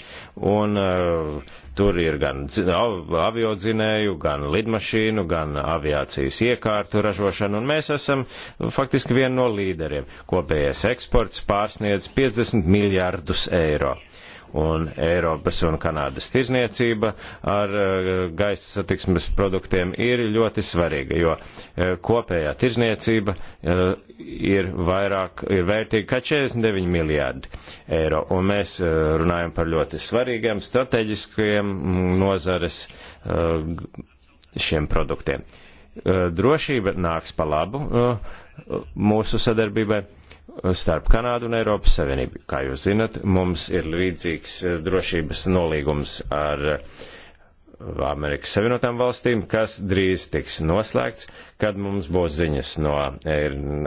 Un uh, tur ir gan aviodzinēju, gan lidmašīnu, gan aviācijas iekārtu ražošana, un mēs esam faktiski vieni no līderiem. Kopējais eksports pārsniedz 50 miljārdus eiro. Uh, un Eiropas un Kanādas tirzniecība ar eh, gaisa satiksmes produktiem ir ļoti svarīga, jo eh, kopējā tirzniecība eh, ir vairāk, ir vērtīga kā 49 miljārdi eiro, un mēs runājam par ļoti svarīgiem strateģiskajiem mm, nozares šiem produktiem. Drošība nāks pa labu mūsu sadarbībai starp Kanādu un Eiropas Savienību. Kā jūs zinat, mums ir līdzīgs eh, drošības nolīgums ar eh, Amerikas Savienotām valstīm, kas drīz tiks noslēgts, kad mums būs ziņas no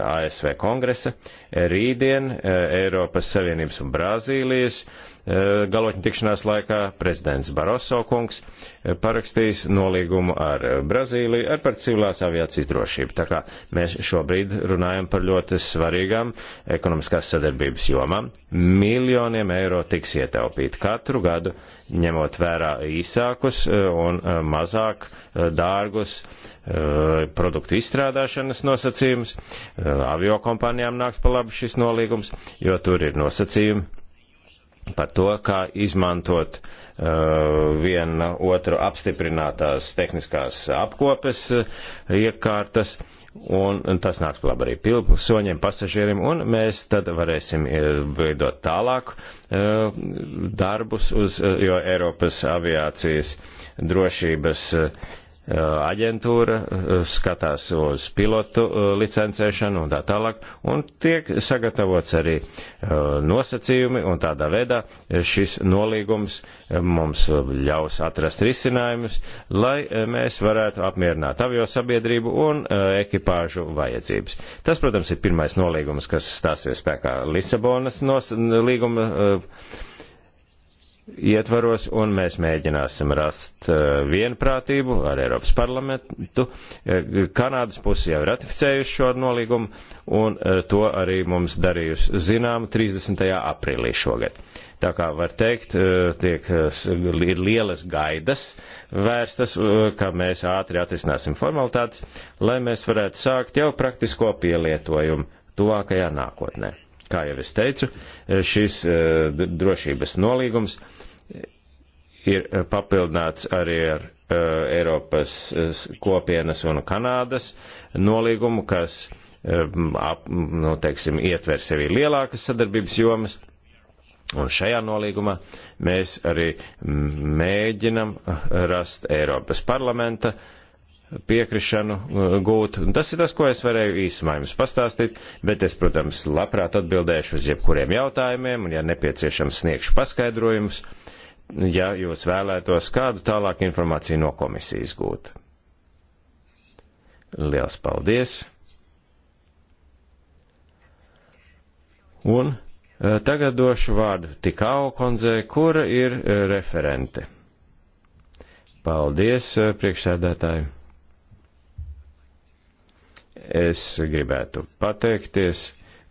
ASV kongresa. Rītdien eh, Eiropas Savienības un Brazīlijas eh, galotņu tikšanās laikā prezidents Baroso kungs eh, parakstīs nolīgumu ar Brazīliju ar par civilās aviācijas drošību. Tā kā mēs šobrīd runājam par ļoti svarīgām ekonomiskās sadarbības jomām. Miljoniem eiro tiks ietaupīti katru gadu, ņemot vērā īsākus un mazāk dārgus Eh, produktu izstrādāšanas nosacījumus. Eh, avio kompānijām nāks pa labu šis nolīgums, jo tur ir nosacījumi par to, kā izmantot eh, viena otru apstiprinātās tehniskās apkopes iekārtas, un tas nāks par labu arī pilsoņiem, pasažierim, un mēs tad varēsim veidot tālāk darbus uz, jo Eiropas aviācijas drošības aģentūra skatās uz pilotu licencēšanu un tā tālāk, un tiek sagatavots arī nosacījumi, un tādā veidā šis nolīgums mums ļaus atrast risinājumus, lai mēs varētu apmierināt avio sabiedrību un ekipāžu vajadzības. Tas, protams, ir pirmais nolīgums, kas stāsies spēkā Lisabonas nos, līguma ietvaros, un mēs mēģināsim rast eh, vienprātību ar Eiropas parlamentu. Eh, Kanādas pusi jau ir ratificējuši šo nolīgumu, un eh, to arī mums darījusi zinām 30. aprīlī šogad. Tā kā var teikt, tiek ir lielas gaidas vērstas, ka mēs ātri atrisināsim formalitātes, lai mēs varētu sākt jau praktisko pielietojumu tuvākajā nākotnē. Kā jau es teicu, eh, šis eh, drošības nolīgums eh, ir papildināts arī ar Eiropas kopienas un Kanādas nolīgumu, kas, ap, nu, teiksim, ietver sevi lielākas sadarbības jomas. Un šajā nolīgumā mēs arī mēģinam rast Eiropas parlamenta uh, piekrišanu eh, gūt. Un tas ir tas, ko es varēju īsumā jums pastāstīt, bet es, protams, labprāt atbildēšu uz jebkuriem jautājumiem un, ja nepieciešams, sniegšu paskaidrojumus, ja jūs vēlētos kādu tālāku informāciju no komisijas gūt. Liels paldies! Un eh, tagad došu vārdu Tikau konzē, kura ir eh, referente. Paldies, priekšsēdētāji! Es gribētu pateikties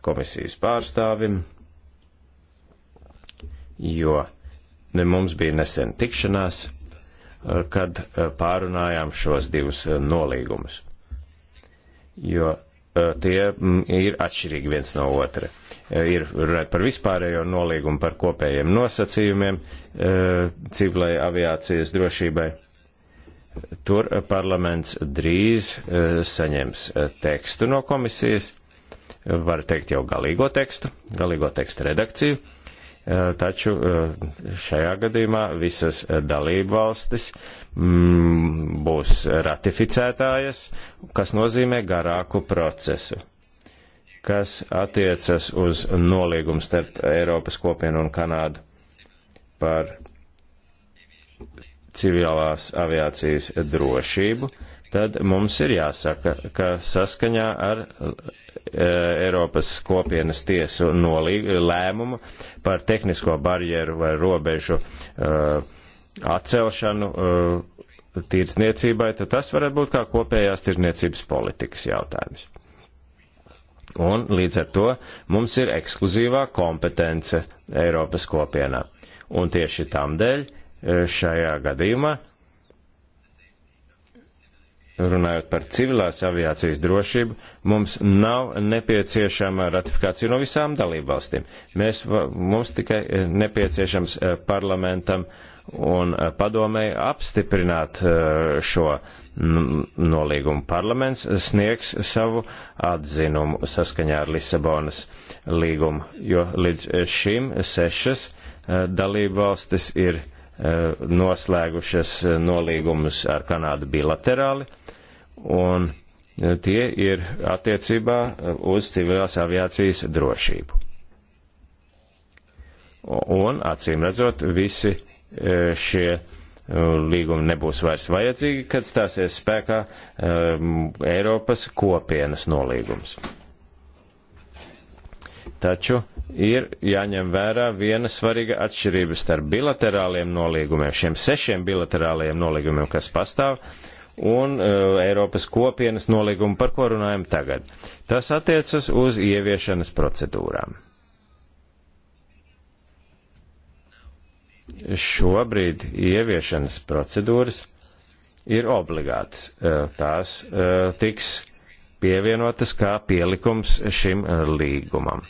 komisijas pārstāvim, jo mums bija nesen tikšanās, eh, kad eh, pārunājām šos divus eh, nolīgumus. Jo tie mm, ir atšķirīgi viens no otra. Ir runāt par vispārējo nolīgumu, par kopējiem nosacījumiem civilai aviācijas drošībai Tur eh, parlaments drīz eh, saņems eh, tekstu no komisijas, var teikt jau galīgo tekstu, galīgo tekstu redakciju, taču šajā gadījumā visas dalībvalstis mm, būs ratificētājas, kas nozīmē garāku procesu kas attiecas uz nolīgumu starp Eiropas kopienu un Kanādu par civilās aviācijas drošību, tad mums ir jāsaka, ka saskaņā ar e, Eiropas kopienas tiesu nolīgu, lēmumu par tehnisko barjeru vai robežu uh, atcelšanu uh, tirdzniecībai, tad tas varētu būt kā kopējās tirdzniecības politikas jautājums. Un līdz ar to mums ir ekskluzīvā kompetence Eiropas kopienā. Un tieši tam dēļ E, šajā gadījumā, runājot par civilās aviācijas drošību, mums nav nepieciešama ratifikācija no visām dalībvalstīm. Mēs, mums tikai e, nepieciešams e, parlamentam un padomēji apstiprināt šo nolīgumu. Parlaments sniegs savu atzinumu saskaņā ar Lisabonas līgumu, jo līdz šim sešas dalībvalstis ir Eh, noslēgušas eh, nolīgumus ar Kanādu bilaterāli, un eh, tie ir attiecībā uz civilās aviācijas drošību. Un, acīm redzot, visi šie līgumi nebūs vairs vajadzīgi, kad stāsies spēkā Eiropas kopienas nolīgums. Taču ir jāņem vērā viena svarīga atšķirība starp bilaterāliem nolīgumiem, šiem sešiem bilaterāliem nolīgumiem, kas pastāv, un uh, Eiropas kopienas nolīgumu, par ko runājam tagad. Tas attiecas uz ieviešanas procedūrām. Šobrīd ieviešanas procedūras ir obligātas. Uh, tās uh, tiks pievienotas kā pielikums šim uh, līgumam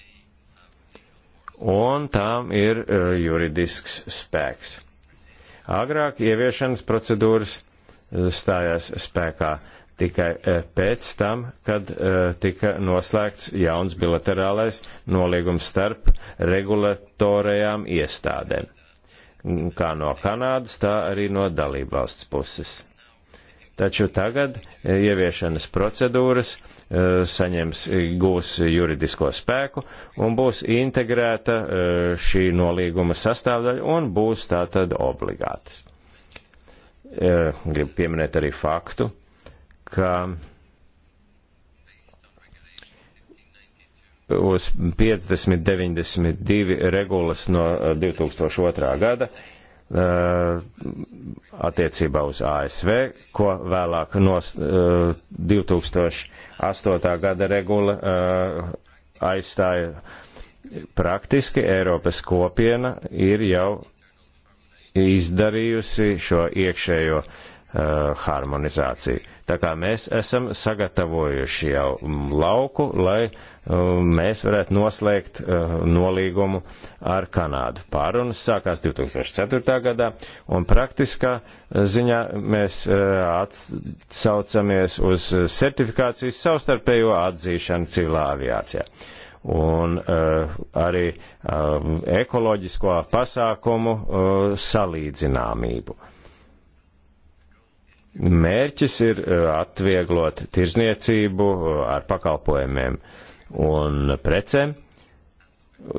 un tām ir e, juridisks spēks. Agrāk ieviešanas procedūras e, stājās spēkā tikai e, pēc tam, kad tika noslēgts jauns bilaterālais nolīgums starp regulatorajām iestādēm, kā no Kanādas, tā arī no dalībvalsts puses. Taču tagad ieviešanas procedūras Eh, saņems, gūs juridisko spēku un būs integrēta eh, šī nolīguma sastāvdaļa un būs tātad obligātas. Eh, gribu pieminēt arī faktu, ka uz 5092 regulas no 2002. gada attiecībā uz ASV, ko vēlāk no 2000 8. gada regula uh, aizstāja praktiski Eiropas kopiena ir jau izdarījusi šo iekšējo uh, harmonizāciju. Tā kā mēs esam sagatavojuši jau lauku, lai uh, Um, mēs varētu noslēgt uh, nolīgumu ar Kanādu. Pārunas sākās 2004. gadā, un praktiskā uh, ziņā mēs uh, atsaucamies uz certifikācijas savstarpējo atzīšanu civilā aviācijā. Un uh, arī uh, ekoloģisko pasākumu uh, salīdzināmību. Uh, mērķis ir atvieglot tirzniecību ar pakalpojumiem un precēm,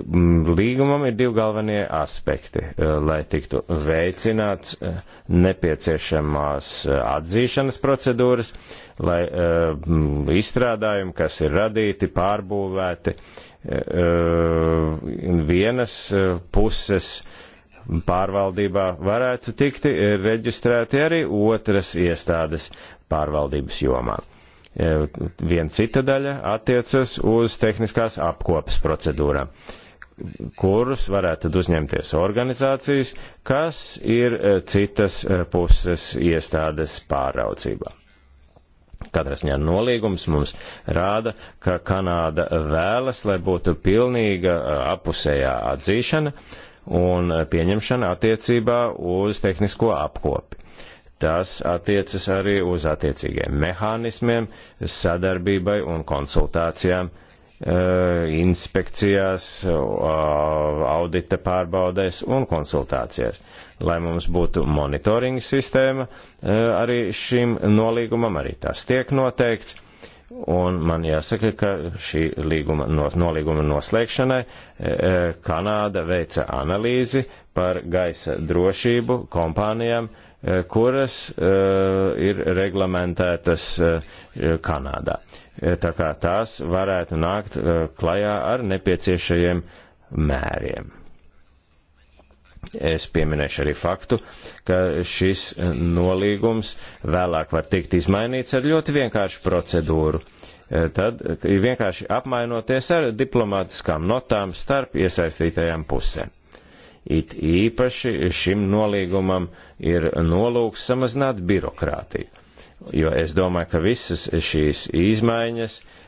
mm, līgumam ir divi galvenie aspekti, eh, lai tiktu veicināts eh, nepieciešamās eh, atzīšanas procedūras, lai mm, izstrādājumi, kas ir radīti, pārbūvēti, vienas puses pārvaldībā varētu tikti reģistrēti arī otras iestādes pārvaldības jomā. E, viena cita daļa attiecas uz tehniskās apkopes procedūrām kurus varētu uzņemties organizācijas, kas ir e, citas e, puses iestādes pāraudzībā. Katrā ziņā nolīgums mums rāda, ka Kanāda vēlas, lai būtu pilnīga apusējā atzīšana un pieņemšana attiecībā uz tehnisko apkopi. Tas attiecas arī uz attiecīgiem mehānismiem, sadarbībai un konsultācijām, eh, inspekcijās, eh, audita pārbaudēs un konsultācijās. Lai mums būtu monitoringa sistēma, eh, arī šim nolīgumam arī tas tiek noteikts. Un man jāsaka, ka šī līguma, no, nolīguma noslēgšanai Kanāda veica analīzi par gaisa drošību kompānijām, Eh, kuras eh, ir reglamentētas eh, Kanādā. Tā kā tās varētu nākt klajā ar nepieciešajiem mēriem. Es pieminēšu arī faktu, ka šis nolīgums vēlāk var tikt izmainīts ar ļoti vienkāršu procedūru. Tad vienkārši apmainoties ar diplomātiskām notām starp iesaistītajām pusēm. It īpaši šim nolīgumam ir nolūks samazināt birokrātiju, jo es domāju, ka visas šīs izmaiņas eh,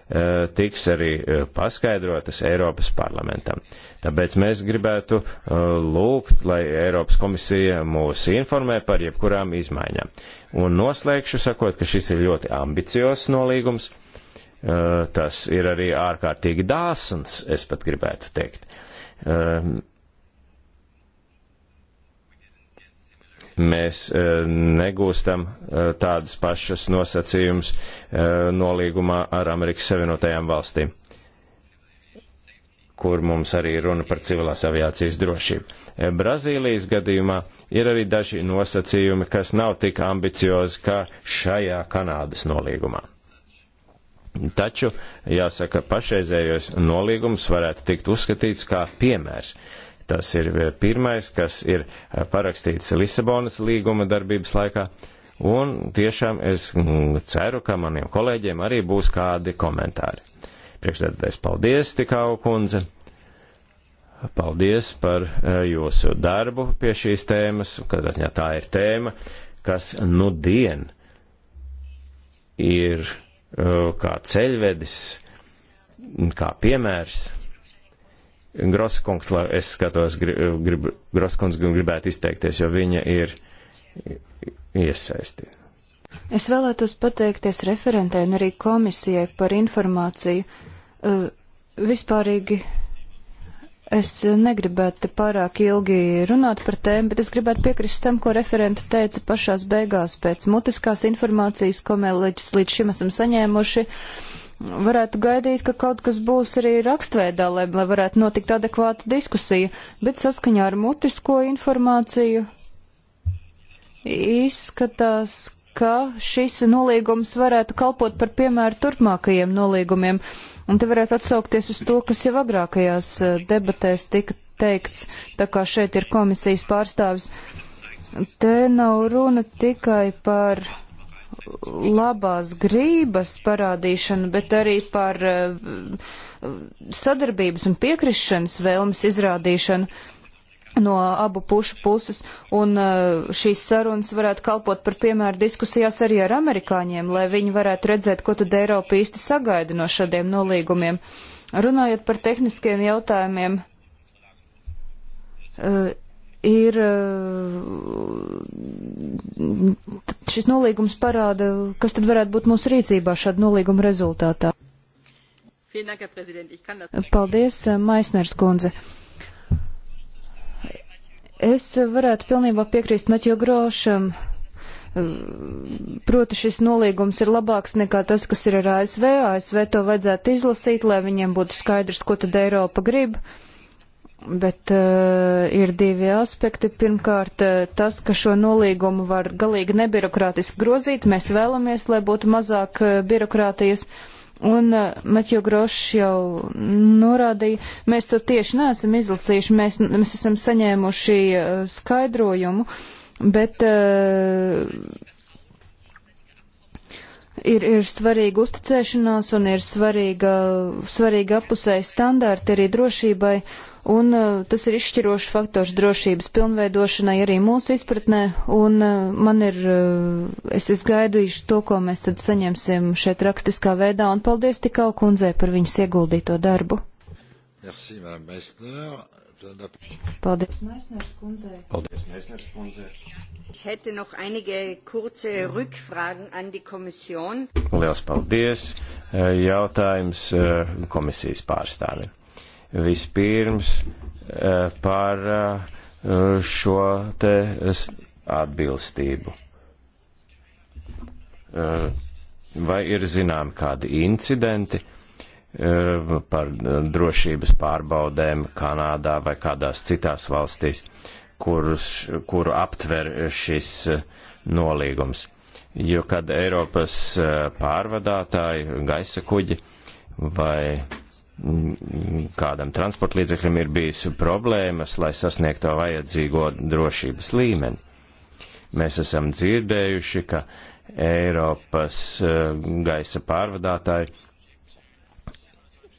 tiks arī eh, paskaidrotas Eiropas parlamentam. Tāpēc mēs gribētu eh, lūgt, lai Eiropas komisija mūs informē par jebkurām izmaiņām. Un noslēgšu sakot, ka šis ir ļoti ambiciozs nolīgums. Tas ir arī ārkārtīgi dāsns, es pat gribētu teikt mēs e, negūstam e, tādas pašas nosacījumus e, nolīgumā ar Amerikas Savienotajām valstīm kur mums arī runa par civilās aviācijas drošību. Brazīlijas gadījumā ir arī daži nosacījumi, kas nav tik ambiciozi kā šajā Kanādas nolīgumā. Taču, jāsaka, pašreizējos nolīgums varētu tikt uzskatīts kā piemērs Tas ir eh, pirmais, kas ir eh, parakstīts Lisabonas līguma darbības laikā. Un tiešām es mm, ceru, ka maniem kolēģiem arī būs kādi komentāri. Priekšstādātais paldies, Tikau kundze. Paldies par eh, jūsu darbu pie šīs tēmas, kad tā ir tēma, kas nu dien ir kā ceļvedis, kā piemērs Groskungs, lai es skatos, grib, grib, Groskungs gribētu izteikties, jo viņa ir iesaistīta. Es vēlētos pateikties referentē un arī komisijai par informāciju. Uh, vispārīgi es negribētu pārāk ilgi runāt par tēmu, bet es gribētu piekrist tam, ko referente teica pašās beigās pēc mutiskās informācijas, ko mēs līdz, līdz šim esam saņēmuši. Uh, varētu gaidīt, ka kaut kas būs arī rakstveidā, lai, lai varētu notikt adekvāta diskusija, bet saskaņā ar mutisko informāciju izskatās, ka šis nolīgums varētu kalpot par piemēru turpmākajiem nolīgumiem, un te varētu atsaukties uz to, kas jau agrākajās eh, debatēs tika teikts, tā kā šeit ir komisijas pārstāvis. Te nav runa tikai par labās grības parādīšanu, bet arī par eh, sadarbības un piekrišanas vēlmes izrādīšanu no abu pušu puses, un eh, šīs sarunas varētu kalpot par piemēru diskusijās arī ar amerikāņiem, lai viņi varētu redzēt, ko tad Eiropa īsti sagaida no šādiem nolīgumiem. Runājot par tehniskiem jautājumiem, eh, ir šis nolīgums parāda, kas tad varētu būt mūsu rīcībā šāda nolīguma rezultātā. Paldies, eh, Maisners kundze. Es varētu pilnībā piekrīst Maķio Grošam. Proti šis nolīgums ir labāks nekā tas, kas ir ar ASV. ASV to vajadzētu izlasīt, lai viņiem būtu skaidrs, ko tad Eiropa grib. Uh, Bet uh, ir divi aspekti. Pirmkārt, eh, tas, ka šo nolīgumu var galīgi nebirokrātiski grozīt. Mēs vēlamies, lai būtu mazāk uh, birokrātijas. Un uh, Maķo Grošs jau norādīja, mēs to tieši neesam izlasījuši, mēs, mēs esam saņēmuši uh, skaidrojumu, bet uh, ir, ir svarīga uzticēšanās un ir svarīga, svarīga apusēja standārti arī drošībai, un uh, tas ir izšķirošs faktors drošības pilnveidošanai arī mūsu izpratnē, un uh, man ir, uh, es, es gaidīšu to, ko mēs tad saņemsim šeit rakstiskā veidā, un paldies tikau kundzei par viņas ieguldīto darbu. Merci, Paldies, Maisners kundzei. Paldies, Maisners kundzei. Ich hätte noch einige kurze Rückfragen an die Kommission. Liels paldies. Eh, jautājums eh, komisijas pārstāvim. Vispirms eh, par šo te atbilstību. Vai ir zinām kādi incidenti par drošības pārbaudēm Kanādā vai kādās citās valstīs? Uh, kurus, kuru aptver šis eh, nolīgums. Jo kad Eiropas eh, pārvadātāji, gaisa kuģi vai mm, kādam transportlīdzeklim ir bijis problēmas, lai sasniegtu vajadzīgo drošības līmeni. Mēs esam dzirdējuši, ka Eiropas eh, gaisa pārvadātāji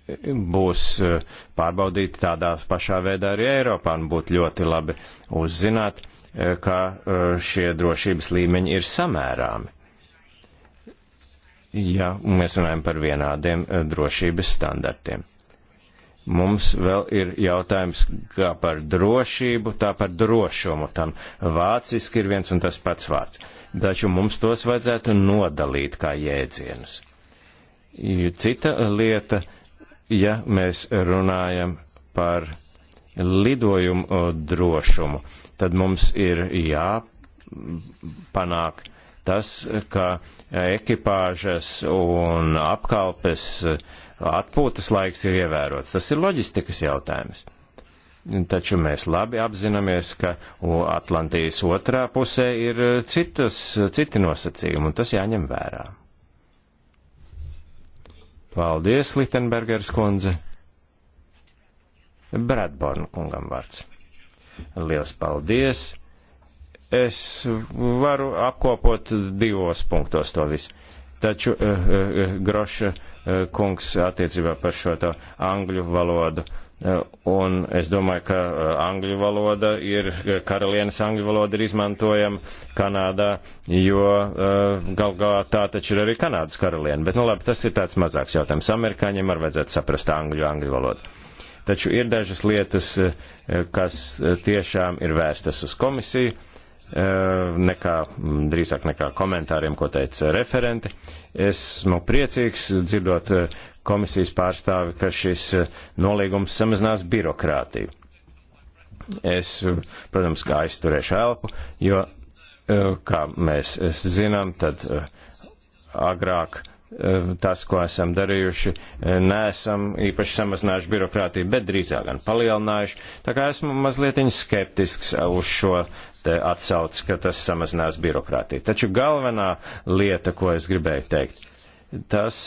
būs eh, pārbaudīti tādā pašā veidā arī Eiropā un būtu ļoti labi uzzināt, eh, ka eh, šie drošības līmeņi ir samērāmi. Ja mēs runājam par vienādiem drošības standartiem. Mums vēl ir jautājums kā par drošību, tā par drošumu. Tam vāciski ir viens un tas pats vārds. Taču mums tos vajadzētu nodalīt kā jēdzienus. Cita lieta ja mēs runājam par lidojumu drošumu, tad mums ir jāpanāk tas, ka ekipāžas un apkalpes atpūtas laiks ir ievērots. Tas ir loģistikas jautājums. Taču mēs labi apzināmies, ka Atlantijas otrā pusē ir e, citas, citi nosacījumi, un tas jāņem vērā. Paldies, Litenbergers kundze. Bradborn kungam vārds. Liels paldies. Es varu apkopot divos punktos to visu. Taču uh, uh, Groša uh, kungs attiecībā par šo to angļu valodu. Uh, Eh, un es domāju, ka eh, angļu valoda ir, eh, karalienes angļu valoda ir izmantojama Kanādā, jo gal galā tā taču ir arī Kanādas karaliene. Bet, nu labi, tas ir tāds mazāks jautājums. Amerikāņiem arī vajadzētu saprast angļu, angļu valodu. Taču ir dažas lietas, kas tiešām ir vērstas uz komisiju, nekā, drīzāk nekā komentāriem, ko teica referenti. Esmu priecīgs dzirdot komisijas pārstāvi, ka šis eh, nolīgums samazinās birokrātiju. Es, eh, protams, kā aizturēšu elpu, jo, eh, kā mēs zinām, tad agrāk tas, ko esam darījuši, neesam īpaši samazinājuši birokrātiju, bet drīzāk gan palielinājuši. Tā kā esmu mazliet skeptisks uz šo atsauci, ka tas samazinās birokrātiju. Taču galvenā lieta, ko es gribēju teikt, tas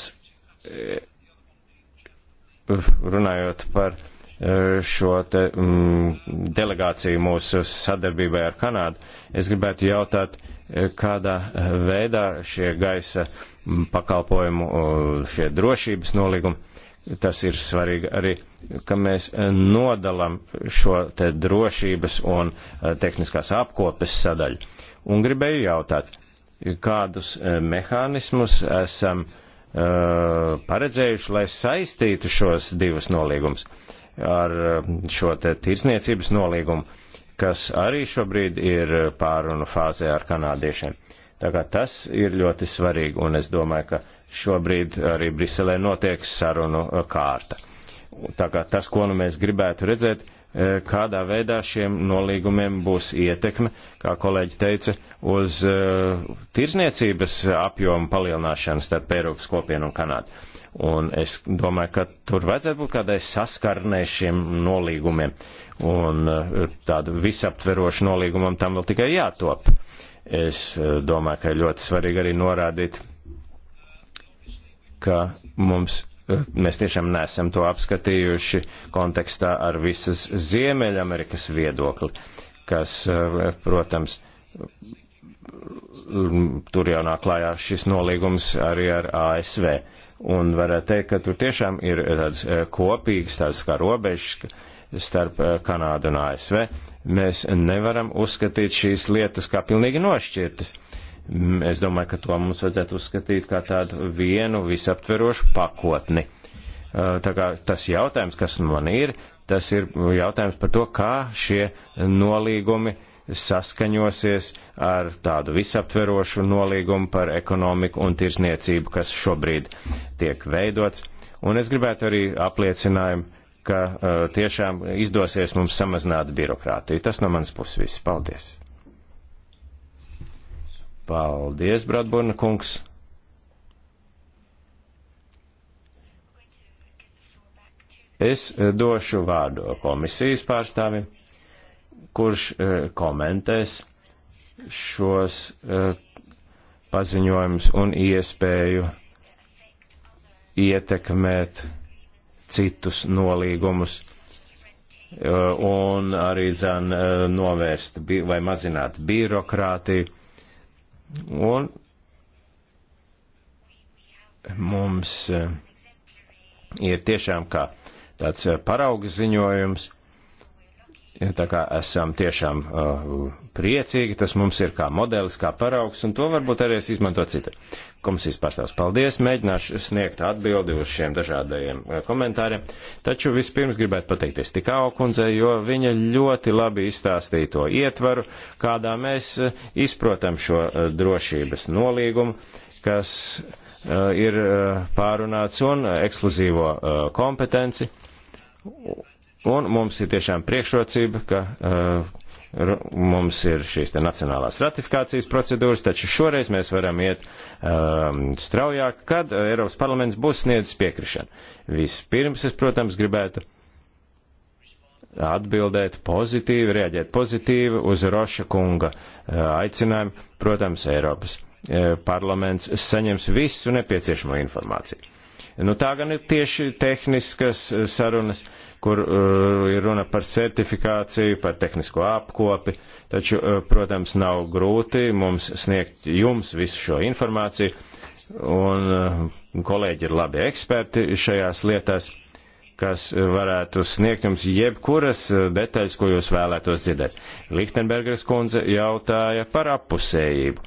runājot par e, šo te, mm, delegāciju mūsu sadarbībai ar Kanādu, es gribētu jautāt, e, kādā veidā šie gaisa mm, pakalpojumu, šie drošības nolīgumi, tas ir svarīgi arī, ka mēs nodalam šo te drošības un e, tehniskās apkopes sadaļu. Un gribēju jautāt, kādus mehānismus esam uh, Uh, paredzējuši, lai saistītu šos divus nolīgumus ar uh, šo te tirsniecības nolīgumu, kas arī šobrīd ir pārunu fāzē ar kanādiešiem. Tā kā tas ir ļoti svarīgi, un es domāju, ka šobrīd arī Briselē notiek sarunu uh, kārta. Tā kā tas, ko nu mēs gribētu redzēt, ir E, kādā veidā šiem nolīgumiem būs ietekme, kā kolēģi teica, uz e, tirzniecības apjomu palielināšanu starp Eiropas kopienu un Kanādu. Un es domāju, ka tur vajadzētu būt kādai saskarnē šiem nolīgumiem. Un e, tādu visaptverošu nolīgumam tam vēl tikai jātop. Es domāju, ka ļoti svarīgi arī norādīt, ka mums Mēs tiešām neesam to apskatījuši kontekstā ar visas Ziemeļamerikas viedokli, kas, eh, protams, mm, tur jau nāk klājā šis nolīgums arī ar ASV. Un varētu teikt, ka tur tiešām ir tāds eh, kopīgs, tāds kā robežs, starp eh, Kanādu un ASV, mēs nevaram uzskatīt šīs lietas kā pilnīgi nošķirtas. Mm, es domāju, ka to mums vajadzētu uzskatīt kā tādu vienu visaptverošu pakotni. Uh, tā kā tas jautājums, kas man ir, tas ir jautājums par to, kā šie nolīgumi saskaņosies ar tādu visaptverošu nolīgumu par ekonomiku un tirsniecību, kas šobrīd tiek veidots. Un es gribētu arī apliecinājumu, ka uh, tiešām izdosies mums samazināt birokrātiju. Tas no manas puses viss. Paldies! Paldies, Bratburna kungs. Es eh, došu vārdu komisijas pārstāvim, kurš eh, komentēs šos eh, paziņojumus un iespēju ietekmēt citus nolīgumus un arī zan novērst vai mazināt birokrātiju Un mums eh, ir tiešām kā tāds eh, parauga ziņojums Tā kā esam tiešām uh, priecīgi, tas mums ir kā modelis, kā paraugs, un to varbūt arī es izmantot citur. Komisijas pārstāvs, paldies, mēģināšu sniegt atbildi uz šiem dažādajiem uh, komentāriem, taču vispirms gribētu pateikties tik aukundzē, jo viņa ļoti labi izstāstīja to ietvaru, kādā mēs uh, izprotam šo uh, drošības nolīgumu, kas uh, ir pārunāts un ekskluzīvo uh, kompetenci Un mums ir tiešām priekšrocība, ka uh, mums ir šīs te nacionālās ratifikācijas procedūras, taču šoreiz mēs varam iet um, straujāk, kad Eiropas parlaments būs sniedzis piekrišanu. Vispirms es, protams, gribētu atbildēt pozitīvi, reaģēt pozitīvi uz Roša kunga uh, aicinājumu. Protams, Eiropas uh, parlaments saņems visu nepieciešamo informāciju. Nu, tā gan ir tieši tehniskas uh, sarunas. Uh, kur eh, ir runa par certifikāciju, par tehnisko apkopi, taču, eh, protams, nav grūti mums sniegt jums visu šo informāciju, un eh, kolēģi ir labi eksperti šajās lietās, kas varētu sniegt jums jebkuras detaļas, ko jūs vēlētos dzirdēt. Lichtenbergers kundze jautāja par apusējību.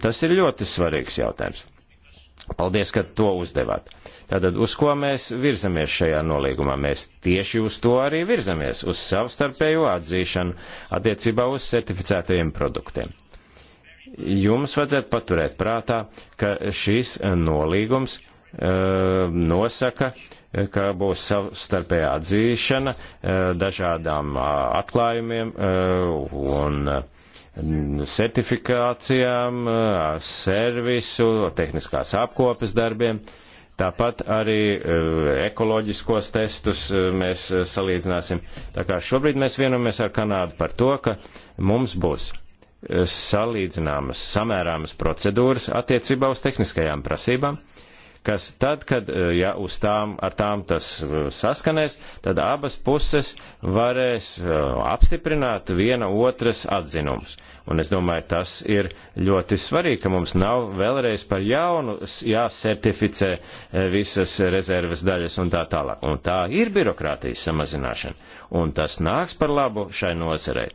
Tas ir ļoti svarīgs jautājums. Paldies, ka to uzdevāt. Uh, Tātad uz ko mēs virzamies šajā nolīgumā? Mēs tieši uz to arī virzamies, uz savstarpējo atzīšanu attiecībā uz certificētajiem produktiem. Jums vajadzētu paturēt prātā, ka šis nolīgums uh, nosaka, ka būs savstarpējā atzīšana uh, dažādām uh, atklājumiem eh, un certifikācijām, servisu, tehniskās apkopes darbiem. Uh, Tāpat arī eh, ekoloģiskos testus eh, mēs eh, salīdzināsim. Tā kā šobrīd mēs vienojamies ar Kanādu par to, ka mums būs salīdzināmas, samērāmas procedūras attiecībā uz tehniskajām prasībām, kas tad, kad eh, ja uz tām, ar tām tas eh, saskanēs, tad abas puses varēs eh, apstiprināt viena otras atzinumus. Un es domāju, tas ir ļoti svarīgi, ka mums nav vēlreiz par jaunu jāsertificē visas rezerves daļas un tā tālāk. Un tā ir birokrātijas samazināšana. Un tas nāks par labu šai nozarei,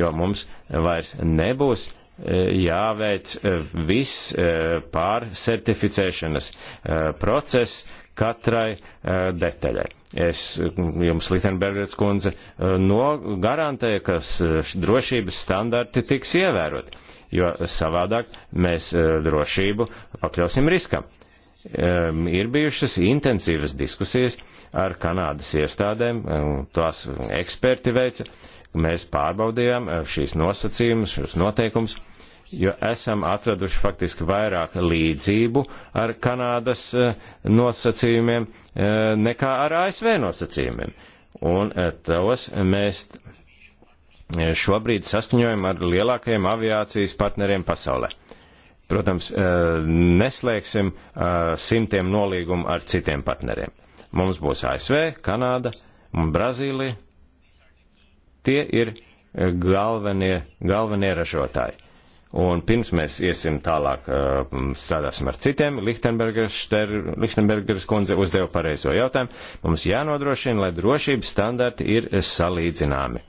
jo mums vairs nebūs jāveic eh, viss eh, pārsertificēšanas eh, process katrai detaļai. Es mm, jums, Litenbergers kundze, nogarantēju, ka drošības standarti tiks ievērot, jo savādāk mēs drošību pakļausim riskam. Ir bijušas intensīvas diskusijas ar Kanādas iestādēm, tās eksperti veica, Mēs pārbaudījām eh, šīs nosacījumus, šos noteikumus, jo esam atraduši faktiski vairāk līdzību ar Kanādas eh, nosacījumiem eh, nekā ar ASV nosacījumiem. Un tos mēs šobrīd saskaņojam ar lielākajiem aviācijas partneriem pasaulē. Protams, neslēgsim simtiem nolīgumu ar citiem partneriem. Mums būs ASV, Kanāda, Brazīlija, Tie ir e, galvenie, galvenie ražotāji. Un pirms mēs iesim tālāk, e, strādāsim ar citiem, Lichtenbergers kundze uzdeva pareizo jautājumu. Mums jānodrošina, lai drošības standarti ir salīdzināmi.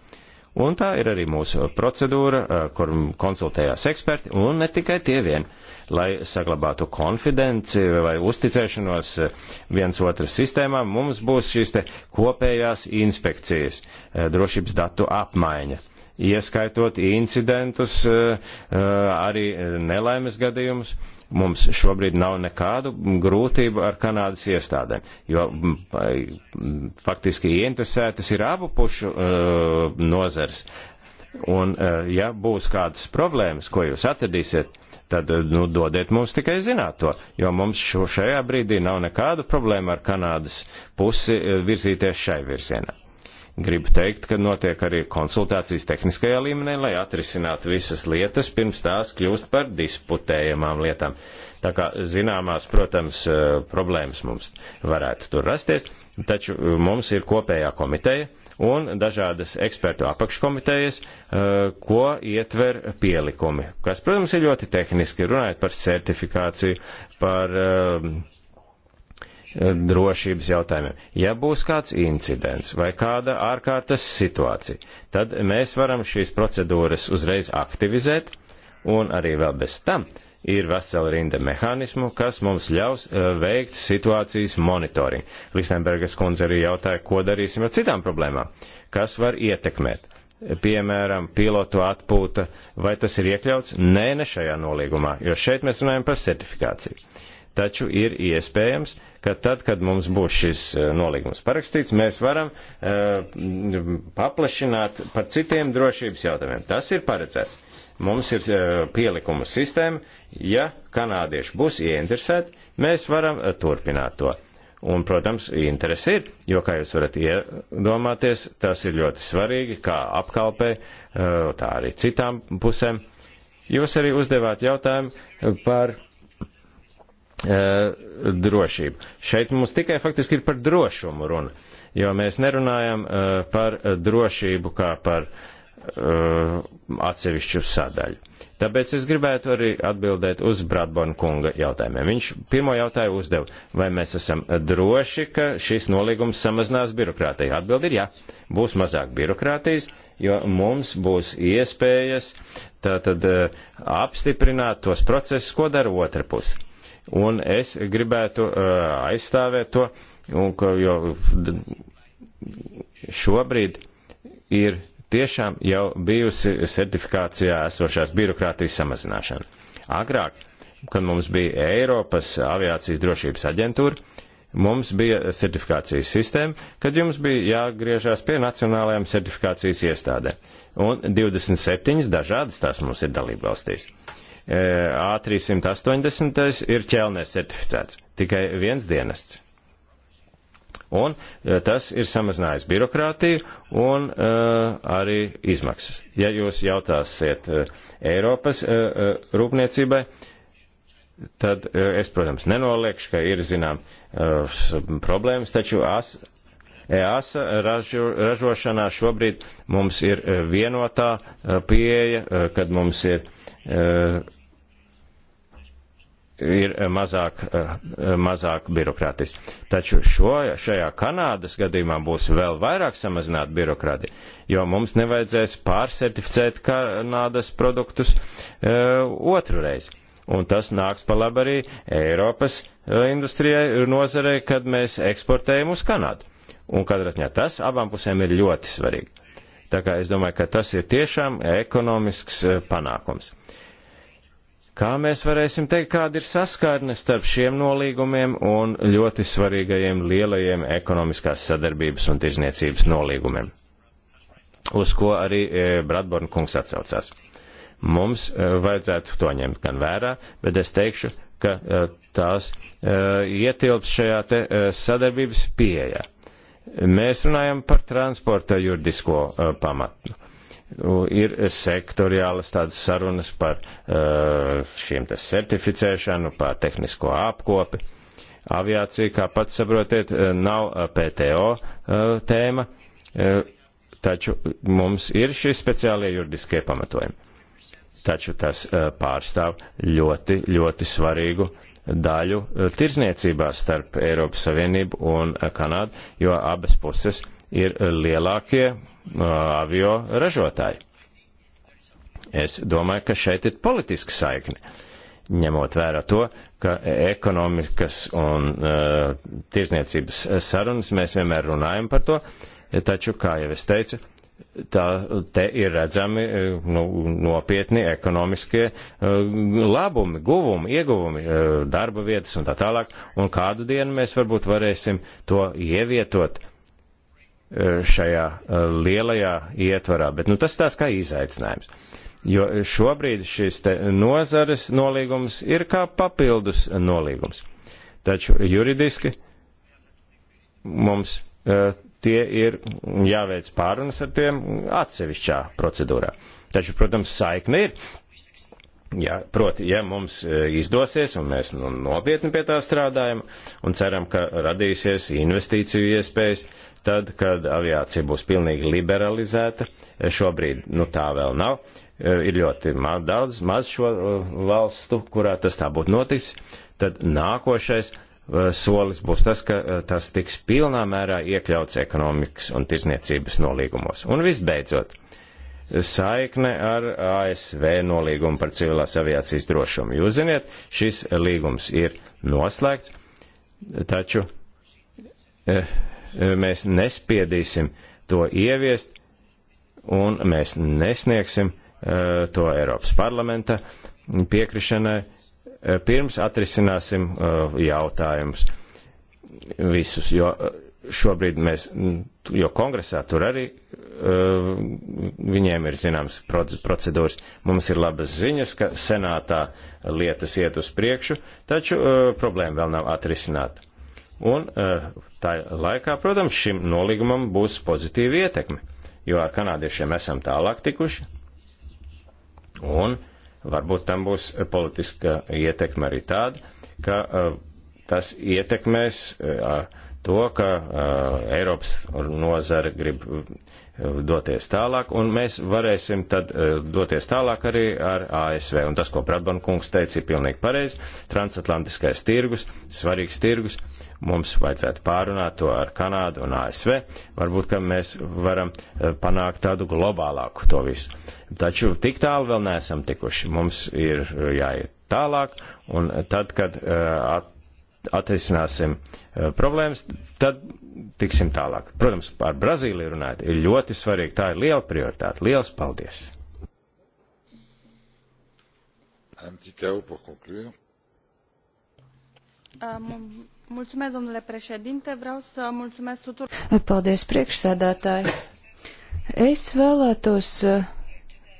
Un tā ir arī mūsu procedūra, e, kur konsultējās eksperti, un ne tikai tie vien lai saglabātu konfidenci vai uzticēšanos eh, viens otras sistēmām, mums būs šīs te kopējās inspekcijas, eh, drošības datu apmaiņa. Ieskaitot incidentus, eh, arī nelaimes gadījumus, mums šobrīd nav nekādu grūtību ar Kanādas iestādēm, jo mm, mm, faktiski ieinteresētas ir abu pušu uh, nozars, Un, eh, ja būs kādas problēmas, ko jūs atradīsiet, tad eh, nu, dodiet mums tikai zināt to, jo mums šo, šajā brīdī nav nekāda problēma ar Kanādas pusi eh, virzīties šai virzienā. Gribu teikt, ka notiek arī konsultācijas tehniskajā līmenī, lai atrisinātu visas lietas, pirms tās kļūst par disputējamām lietām. Tā kā zināmās, protams, problēmas mums varētu tur rasties, taču mums ir kopējā komiteja, un dažādas ekspertu apakškomitejas, eh, ko ietver pielikumi, kas, protams, ir ļoti tehniski, runājot par certifikāciju, par eh, drošības jautājumiem. Ja būs kāds incidents vai kāda ārkārtas situācija, tad mēs varam šīs procedūras uzreiz aktivizēt un arī vēl bez tam uh, ir vesela rinda mehānismu, kas mums ļaus eh, veikt situācijas monitoringu. Lichtenbergas kundze arī jautāja, ko darīsim ar citām problēmām, kas var ietekmēt. Piemēram, pilotu atpūta, vai tas ir iekļauts? Nē, ne šajā nolīgumā, jo šeit mēs runājam par certifikāciju. Taču ir iespējams, ka tad, kad mums būs šis eh, nolīgums parakstīts, mēs varam uh, paplašināt par citiem drošības jautājumiem. Tas ir paredzēts. Mums ir eh, pielikuma sistēma, ja kanādieši būs ieinteresēti, mēs varam eh, turpināt to. Un, protams, interesi ir, jo, kā jūs varat iedomāties, tas ir ļoti svarīgi, kā apkalpē, eh, tā arī citām pusēm. Jūs arī uzdevāt jautājumu par drošību. Šeit mums tikai faktiski ir par drošumu runa, jo mēs nerunājam par drošību kā par Uh, atsevišķu sadaļu. Tāpēc es gribētu arī atbildēt uz Bradbona kunga jautājumiem. Viņš pirmo jautājumu uzdeva, vai mēs esam droši, ka šis nolīgums samazinās birokrātiju. Atbildi ir jā, būs mazāk birokrātijas, jo mums būs iespējas tātad uh, apstiprināt tos procesus, ko dara otra puse. Un es gribētu uh, aizstāvēt to, un, jo šobrīd ir tiešām jau bijusi certifikācijā esošās birokrātijas samazināšana. Agrāk, kad mums bija Eiropas aviācijas drošības aģentūra, mums bija certifikācijas sistēma, kad jums bija jāgriežās pie nacionālajām certifikācijas iestādēm. Un 27 dažādas tās mums ir dalībvalstīs. E, A380 ir ķelnē certificēts, tikai viens dienests. Un e, tas ir samazinājis birokrātiju un uh, arī izmaksas. Ja jūs jautāsiet uh, Eiropas uh, rūpniecībai, tad uh, es, protams, nenoliekšu, ka ir, zinām, uh, problēmas, taču as, EASA ražu, ražošanā šobrīd mums ir vienotā pieeja, kad mums ir. Uh, ir eh, mazāk, eh, mazāk birokrātiski. Taču šo, šajā Kanādas gadījumā būs vēl vairāk samazināta birokrātija, jo mums nevajadzēs pārsertificēt Kanādas produktus eh, otru reizi. Un tas nāks pa labi arī Eiropas industrijai, nozarei, kad mēs eksportējam uz Kanādu. Un katrā ziņā tas abām pusēm ir ļoti svarīgi. Tā kā es domāju, ka tas ir tiešām ekonomisks panākums. Uh, Kā mēs varēsim teikt, kāda ir saskārne starp šiem nolīgumiem un ļoti svarīgajiem lielajiem ekonomiskās sadarbības un tirzniecības nolīgumiem, uz ko arī e, Bradborn kungs atsaucās. Mums e, vajadzētu to ņemt gan vērā, bet es teikšu, ka e, tās ietilps šajā te sadarbības pieejā. Mēs runājam par transporta juridisko pamatu Nu, ir sektoriālas tādas sarunas par uh, šiem te certificēšanu, par tehnisko apkopi. Aviācija, kā pats saprotiet, uh, nav uh, PTO tēma, taču mums ir šie speciālie juridiskie pamatojumi. Taču tas pārstāv ļoti, ļoti svarīgu daļu tirzniecībā starp Eiropas Savienību un Kanādu, jo abas puses uh, ir lielākie avio ražotāji. Es domāju, ka šeit ir politiska saikne, ņemot vērā to, ka ekonomikas un uh, tirzniecības sarunas mēs vienmēr runājam par to, taču, kā jau es teicu, tā, te ir redzami nu, nopietni ekonomiskie uh, labumi, guvumi, ieguvumi, uh, darba vietas un tā tālāk, un kādu dienu mēs varbūt varēsim to ievietot uh, E, šajā e, lielajā ietvarā, bet nu, tas tāds kā izaicinājums. Jo šobrīd šis nozares nolīgums ir kā papildus nolīgums. Taču juridiski mums e, tie ir jāveic pārunas ar tiem atsevišķā procedūrā. Taču, protams, saikne ir. Ja, proti, ja mums izdosies, un mēs nu, nopietni pie tā strādājam, un ceram, ka radīsies investīciju iespējas, uh, tad, kad aviācija būs pilnīgi liberalizēta, šobrīd nu, tā vēl nav, e, ir ļoti ma daudz maz šo e, valstu, kurā tas tā būtu noticis, tad nākošais e, solis būs tas, ka tas tiks pilnā mērā iekļauts ekonomikas un tirzniecības nolīgumos. Un visbeidzot, saikne ar ASV nolīgumu par civilās aviācijas drošumu. Jūs ziniet, šis līgums ir noslēgts, taču mēs nespiedīsim to ieviest, un mēs nesniegsim eh, to Eiropas parlamenta piekrišanai, eh, pirms atrisināsim eh, jautājumus visus, jo šobrīd mēs, jo kongresā tur arī viņiem ir zināms procedūras. Mums ir labas ziņas, ka senātā lietas iet uz priekšu, taču problēma vēl nav atrisināta. Un e, tā laikā, protams, šim nolīgumam būs pozitīva ietekme, jo ar kanādiešiem esam tālāk tikuši. Un varbūt tam būs politiska ietekme arī tāda, ka e, tas ietekmēs e, to, ka Eiropas nozara grib doties tālāk, un mēs varēsim tad doties tālāk arī ar ASV. Un tas, ko Bradban kungs teica, ir pilnīgi pareizi. Transatlantiskais tirgus, svarīgs tirgus, Mums vajadzētu pārunāt to ar Kanādu un ASV. Varbūt, ka mēs varam eh, panākt tādu globālāku to visu. Taču tik tālu vēl neesam tikuši. Mums ir eh, jāiet tālāk, un tad, kad eh, atrisināsim problēmas, tad tiksim tālāk. Protams, ar Brazīliju runājot, ir ļoti svarīgi. Tā ir liela prioritāte. Liels paldies! Un petit chaos pour conclure. Um, Mulțumesc, domnule președinte. Vreau să mulțumesc tuturor. Paldies, priekšsēdētāji. Es vēlētos uh,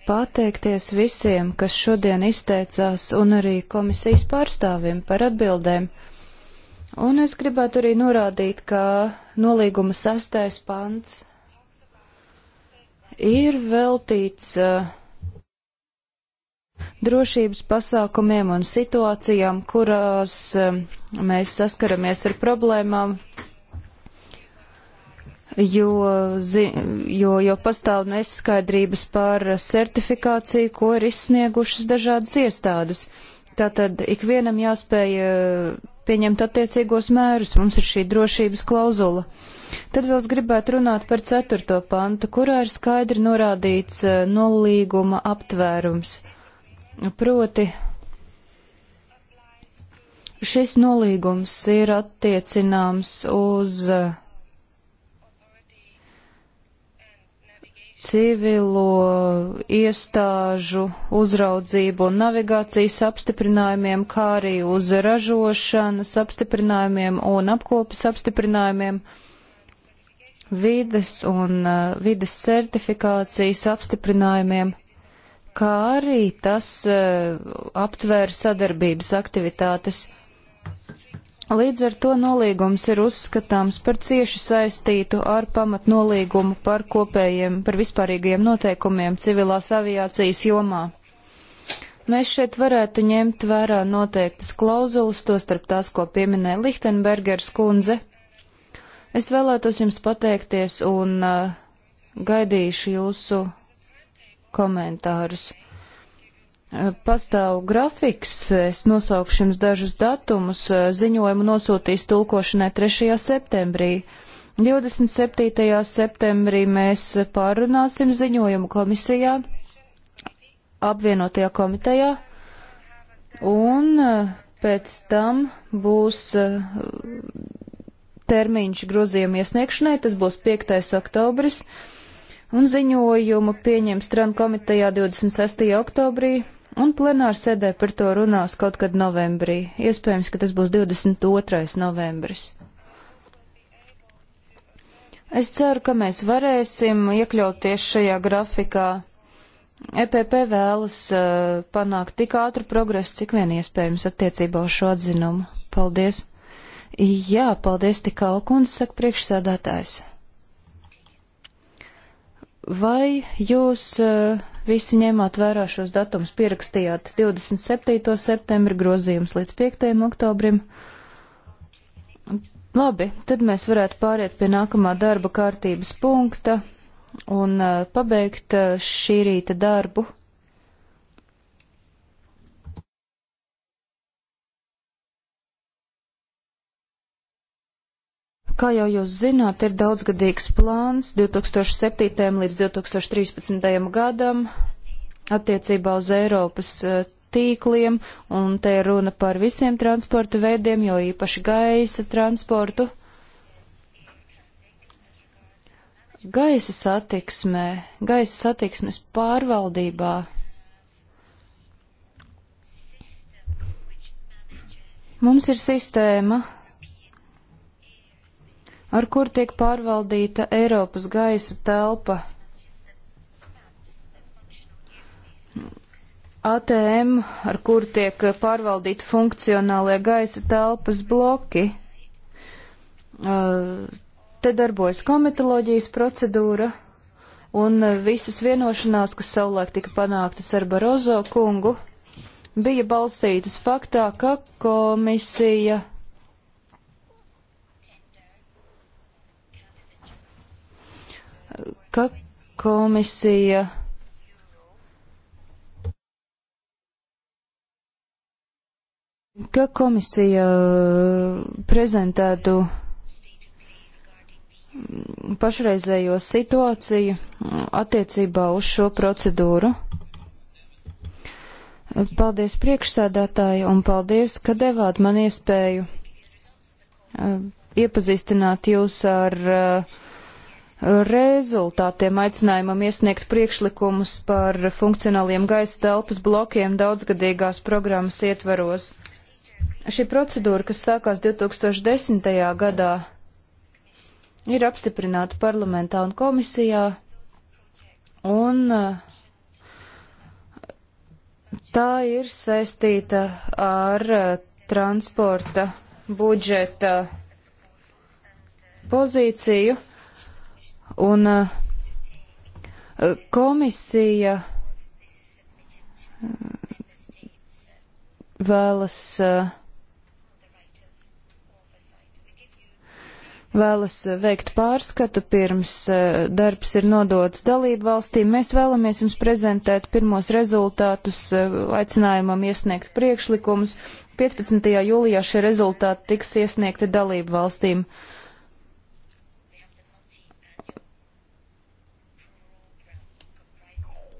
pateikties visiem, kas šodien izteicās, un arī komisijas pārstāvim par atbildēm. Un es gribētu arī norādīt, ka nolīguma sastais pants ir veltīts uh, drošības pasākumiem un situācijām, kurās eh, mēs saskaramies ar problēmām, jo, jo, jo pastāv neskaidrības par certifikāciju, ko ir izsniegušas dažādas iestādes. Tātad ikvienam jāspēj eh, pieņemt attiecīgos mērus, mums ir šī drošības klauzula. Tad vēl es gribētu runāt par ceturto pantu, kurā ir skaidri norādīts eh, nolīguma aptvērums. Uh, Proti, šis nolīgums ir attiecināms uz civilo iestāžu uzraudzību un navigācijas apstiprinājumiem, kā arī uz ražošanas apstiprinājumiem un apkopes apstiprinājumiem, vides un vides certifikācijas apstiprinājumiem kā arī tas eh, aptvēra sadarbības aktivitātes. Līdz ar to nolīgums ir uzskatāms par cieši saistītu ar pamatnolīgumu par kopējiem, par vispārīgajiem noteikumiem civilās aviācijas jomā. Mēs šeit varētu ņemt vērā noteiktas klauzulas, tostarp tās, ko pieminēja Lichtenbergers kundze. Es vēlētos jums pateikties un uh, gaidīšu jūsu komentārus. Eh, pastāv grafiks, es nosaukšu jums dažus datumus, eh, ziņojumu nosūtīs tulkošanai 3. septembrī. 27. septembrī mēs pārunāsim ziņojumu komisijā, apvienotajā komitejā, un eh, pēc tam būs termiņš grozījuma iesniegšanai, tas būs 5. oktobris un ziņojumu pieņems Tran komitejā 26. oktobrī, un plenāra sēdē par to runās kaut kad novembrī. Iespējams, ka tas būs 22. novembris. Es ceru, ka mēs varēsim iekļauties šajā grafikā. EPP vēlas uh, panākt tik ātru progresu, cik vien iespējams attiecībā uz šo atzinumu. Paldies! Jā, paldies tik augu un saka priekšsēdētājs. Vai jūs eh, visi ņēmāt vērā šos datumus, pierakstījāt 27. septembra grozījums līdz 5. oktobrim? Labi, tad mēs varētu pāriet pie nākamā darba kārtības punkta un eh, pabeigt eh, šī rīta darbu Kā jau jūs zināt, ir daudzgadīgs plāns 2007. līdz 2013. gadam attiecībā uz Eiropas e, tīkliem, un te ir runa par visiem transporta veidiem, jo īpaši gaisa transportu. Gaisa satiksmē, gaisa satiksmes pārvaldībā Mums ir sistēma, ar kur tiek pārvaldīta Eiropas gaisa telpa. ATM, ar kur tiek pārvaldīti funkcionālie gaisa telpas bloki. Te darbojas komitoloģijas procedūra un visas vienošanās, kas savulaik tika panāktas ar Barozo kungu, bija balstītas faktā, ka komisija ka komisija. Ka komisija uh, prezentētu mm, pašreizējo situāciju mm, attiecībā uz šo procedūru. Paldies priekšsēdētāji un paldies, ka devāt man iespēju uh, iepazīstināt jūs ar uh, rezultātiem aicinājumam iesniegt priekšlikumus par funkcionāliem gaisa telpas blokiem daudzgadīgās programmas ietvaros. Šī procedūra, kas sākās 2010. gadā, ir apstiprināta parlamentā un komisijā, un uh, tā ir saistīta ar uh, transporta budžeta pozīciju Un eh, komisija eh, vēlas, eh, vēlas veikt pārskatu pirms darbs ir nodots dalību valstīm. Mēs vēlamies jums prezentēt pirmos rezultātus, aicinājumam iesniegt priekšlikumus. 15. jūlijā šie rezultāti tiks iesniegti dalību valstīm. Uh,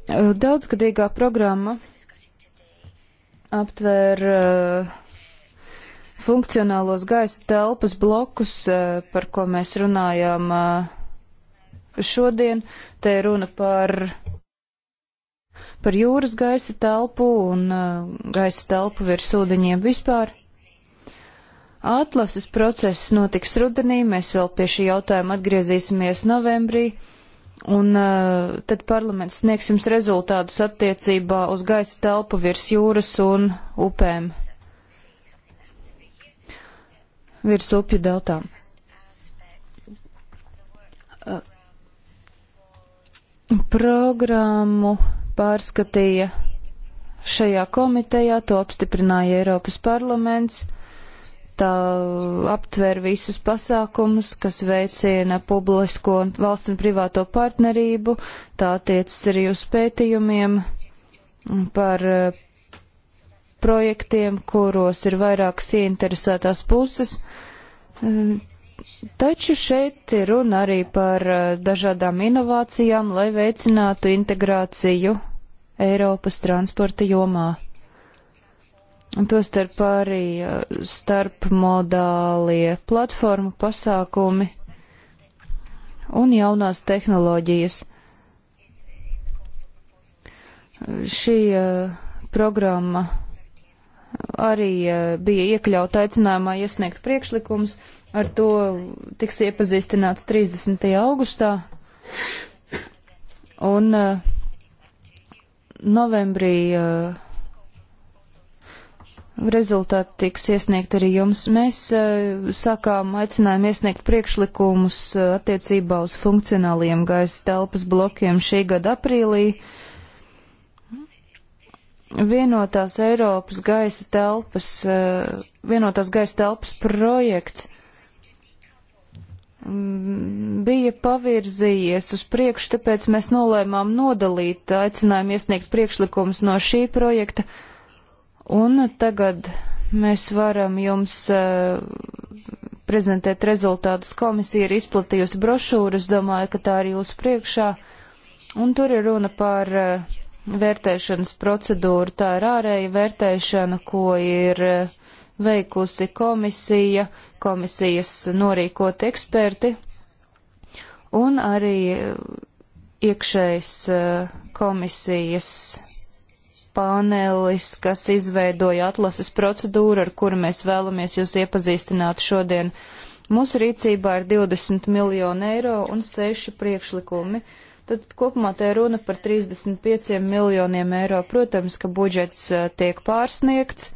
Eh, daudzgadīgā programma aptver uh, funkcionālos gaisa telpas blokus, uh, par ko mēs runājām uh, šodien. Te ir runa par, par jūras gaisa telpu un gaisa telpu virs ūdeņiem vispār. Atlases process notiks rudenī, mēs vēl pie šī jautājuma atgriezīsimies novembrī un uh, tad parlaments sniegs jums rezultātus attiecībā uz gaisa telpu virs jūras un upēm, virs upju deltām. Uh, programmu pārskatīja šajā komitejā, to apstiprināja Eiropas parlaments tā aptver visus pasākumus, kas veicina publisko un valsts un privāto partnerību, tā attiecas arī uz pētījumiem par eh, projektiem, kuros ir vairākas ieinteresētās puses. Taču šeit ir runa arī par eh, dažādām inovācijām, lai veicinātu integrāciju Eiropas transporta jomā tostarp arī starpmodālie platformu pasākumi un jaunās tehnoloģijas. Šī programma arī bija iekļauta aicinājumā iesniegt priekšlikums, ar to tiks iepazīstināts 30. augustā. Un novembrī uh, rezultāti tiks iesniegt arī jums. Mēs eh, sākām aicinājumu iesniegt priekšlikumus eh, attiecībā uz funkcionāliem gaisa telpas blokiem šī gada aprīlī. Vienotās Eiropas gaisa telpas, eh, vienotās gaisa telpas projekts mm, bija pavirzījies uz priekšu, tāpēc mēs nolēmām nodalīt aicinājumu iesniegt priekšlikumus no šī projekta Un tagad mēs varam jums uh, prezentēt rezultātus. Komisija ir izplatījusi brošūras, domāju, ka tā ir jūsu priekšā. Un tur ir runa par uh, vērtēšanas procedūru. Tā ir ārēja vērtēšana, ko ir uh, veikusi komisija, komisijas norīkot eksperti un arī iekšējas komisijas panelis, kas izveidoja atlases procedūru, ar kuru mēs vēlamies jūs iepazīstināt šodien. Mūsu rīcībā ir 20 miljoni eiro un 6 priekšlikumi. Tad kopumā te runa par 35 miljoniem eiro. Protams, ka budžets eh, tiek pārsniegts.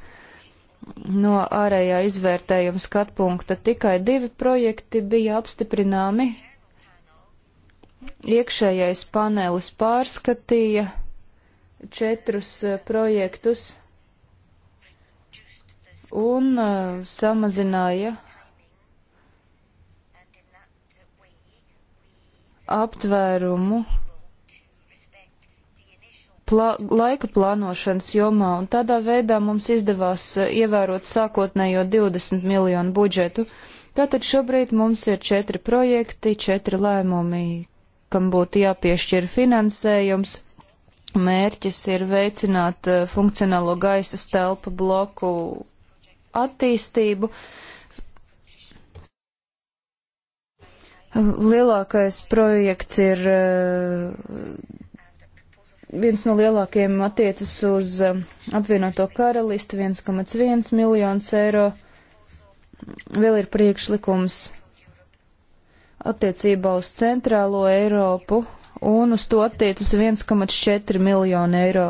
No ārējā izvērtējuma skatpunkta tikai divi projekti bija apstiprināmi. Iekšējais panelis pārskatīja četrus eh, projektus un eh, samazināja aptvērumu pla laika plānošanas jomā, un tādā veidā mums izdevās eh, ievērot sākotnējo 20 miljonu budžetu. Tātad šobrīd mums ir četri projekti, četri lēmumi, kam būtu jāpiešķir finansējums mērķis ir veicināt uh, funkcionālo gaisa telpu bloku attīstību. Lielākais projekts ir eh, viens no lielākajiem attiecas uz eh, apvienoto karalisti 1,1 miljonus eiro. Vēl ir priekšlikums attiecībā uz centrālo Eiropu un uz to attiecas 1,4 miljonu eiro.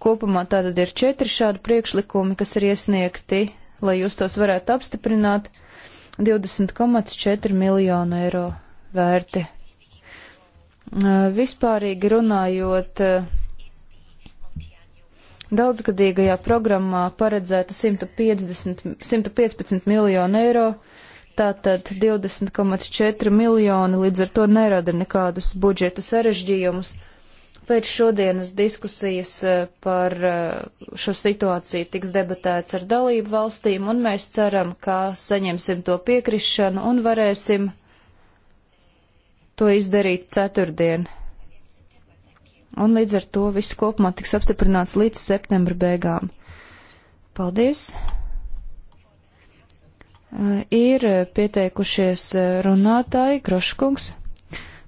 Kopumā tātad ir četri šādi priekšlikumi, kas ir iesniegti, lai jūs tos varētu apstiprināt, 20,4 miljonu eiro vērti. Vispārīgi runājot, daudzgadīgajā programmā paredzēta 150, 115 miljonu eiro, Tātad 20,4 miljoni līdz ar to nerada nekādus budžeta sarežģījumus. Pēc šodienas diskusijas eh, par eh, šo situāciju tiks debatēts ar dalību valstīm, un mēs ceram, ka saņemsim to piekrišanu un varēsim to izdarīt ceturtdien. Un līdz ar to viss kopumā tiks apstiprināts līdz septembra beigām. Paldies! Ir pieteikušies runātāji Kroškungs.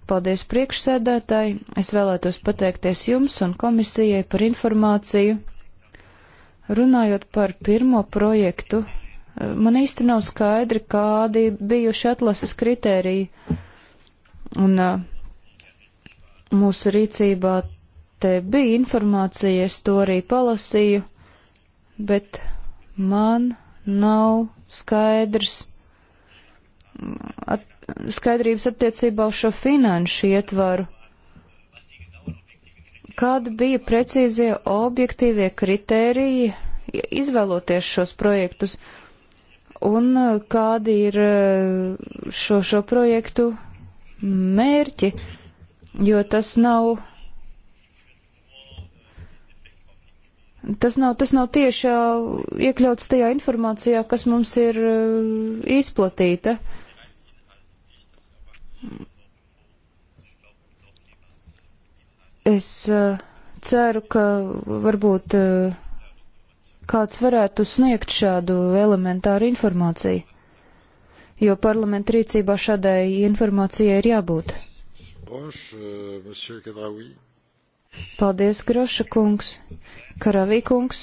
Paldies priekšsēdētāji. Es vēlētos pateikties jums un komisijai par informāciju. Runājot par pirmo projektu, man īsti nav skaidri, kādi bijuši atlases kritēriji. Un mūsu rīcībā te bija informācija, es to arī palasīju, bet man nav skaidrs, at, skaidrības attiecībā uz šo finanšu ietvaru. Kādi bija precīzie objektīvie kritēriji, izvēloties šos projektus, un uh, kādi ir uh, šo, šo projektu mērķi, jo tas nav Tas nav, tas nav tieši iekļauts tajā informācijā, kas mums ir izplatīta. Es ceru, ka varbūt kāds varētu sniegt šādu elementāru informāciju, jo parlamenta rīcībā šādai informācijai ir jābūt. Bonš, uh, Paldies, Groša kungs, Karavī kungs.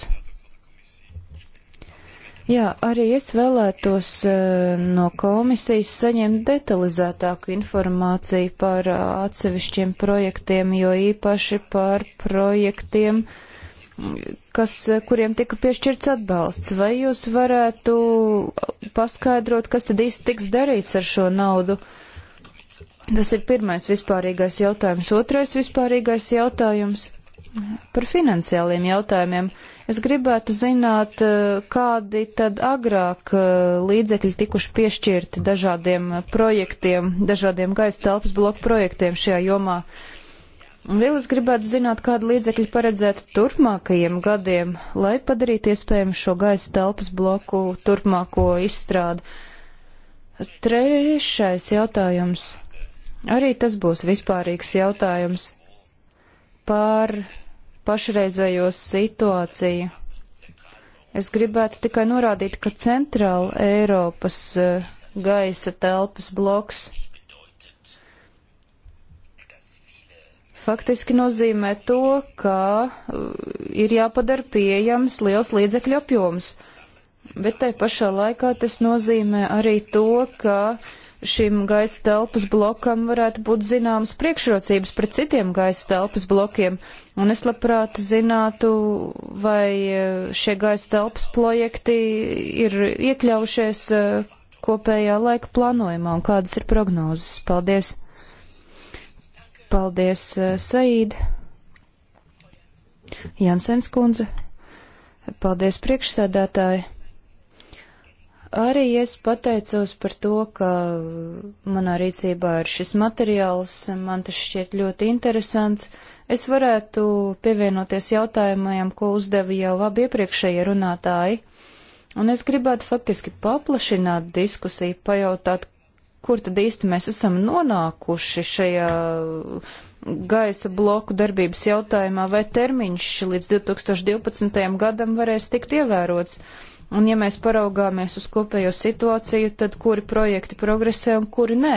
Jā, arī es vēlētos eh, no komisijas saņemt detalizētāku informāciju par eh, atsevišķiem projektiem, jo īpaši par projektiem, kas, eh, kuriem tika piešķirts atbalsts. Vai jūs varētu paskaidrot, kas tad īsti tiks darīts ar šo naudu? Uh, Tas ir pirmais vispārīgais jautājums. Otrais vispārīgais jautājums par finansiāliem jautājumiem. Es gribētu zināt, eh, kādi tad agrāk eh, līdzekļi tikuši piešķirti dažādiem projektiem, dažādiem gaisa telpas bloku projektiem šajā jomā. Un vēl es gribētu zināt, kāda līdzekļa paredzēta turpmākajiem gadiem, lai padarītu iespējamu šo gaisa telpas bloku turpmāko izstrādi. Trešais jautājums. Arī tas būs vispārīgs jautājums par pašreizējo situāciju. Es gribētu tikai norādīt, ka centrāla Eiropas eh, gaisa telpas bloks faktiski nozīmē to, ka eh, ir jāpadara pieejams liels līdzekļu apjoms. Bet tai pašā laikā tas nozīmē arī to, ka šim gaisa telpas blokam varētu būt zināmas priekšrocības pret citiem gaisa telpas blokiem, un es labprāt zinātu, vai eh, šie gaisa telpas projekti ir iekļaujušies eh, kopējā laika plānojumā, un kādas ir prognozes. Paldies! Paldies, eh, Saīd! Jansens kundze! Paldies, priekšsēdētāji! Arī es pateicos par to, ka manā rīcībā ir šis materiāls, man tas šķiet ļoti interesants. Es varētu pievienoties jautājumiem, ko uzdeva jau abi iepriekšējie runātāji, un es gribētu faktiski paplašināt diskusiju, pajautāt, kur tad īsti mēs esam nonākuši šajā gaisa bloku darbības jautājumā, vai termiņš līdz 2012. gadam varēs tikt ievērots. Uh, Un ja mēs paraugāmies uz kopējo situāciju, tad kuri projekti progresē un kuri nē?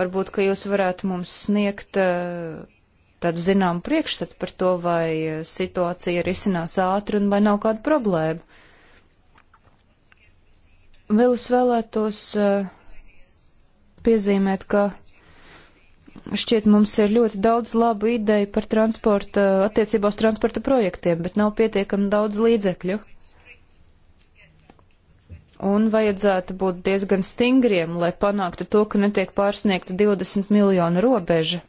Varbūt, ka jūs varētu mums sniegt eh, tādu zināmu priekšstatu par to, vai eh, situācija risinās ātri un vai nav kāda problēma. Vēl es vēlētos eh, piezīmēt, ka šķiet mums ir ļoti daudz labu ideju par transporta, attiecībā uz transporta projektiem, bet nav pietiekami daudz līdzekļu un vajadzētu būt diezgan stingriem, lai panāktu to, ka netiek pārsniegta 20 miljonu robeža.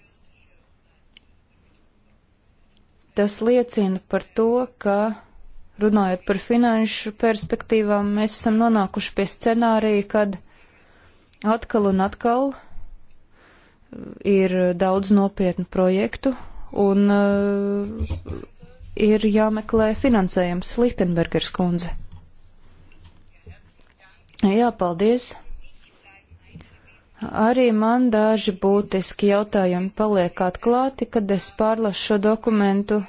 Tas liecina par to, ka, runājot par finanšu perspektīvām, mēs esam nonākuši pie scenārija, kad atkal un atkal uh, ir daudz nopietnu projektu un uh, ir jāmeklē finansējums Lichtenbergers kundze. Jā, paldies. Arī man daži būtiski jautājumi paliek atklāti, kad es pārlasu šo dokumentu.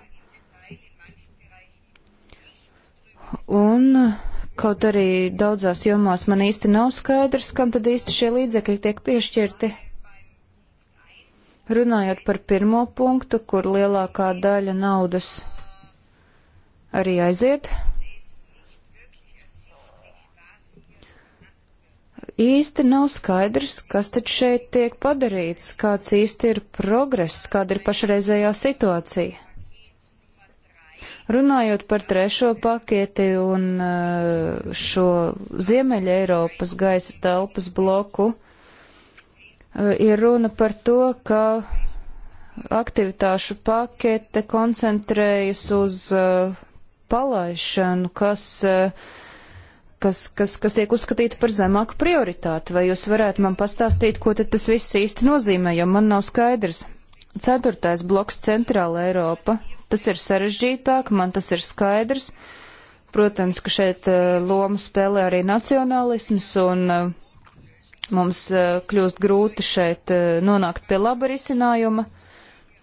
Un kaut arī daudzās jomās man īsti nav skaidrs, kam tad īsti šie līdzekļi tiek piešķirti. Runājot par pirmo punktu, kur lielākā daļa naudas arī aiziet, īsti nav skaidrs, kas tad šeit tiek padarīts, kāds īsti ir progress, kāda ir pašreizējā situācija. Runājot par trešo paketi un eh, šo Ziemeļa Eiropas gaisa telpas bloku, eh, ir runa par to, ka aktivitāšu pakete koncentrējas uz eh, palaišanu, kas uh, kas, kas, kas tiek uzskatīti par zemāku prioritāti. Vai jūs varētu man pastāstīt, ko tad tas viss īsti nozīmē, jo man nav skaidrs. Ceturtais bloks - Centrāla Eiropa. Tas ir sarežģītāk, man tas ir skaidrs. Protams, ka šeit eh, lomu spēlē arī nacionālisms un eh, mums eh, kļūst grūti šeit nonākt pie laba risinājuma.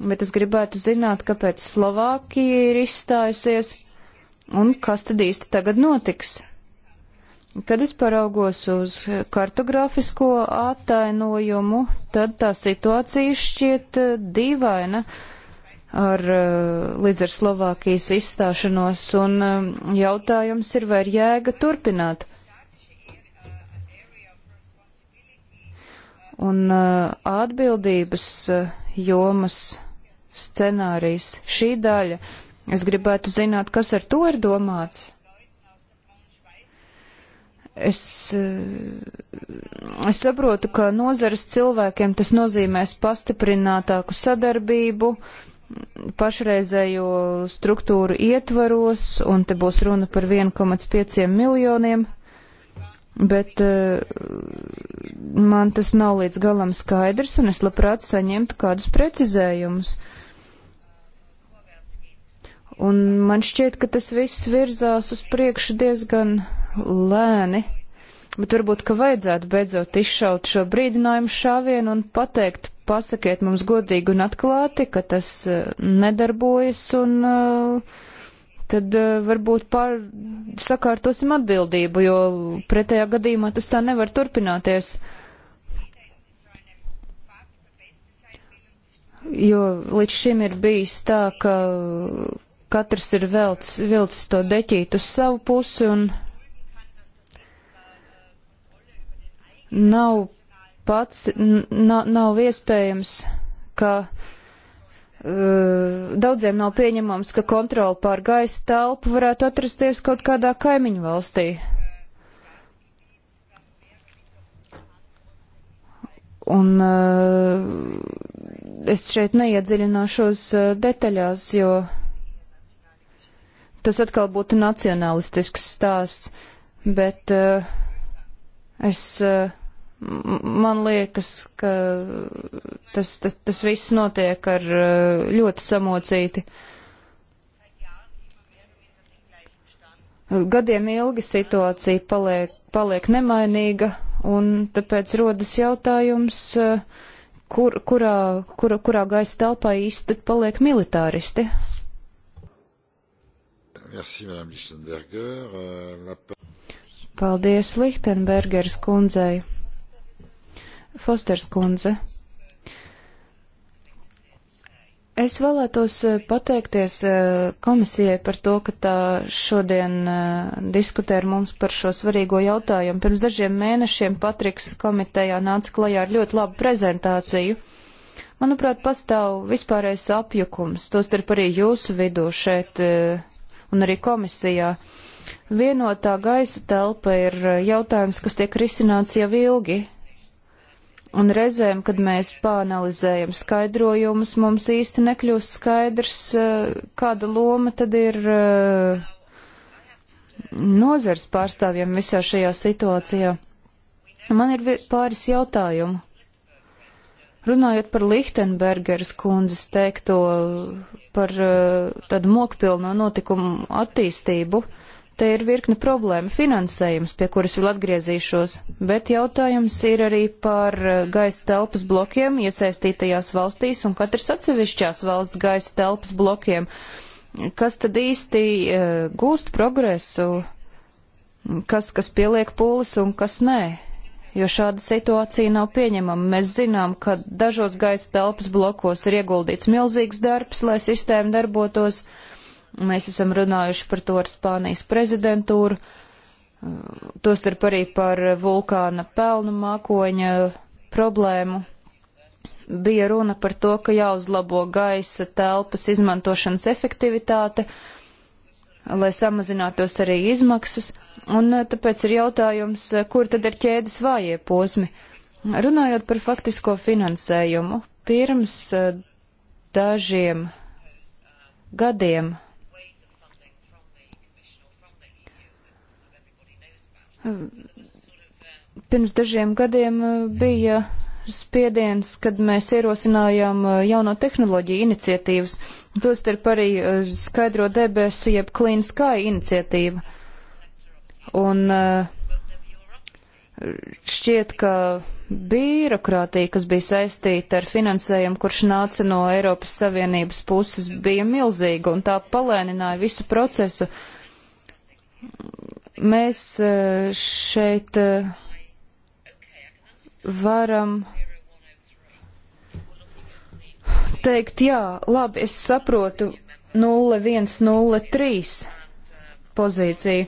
Bet es gribētu zināt, kāpēc Slovākija ir izstājusies un kas tad īsti tagad notiks. Kad es paraugos uz kartografisko attēnojumu, tad tā situācija šķiet eh, dīvaina ar, eh, līdz ar Slovākijas izstāšanos, un eh, jautājums ir, vai ir jēga turpināt. Un atbildības jomas scenārijs, šī daļa, es gribētu zināt, kas ar to ir domāts. Es, es saprotu, ka nozares cilvēkiem tas nozīmēs pastiprinātāku sadarbību pašreizējo struktūru ietvaros, un te būs runa par 1,5 miljoniem, bet eh, man tas nav līdz galam skaidrs, un es labprāt saņemtu kādus precizējumus. Un man šķiet, ka tas viss virzās uz priekšu diezgan lēni, bet varbūt, ka vajadzētu beidzot izšaut šo brīdinājumu šāvienu un pateikt, pasakiet mums godīgi un atklāti, ka tas eh, nedarbojas un uh, tad eh, varbūt pār sakārtosim atbildību, jo pretējā gadījumā tas tā nevar turpināties. Jo līdz šim ir bijis tā, ka katrs ir velts, vilcis to deķīt uz savu pusi un nav pats, nav iespējams, ka uh, daudziem nav pieņemams, ka kontroli pār gaisa telpu varētu atrasties kaut kādā kaimiņu valstī. Un uh, es šeit neiedziļināšos uh, detaļās, jo tas atkal būtu nacionalistisks stāsts, bet uh, es. Uh, man liekas, ka tas, tas, tas viss notiek ar eh, ļoti samocīti. Gadiem ilgi situācija paliek, paliek nemainīga, un tāpēc rodas jautājums, eh, kur, kurā, kur, kurā gaisa telpā īsti paliek militāristi. Merci, Madame Lichtenberger. Euh, la... Paldies, Lichtenbergers kundzei. Fosters kundze. Es vēlētos eh, pateikties eh, komisijai par to, ka tā šodien eh, diskutē ar mums par šo svarīgo jautājumu. Pirms dažiem mēnešiem Patriks komitejā nāca klajā ar ļoti labu prezentāciju. Manuprāt, pastāv vispārējais apjukums, tostarp arī jūsu vidū šeit un arī komisijā. Vienotā gaisa telpa ir jautājums, kas tiek risināts jau ilgi, Un reizēm, kad mēs pāanalizējam skaidrojumus, mums īsti nekļūst skaidrs, eh, kāda loma tad ir eh, nozars pārstāvjiem visā šajā situācijā. Man ir pāris jautājumu. Runājot par Lichtenbergeras kundzes teikto par eh, tādu mokpilno notikumu attīstību, uh, Te ir virkne problēma finansējums, pie kuras vēl atgriezīšos, bet jautājums ir arī par eh, gaisa telpas blokiem iesaistītajās valstīs un katrs atsevišķās valsts gaisa telpas blokiem. Kas tad īsti eh, gūst progresu, kas, kas pieliek pūles un kas nē? Jo šāda situācija nav pieņemama. Mēs zinām, ka dažos gaisa telpas blokos ir ieguldīts milzīgs darbs, lai sistēma darbotos. Uh, Mēs esam runājuši par to ar Spānijas prezidentūru, tostarp arī par vulkāna pelnu mākoņa problēmu. Bija runa par to, ka jāuzlabo gaisa telpas izmantošanas efektivitāte, lai samazinātos arī izmaksas, un tāpēc ir jautājums, kur tad ir ķēdes vājie posmi. Runājot par faktisko finansējumu, pirms eh, dažiem gadiem Pirms dažiem gadiem eh, bija spiediens, kad mēs ierosinājām eh, jauno tehnoloģiju iniciatīvas, tostarp arī eh, skaidro debesu jeb Clean Sky iniciatīva. Un šķiet, ka birokrātija, kas bija saistīta ar finansējumu, kurš nāca no Eiropas Savienības puses, bija milzīga un tā palēnināja visu procesu mēs eh, šeit eh, varam teikt, jā, labi, es saprotu 0103 pozīciju.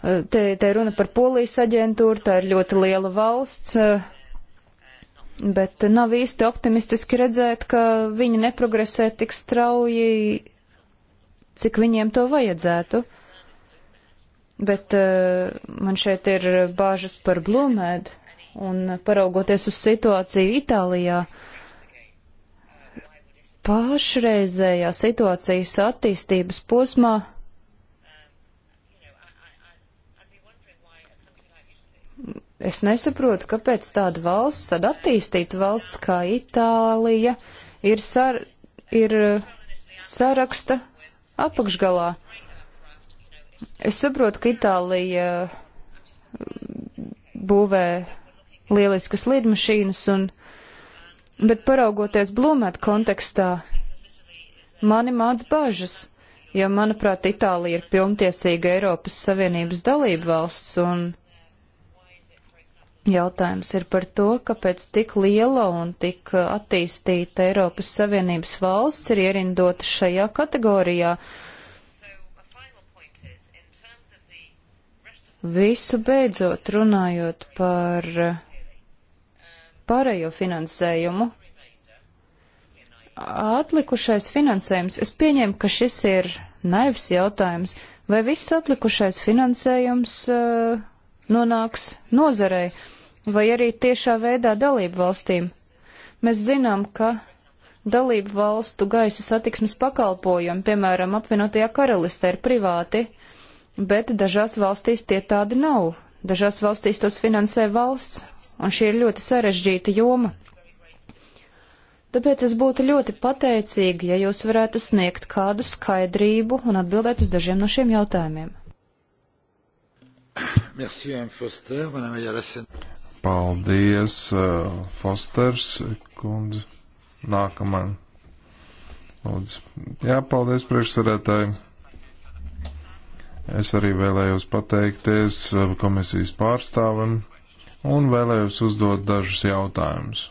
Eh, te, te runa par polijas aģentūru, tā ir ļoti liela valsts, bet nav īsti optimistiski redzēt, ka viņi neprogresē tik strauji, cik viņiem to vajadzētu. Uh, bet uh, man šeit ir bāžas par Blumēdu un paraugoties uz situāciju Itālijā. Pašreizējā situācijas attīstības posmā es nesaprotu, kāpēc tāda valsts, tāda attīstīta valsts kā Itālija ir, sar, ir eh, saraksta apakšgalā. Uh, Es saprotu, ka Itālija mm, būvē lieliskas lidmašīnas, un, bet paraugoties blūmēt kontekstā, mani māc bažas, jo, manuprāt, Itālija ir pilntiesīga Eiropas Savienības dalība valsts, un jautājums ir par to, kāpēc tik liela un tik attīstīta Eiropas Savienības valsts ir ierindota šajā kategorijā. Uh, Visu beidzot, runājot par pārējo finansējumu, atlikušais finansējums, es pieņemu, ka šis ir naivs jautājums, vai viss atlikušais finansējums uh, nonāks nozarei, vai arī tiešā veidā dalību valstīm. Mēs zinām, ka dalību valstu gaisa satiksmes pakalpojumi, piemēram, apvienotajā karalistē, ir privāti. Uh, bet dažās valstīs tie tādi nav. Dažās valstīs tos finansē valsts, un šī ir ļoti sarežģīta joma. Tāpēc es būtu ļoti pateicīga, ja jūs varētu sniegt kādu skaidrību un atbildēt uz dažiem no šiem jautājumiem. (coughs) Merci, Foster, Paldies, uh, Fosters, kundze. Nākamā. Lūdzu. Jā, paldies priekšsarētāji. Es arī vēlējos pateikties komisijas pārstāvam un vēlējos uzdot dažus jautājumus.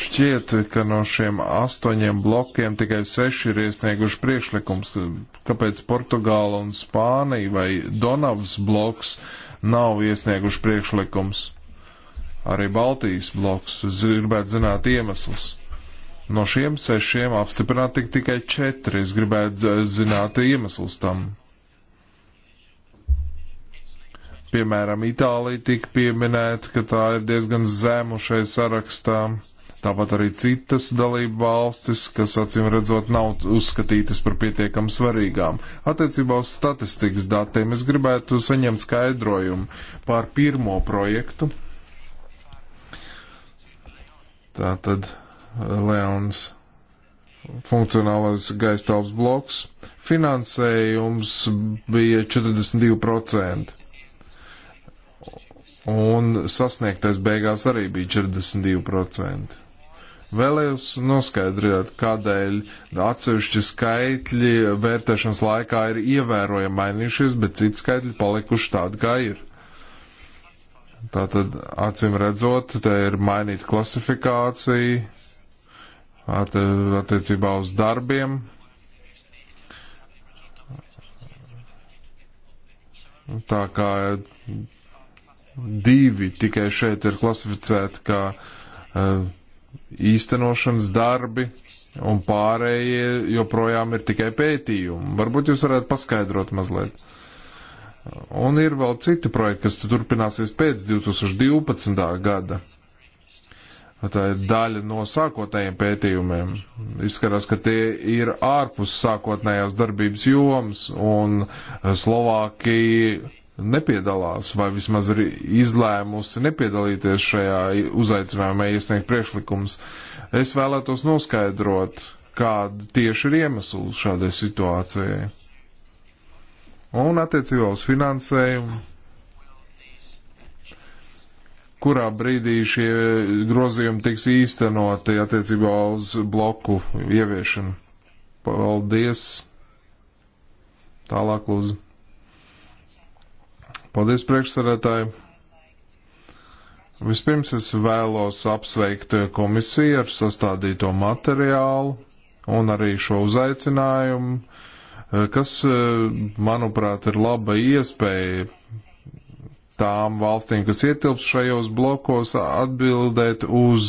Šķiet, ka no šiem astoņiem blokiem tikai seši ir iesnieguši priekšlikums, kāpēc Portugāla un Spānija vai Donavas bloks nav iesnieguši priekšlikums. Arī Baltijas bloks. Es gribētu zināt iemeslus. No šiem sešiem apstiprināt tik tikai četri. Es gribētu zināt iemeslus tam. Piemēram, Itālija tika pieminēta, ka tā ir diezgan zemu šai sarakstā. Tāpat arī citas dalību valstis, kas acīm redzot nav uzskatītas par pietiekam svarīgām. Attiecībā uz statistikas datiem es gribētu saņemt skaidrojumu par pirmo projektu. Tātad Leons funkcionālais gaistāvs bloks, finansējums bija 42%. Un sasniegtais beigās arī bija 42%. Vēlējos noskaidrot, kādēļ atsevišķi skaitļi vērtēšanas laikā ir ievērojami mainījušies, bet citi skaitļi palikuši tādi, kā ir. Tātad, acīm redzot, te ir mainīta klasifikācija, attiecībā uz darbiem. Tā kā divi tikai šeit ir klasificēti kā uh, īstenošanas darbi, un pārējie joprojām ir tikai pētījumi. Varbūt jūs varētu paskaidrot mazliet. Un ir vēl citi projekti, kas turpināsies pēc 2012. gada. Nu, tā ir daļa no sākotnējiem pētījumiem. Izskatās, ka tie ir ārpus sākotnējās darbības jomas, un Slovākija nepiedalās, vai vismaz ir izlēmusi nepiedalīties šajā uzaicinājumā iesniegt priekšlikums. Es vēlētos noskaidrot, kāda tieši ir iemesls šādai situācijai. Un attiecībā uz finansējumu kurā brīdī šie grozījumi tiks īstenoti attiecībā uz bloku ieviešanu. Paldies! Tālāk lūdzu. Paldies priekšsarētāji! Vispirms es vēlos apsveikt komisiju ar sastādīto materiālu un arī šo uzaicinājumu, kas, eh, manuprāt, ir laba iespēja tām valstīm, kas ietilps šajos blokos, atbildēt uz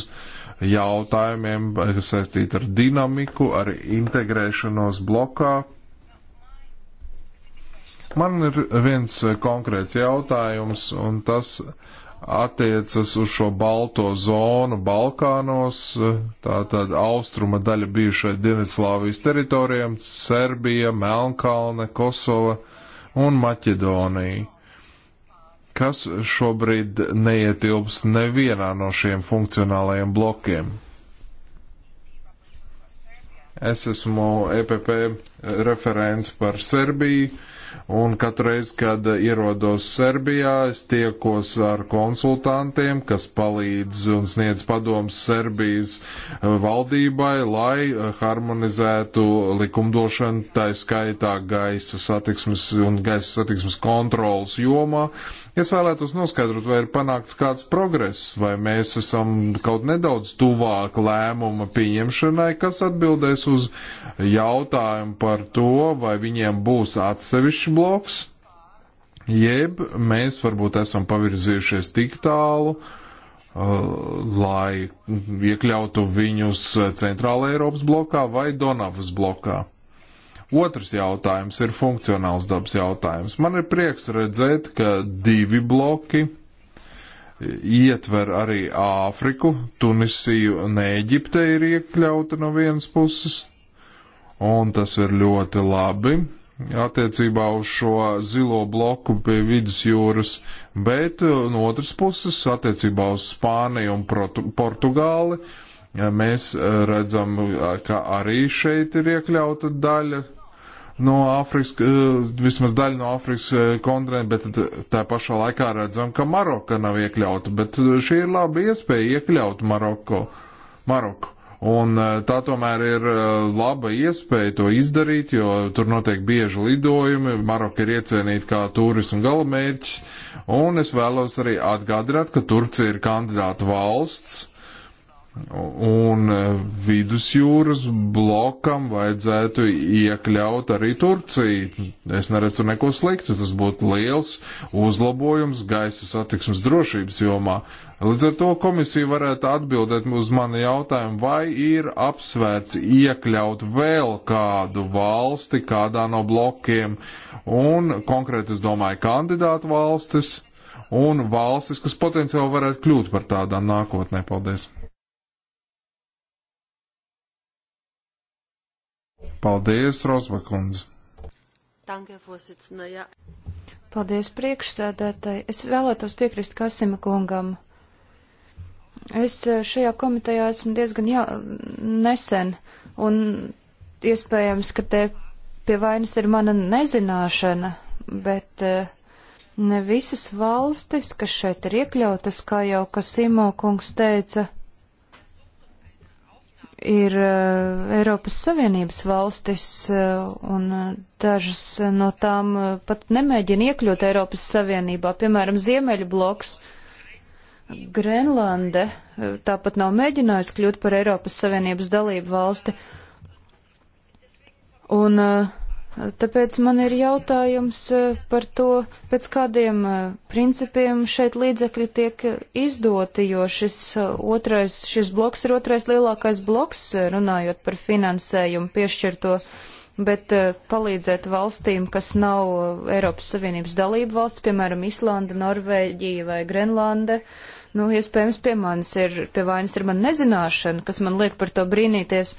jautājumiem, kas saistīti ar dinamiku, ar integrēšanos blokā. Man ir viens konkrēts jautājums, un tas attiecas uz šo balto zonu Balkānos, tātad austruma daļa bijušai Dienvidslāvijas teritorijām - Serbija, Melnkalne, Kosova un Maķedonija kas šobrīd neietilps nevienā no šiem funkcionālajiem blokiem. Es esmu EPP referents par Serbiju, un katru reizi, kad ierodos Serbijā, es tiekos ar konsultantiem, kas palīdz un sniedz padomus Serbijas valdībai, lai harmonizētu likumdošanu, tā skaitā gaisa satiksmes un gaisa satiksmes kontrolas jomā. Uh, Es vēlētos noskaidrot, vai ir panākts kāds progress, vai mēs esam kaut nedaudz tuvāk lēmuma pieņemšanai, kas atbildēs uz jautājumu par to, vai viņiem būs atsevišķi bloks, jeb mēs varbūt esam pavirzījušies tik tālu, uh, lai iekļautu viņus Centrāla Eiropas blokā vai Donavas blokā. Otrs jautājums ir funkcionāls dabas jautājums. Man ir prieks redzēt, ka divi bloki ietver arī Āfriku, Tunisiju un Eģipte ir iekļauta no vienas puses, un tas ir ļoti labi attiecībā uz šo zilo bloku pie vidusjūras, bet uh, no otras puses attiecībā uz Spāniju un Portu Portugāli mēs uh, redzam, uh, ka arī šeit ir iekļauta daļa no Āfrikas, eh, vismaz daļa no Āfrikas eh, kontinenta, bet tā pašā laikā redzam, ka Maroka nav iekļauta. Bet eh, šī ir laba iespēja iekļaut Maroko, Maroku. Un tā tomēr ir laba iespēja to izdarīt, jo tur notiek bieži lidojumi. Maroka ir iecienīta kā turismu galamērķis. Un es vēlos arī atgādināt, ka Turcija ir kandidāta valsts Un e, vidusjūras blokam vajadzētu iekļaut arī Turciju. Es neredzu tur neko sliktu, tas būtu liels uzlabojums gaisa satiksmes drošības jomā. Līdz ar to komisija varētu atbildēt uz manu jautājumu, vai ir apsvērts iekļaut vēl kādu valsti kādā no blokiem, un konkrēti es domāju kandidātu valstis un valstis, kas potenciāli varētu kļūt par tādām nākotnē. Paldies! Paldies, Rosbakundze! Paldies priekšsēdētāji. Es vēlētos piekrist Kasima kungam. Es eh, šajā komitejā esmu diezgan jā, nesen, un iespējams, ka te pie vainas ir mana nezināšana, bet eh, ne visas valstis, kas šeit ir iekļautas, kā jau Kasimo kungs teica, ir eh, Eiropas Savienības valstis, eh, un eh, dažas no tām pat nemēģina iekļūt Eiropas Savienībā, piemēram, Ziemeļu bloks. Grenlande tāpat nav mēģinājusi kļūt par Eiropas Savienības dalību valsti. Un uh, Tāpēc man ir jautājums e, par to, pēc kādiem e, principiem šeit līdzekļi tiek izdoti, jo šis, e, otrais, šis bloks ir otrais lielākais bloks, runājot par finansējumu piešķirto, bet palīdzēt valstīm, kas nav Eiropas Savienības dalību valsts, piemēram, Islanda, Norvēģija vai Grenlande, nu, iespējams, pie manis ir, pie vainas ir man nezināšana, kas man liek par to brīnīties,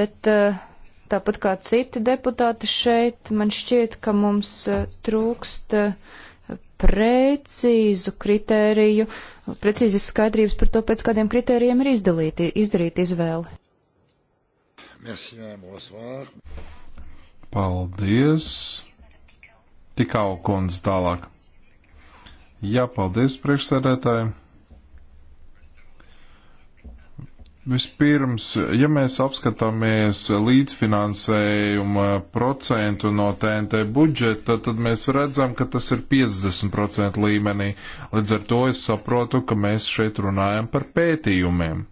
bet uh, Tāpat kā citi deputāti šeit, man šķiet, ka mums eh, trūkst eh, precīzu kritēriju, precīzas skaidrības par to, pēc kādiem kritērijiem ir izdalīti, izdarīta izvēle. Merci, Paldies! Tikau kundze tālāk. Jā, paldies priekšsēdētājiem! Vispirms, ja mēs apskatāmies līdzfinansējuma procentu no TNT budžeta, tad mēs redzam, ka tas ir 50% līmenī. Līdz ar to es saprotu, ka mēs šeit runājam par pētījumiem.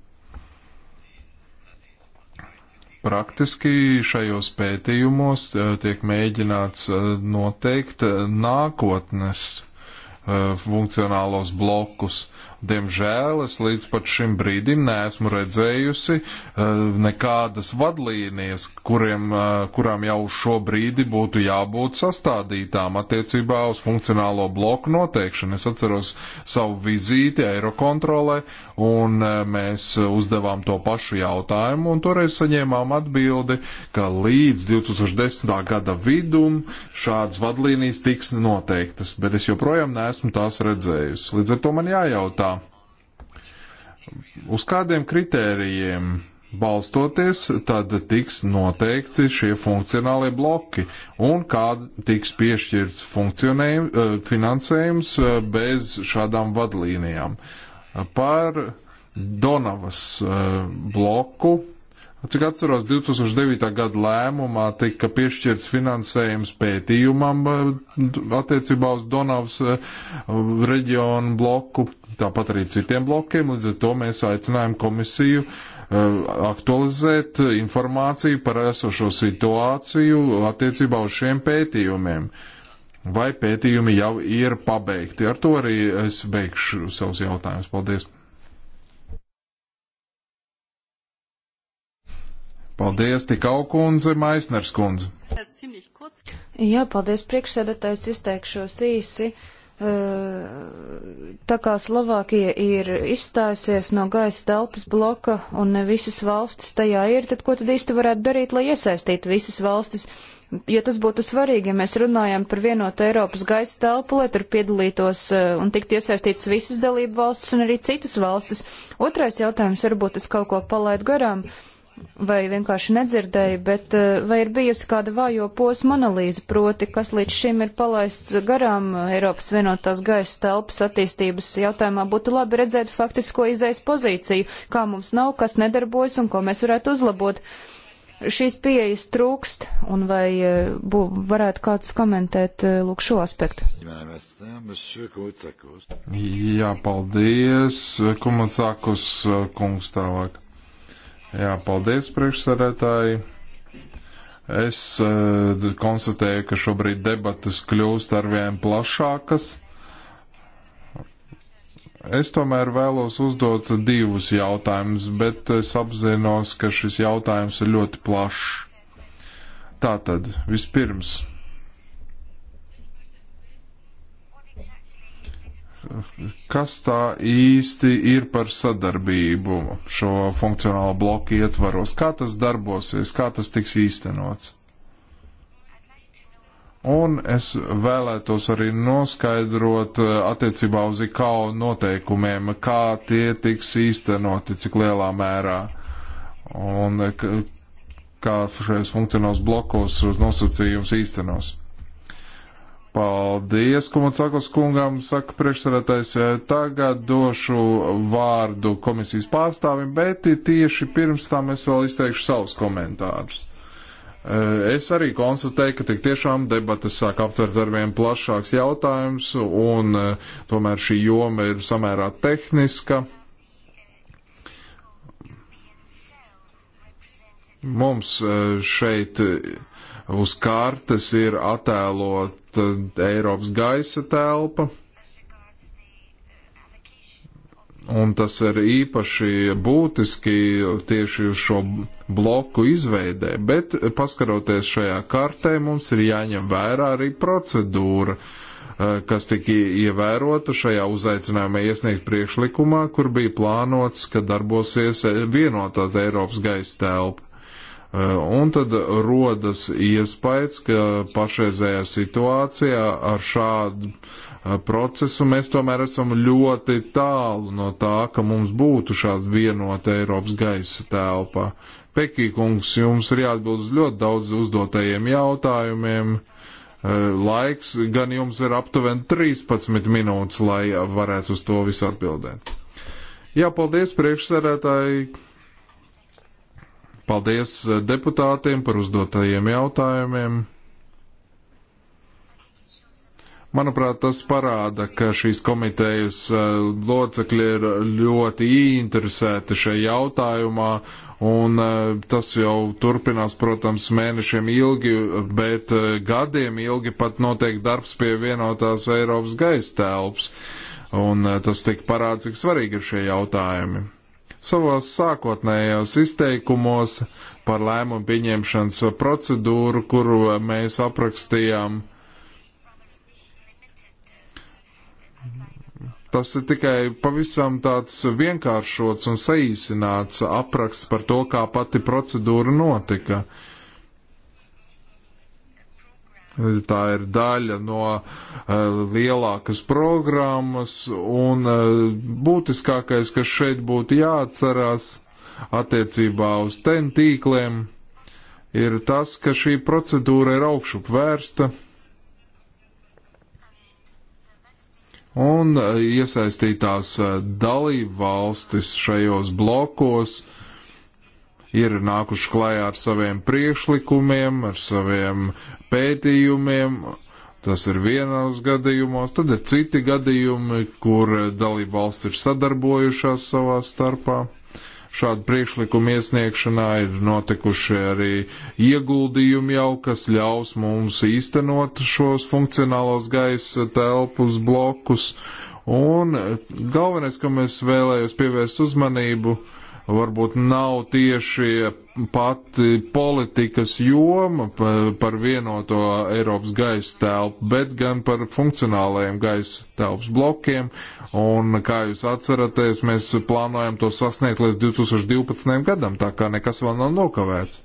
Praktiski šajos pētījumos eh, tiek mēģināts eh, noteikt nākotnes eh, funkcionālos blokus. Diemžēl es līdz pat šim brīdim neesmu redzējusi eh, nekādas vadlīnijas, kuriem, eh, kurām jau šobrīd būtu jābūt sastādītām attiecībā uz funkcionālo bloku noteikšanu. Es atceros savu vizīti Eirokontrolē, un eh, mēs uzdevām to pašu jautājumu, un toreiz saņēmām atbildi, ka līdz 2010. gada vidum šādas vadlīnijas tiks noteiktas, bet es joprojām neesmu tās redzējusi. Līdz ar to man jājautā, Uz kādiem kritērijiem balstoties, tad tiks noteikti šie funkcionālie bloki un kāda tiks piešķirts eh, finansējums eh, bez šādām vadlīnijām. Par Donavas eh, bloku Cik atceros, 2009. gada lēmumā tika piešķirts finansējums pētījumam attiecībā uz Donavas e, reģionu bloku, tāpat arī citiem blokiem. Līdz ar to mēs aicinājām komisiju e, aktualizēt informāciju par esošo situāciju attiecībā uz šiem pētījumiem. Vai pētījumi jau ir pabeigti? Ar to arī es beigšu savus jautājumus. Paldies! Paldies, tik aukundze, Maisners kundze. Jā, paldies priekšsēdētājs, izteikšos īsi. Eh, tā kā Slovākija ir izstājusies no gaisa telpas bloka un ne visas valstis tajā ir, tad ko tad īsti varētu darīt, lai iesaistītu visas valstis? jo tas būtu svarīgi, ja mēs runājam par vienotu Eiropas gaisa telpu, lai tur piedalītos eh, un tiktu iesaistītas visas dalību valstis un arī citas valstis. Otrais jautājums, varbūt es kaut ko palaidu garām, vai vienkārši nedzirdēju, bet eh, vai ir bijusi kāda vājo posma analīze, proti, kas līdz šim ir palaists garām Eiropas vienotās gaisa telpas attīstības jautājumā, būtu labi redzēt faktisko izaisa pozīciju, kā mums nav, kas nedarbojas un ko mēs varētu uzlabot. Šīs pieejas trūkst, un vai eh, bū, varētu kāds komentēt eh, lūk šo aspektu? Jā, paldies, Kumansākus kungs tālāk. Jā, paldies priekšsarētāji. Es uh, konstatēju, ka šobrīd debatas kļūst arvien plašākas. Es tomēr vēlos uzdot divus jautājumus, bet es apzinos, ka šis jautājums ir ļoti plašs. Tātad, vispirms, kas tā īsti ir par sadarbību šo funkcionālo bloku ietvaros, kā tas darbosies, kā tas tiks īstenots. Un es vēlētos arī noskaidrot eh, attiecībā uz IKAU noteikumiem, kā tie tiks īstenoti, cik lielā mērā. Un eh, kā šajos funkcionālos blokos nosacījums īstenos. Paldies, Kumacakas kungam, saka priekšsarētais. Eh, tagad došu vārdu komisijas pārstāvim, bet tieši pirms tam es vēl izteikšu savus komentārus. Eh, es arī konstatēju, ka tik tiešām debatas sāk aptvert ar vien plašāks jautājums, un eh, tomēr šī joma ir samērā tehniska. Mums šeit Uz kārtas ir attēlot eh, Eiropas gaisa telpa. Un tas ir īpaši būtiski tieši uz šo bloku izveidē, bet paskaroties šajā kartē, mums ir jāņem vērā arī procedūra, eh, kas tika ievērota šajā uzaicinājumā iesniegt priekšlikumā, kur bija plānots, ka darbosies vienotās Eiropas gaisa telpa. Eh, un tad rodas iespējas, ka pašreizējā situācijā ar šādu eh, procesu mēs tomēr esam ļoti tālu no tā, ka mums būtu šāds vienota Eiropas gaisa telpa. Pekīkungs, jums ir jāatbild uz ļoti daudz uzdotajiem jautājumiem. Eh, laiks gan jums ir aptuveni 13 minūtes, lai varētu uz to visu atbildēt. Jā, paldies priekšsēdētāji Paldies eh, deputātiem par uzdotajiem jautājumiem. Manuprāt, tas parāda, ka šīs komitejas eh, locekļi ir ļoti ieinteresēti šajā jautājumā, un eh, tas jau turpinās, protams, mēnešiem ilgi, bet gadiem ilgi pat notiek darbs pie vienotās Eiropas gaisa telpas, un tas tik parāda, cik svarīgi ir šie jautājumi. Savos sākotnējos izteikumos par lēmumu pieņemšanas procedūru, kuru mēs aprakstījām, tas ir tikai pavisam tāds vienkāršots un saīsināts apraksts par to, kā pati procedūra notika. Uh, Tā ir daļa no eh, lielākas programmas, un eh, būtiskākais, kas šeit būtu jāatcerās attiecībā uz ten tīkliem, ir tas, ka šī procedūra ir augšup vērsta. Un eh, iesaistītās dalību valstis šajos blokos uh, ir nākuši klajā ar saviem priekšlikumiem, ar saviem pētījumiem. Tas ir vienos gadījumos, tad ir citi gadījumi, kur dalība valsts ir sadarbojušās savā starpā. Šādu priekšlikumu iesniegšanā ir notikuši arī ieguldījumi jau, kas ļaus mums īstenot šos funkcionālos gaisa telpus blokus. Un galvenais, kam es vēlējos pievērst uzmanību, uh, varbūt nav tieši pati politikas joma par vienoto Eiropas gaisa telpu, bet gan par funkcionālajiem gaisa telpas blokiem. Un, kā jūs atceraties, mēs plānojam to sasniegt līdz 2012. gadam, tā kā nekas vēl nav nokavēts.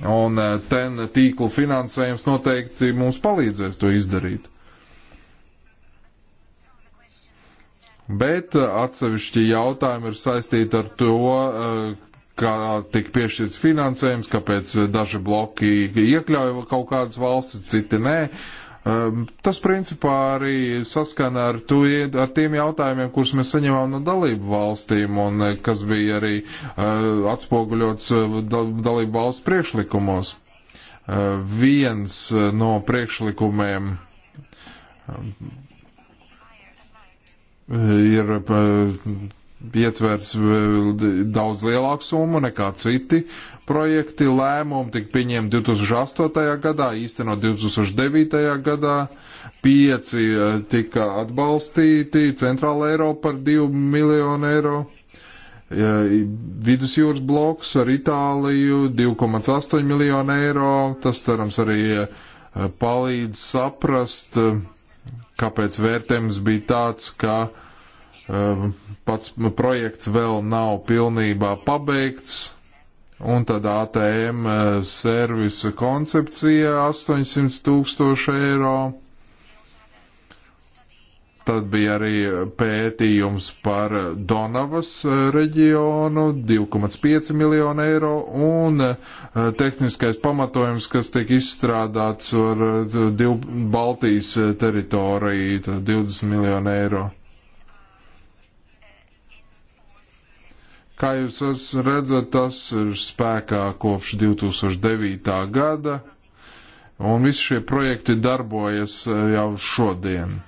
Un eh, ten tīklu finansējums noteikti mums palīdzēs to izdarīt. bet eh, atsevišķi jautājumi ir saistīti ar to, eh, kā tika piešķirts finansējums, kāpēc daži bloki iekļauja kaut kādas valstis, citi nē. Eh, tas principā arī saskana ar, to, ar tiem jautājumiem, kurus mēs saņemām no dalību valstīm un kas bija arī atspoguļots dalību valstu priekšlikumos. Viens no priekšlikumiem ir ietverts eh, daudz lielāku summu nekā citi projekti. Lēmumi tika pieņemti 2008. gadā, īstenot 2009. gadā. Pieci eh, tika atbalstīti, Centrāla Eiropa par 2 miljonu eiro. Vidusjūras bloks ar Itāliju 2,8 miljonu eiro. Tas cerams arī eh, palīdz saprast uh, kāpēc vērtējums bija tāds, ka um, pats projekts vēl nav pilnībā pabeigts, un tad ATM uh, servisa koncepcija 800 tūkstoši eiro Tad bija arī pētījums par Donavas eh, reģionu 2,5 miljonu eiro un eh, tehniskais pamatojums, kas tiek izstrādāts ar eh, Baltijas teritoriju 20 miljonu eiro. Kā jūs redzat, tas ir spēkā kopš 2009. gada, un visi šie projekti darbojas jau šodien.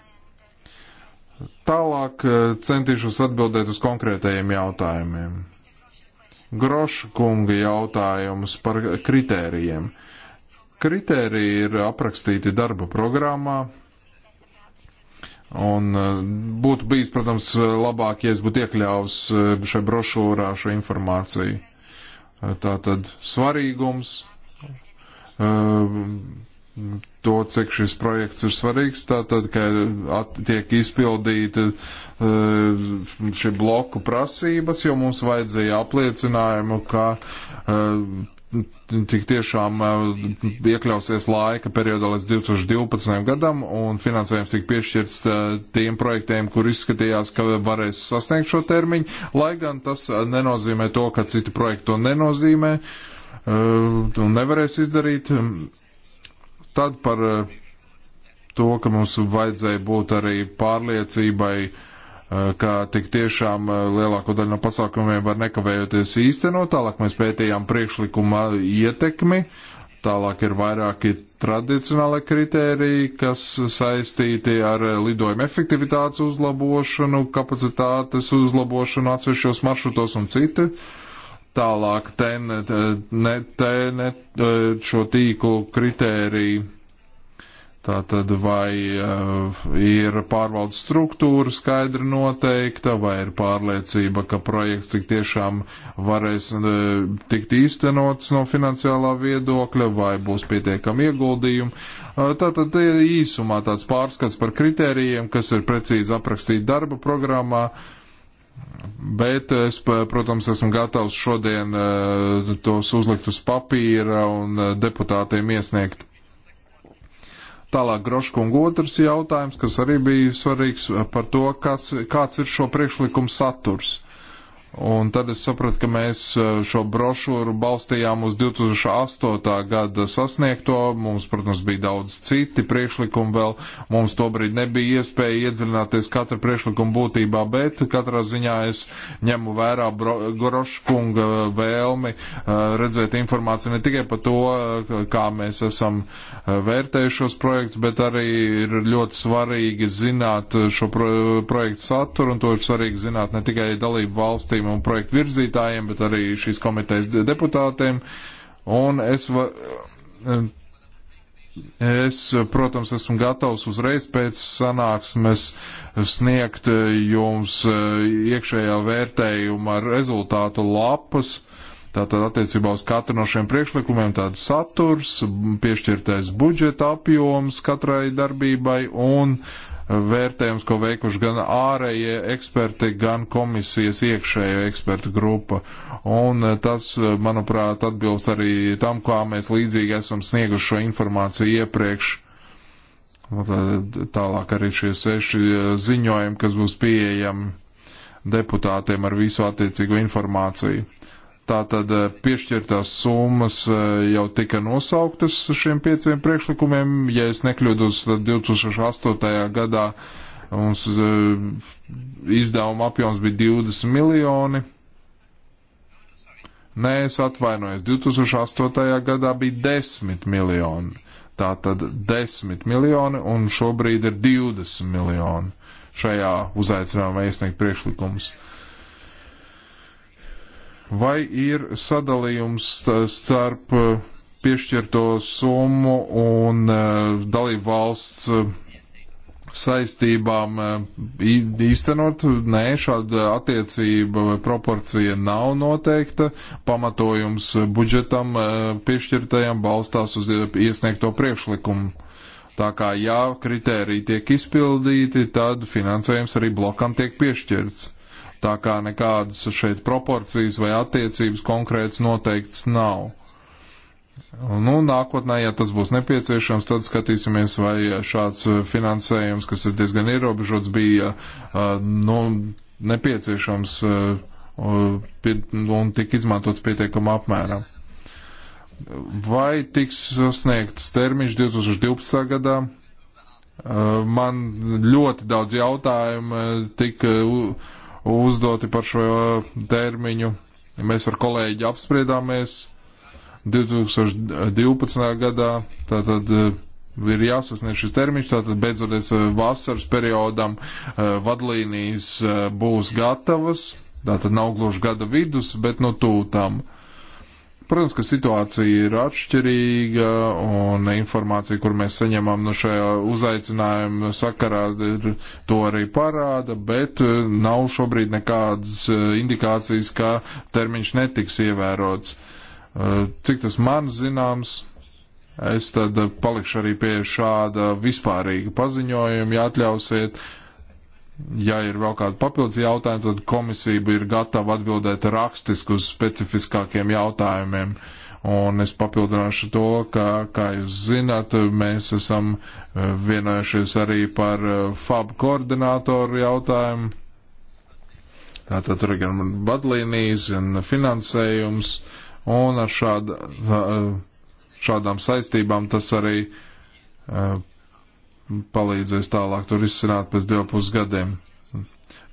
Tālāk eh, centīšos atbildēt uz konkrētajiem jautājumiem. Groša kunga jautājums par kritērijiem. Kritēriji ir aprakstīti darba programmā, Un eh, būtu bijis, protams, labāk, ja es būtu iekļāvis eh, šajā brošūrā šo informāciju. Tā tad svarīgums, to, cik šis projekts ir svarīgs, tātad, ka at, tiek izpildīti uh, šie bloku prasības, jo mums vajadzēja apliecinājumu, ka uh, tik tiešām uh, iekļausies laika periodā līdz 2012. gadam, un finansējums tika piešķirts tiem projektiem, kur izskatījās, ka varēs sasniegt šo termiņu, lai gan tas nenozīmē to, ka citi projekti to nenozīmē un nevarēs izdarīt. Um, Tad par eh, to, ka mums vajadzēja būt arī pārliecībai, eh, ka tik tiešām eh, lielāko daļu no pasākumiem var nekavējoties īstenot. Tālāk mēs pētījām priekšlikuma ietekmi, Tālāk ir vairāki tradicionāli kriteriji, kas saistīti ar lidojuma efektivitātes uzlabošanu, kapacitātes uzlabošanu atsevišķos maršrutos un citi tālāk te, ne, te, ne e, šo tīklu kritēriju. Tātad vai uh, ir pārvaldes struktūra skaidri noteikta, vai ir pārliecība, ka projekts tik tiešām varēs uh, tikt īstenots no finansiālā viedokļa, vai būs pietiekami ieguldījumi. Uh, tātad te īsumā tāds pārskats par kritērijiem, kas ir precīzi aprakstīti darba programmā. Uh, Bet es, protams, esmu gatavs šodien eh, tos uzlikt uz papīra un eh, deputātiem iesniegt. Tālāk Groškunga otrs jautājums, kas arī bija svarīgs eh, par to, kas, kāds ir šo priekšlikumu saturs. Un tad es sapratu, ka mēs uh, šo brošūru balstījām uz 2008. gada sasniegto. Mums, protams, bija daudz citi priekšlikumi vēl. Mums tobrīd nebija iespēja iedziļināties katra priekšlikuma būtībā, bet katrā ziņā es ņemu vērā Groškunga vēlmi uh, redzēt informāciju ne tikai par to, uh, kā mēs esam vērtējušos projekts, bet arī ir ļoti svarīgi zināt šo pro projektu saturu, un to ir svarīgi zināt ne tikai dalību valstīm, atzinumu projektu virzītājiem, bet arī šīs komitejas deputātiem. Un es, va, es, protams, esmu gatavs uzreiz pēc sanāksmes sniegt jums eh, iekšējā vērtējuma rezultātu lapas. Tātad attiecībā uz katru no šiem priekšlikumiem tāds saturs, piešķirtais budžeta apjoms katrai darbībai un vērtējums, ko veikuši gan ārējie eksperti, gan komisijas iekšējo ekspertu grupa. Un eh, tas, eh, manuprāt, atbilst arī tam, kā mēs līdzīgi esam snieguši šo informāciju iepriekš. Tālāk arī šie seši eh, ziņojumi, kas būs pieejami deputātiem ar visu attiecīgo informāciju. Tātad eh, piešķirtās summas eh, jau tika nosauktas šiem pieciem priekšlikumiem. Ja es nekļūdos, tad 2008. gadā mums eh, izdevuma apjoms bija 20 miljoni. Nē, es atvainojos, 2008. gadā bija 10 miljoni. Tātad 10 miljoni un šobrīd ir 20 miljoni šajā uzaicinājumā iesniegt priekšlikumus. Uh, vai ir sadalījums starp uh, piešķirto summu un uh, dalību valsts uh, saistībām īstenot. Nē, šāda attiecība vai proporcija nav noteikta. Pamatojums budžetam piešķirtajam balstās uz iesniegto priekšlikumu. Tā kā jā, kritēriji tiek izpildīti, tad finansējums arī blokam tiek piešķirts. Tā kā nekādas šeit proporcijas vai attiecības konkrēts noteikts nav. Nu, nākotnē, ja tas būs nepieciešams, tad skatīsimies, vai šāds finansējums, kas ir diezgan ierobežots, bija nu, nepieciešams nu, un tika izmantots pietiekamā apmērā. Vai tiks sasniegts termiņš 2012. gadā? Man ļoti daudz jautājumu tika uzdoti par šo uh, termiņu. Mēs ar kolēģi apspriedāmies 2012. gadā, tātad uh, ir jāsasniedz šis termiņš, tātad beidzoties uh, vasaras periodam vadlīnijas būs gatavas, tātad nav gluži gada vidus, bet nu tūtām. Protams, ka situācija ir atšķirīga un informācija, kur mēs saņemam no šajā uzaicinājuma sakarā, to arī parāda, bet e, nav šobrīd nekādas e, indikācijas, ka termiņš netiks ievērots. E, cik tas man zināms, es tad palikšu arī pie šāda vispārīga paziņojuma, ja atļausiet. Uh, Ja ir vēl kādi papildus jautājumi, tad komisija ir gatava atbildēt rakstiski uz specifiskākiem jautājumiem. Un es papildināšu to, ka, kā jūs zināt, mēs esam eh, vienojušies arī par eh, FAB koordinātoru jautājumu. Tātad tur ir gan vadlīnijas, gan finansējums, un ar šāda, eh, šādām saistībām tas arī palīdzēs tālāk tur izsināt pēc divu pusgadiem.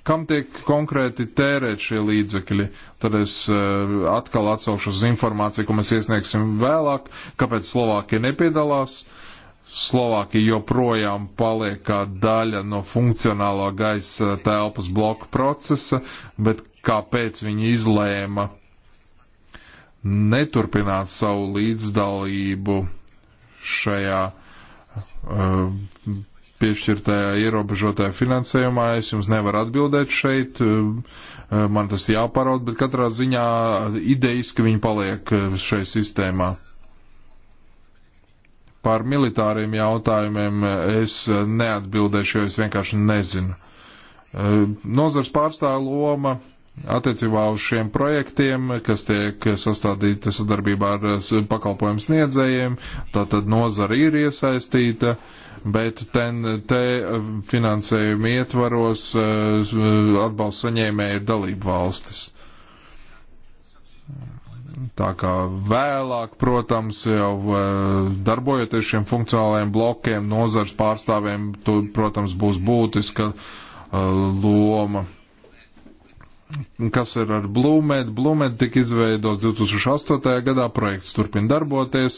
Kam tiek konkrēti tērēt šie līdzekļi? Tad es eh, atkal atsaukšu uz informāciju, ko mēs iesniegsim vēlāk, kāpēc Slovākija nepiedalās. Slovākija joprojām paliek kā daļa no funkcionālā gaisa telpas bloka procesa, bet kāpēc viņi izlēma neturpināt savu līdzdalību šajā uh, Uh, piešķirtajā ierobežotajā finansējumā. Es jums nevaru atbildēt šeit, uh, uh, man tas jāparaud, bet katrā ziņā idejas, ka viņi paliek šai sistēmā. Par militāriem jautājumiem es neatbildēšu, jo es vienkārši nezinu. Nozars pārstāv loma attiecībā uz šiem projektiem, kas tiek sastādīti sadarbībā ar eh, pakalpojumu sniedzējiem, tātad nozara ir iesaistīta, bet ten te finansējuma ietvaros eh, atbalsts saņēmēja ir dalību valstis. Tā kā vēlāk, protams, jau eh, darbojoties šiem funkcionālajiem blokiem, nozars pārstāvjiem, tur, protams, būs būtiska loma kas ir ar Blūmēdu. Blūmēdu tika izveidos 2008. gadā, projekts turpina darboties.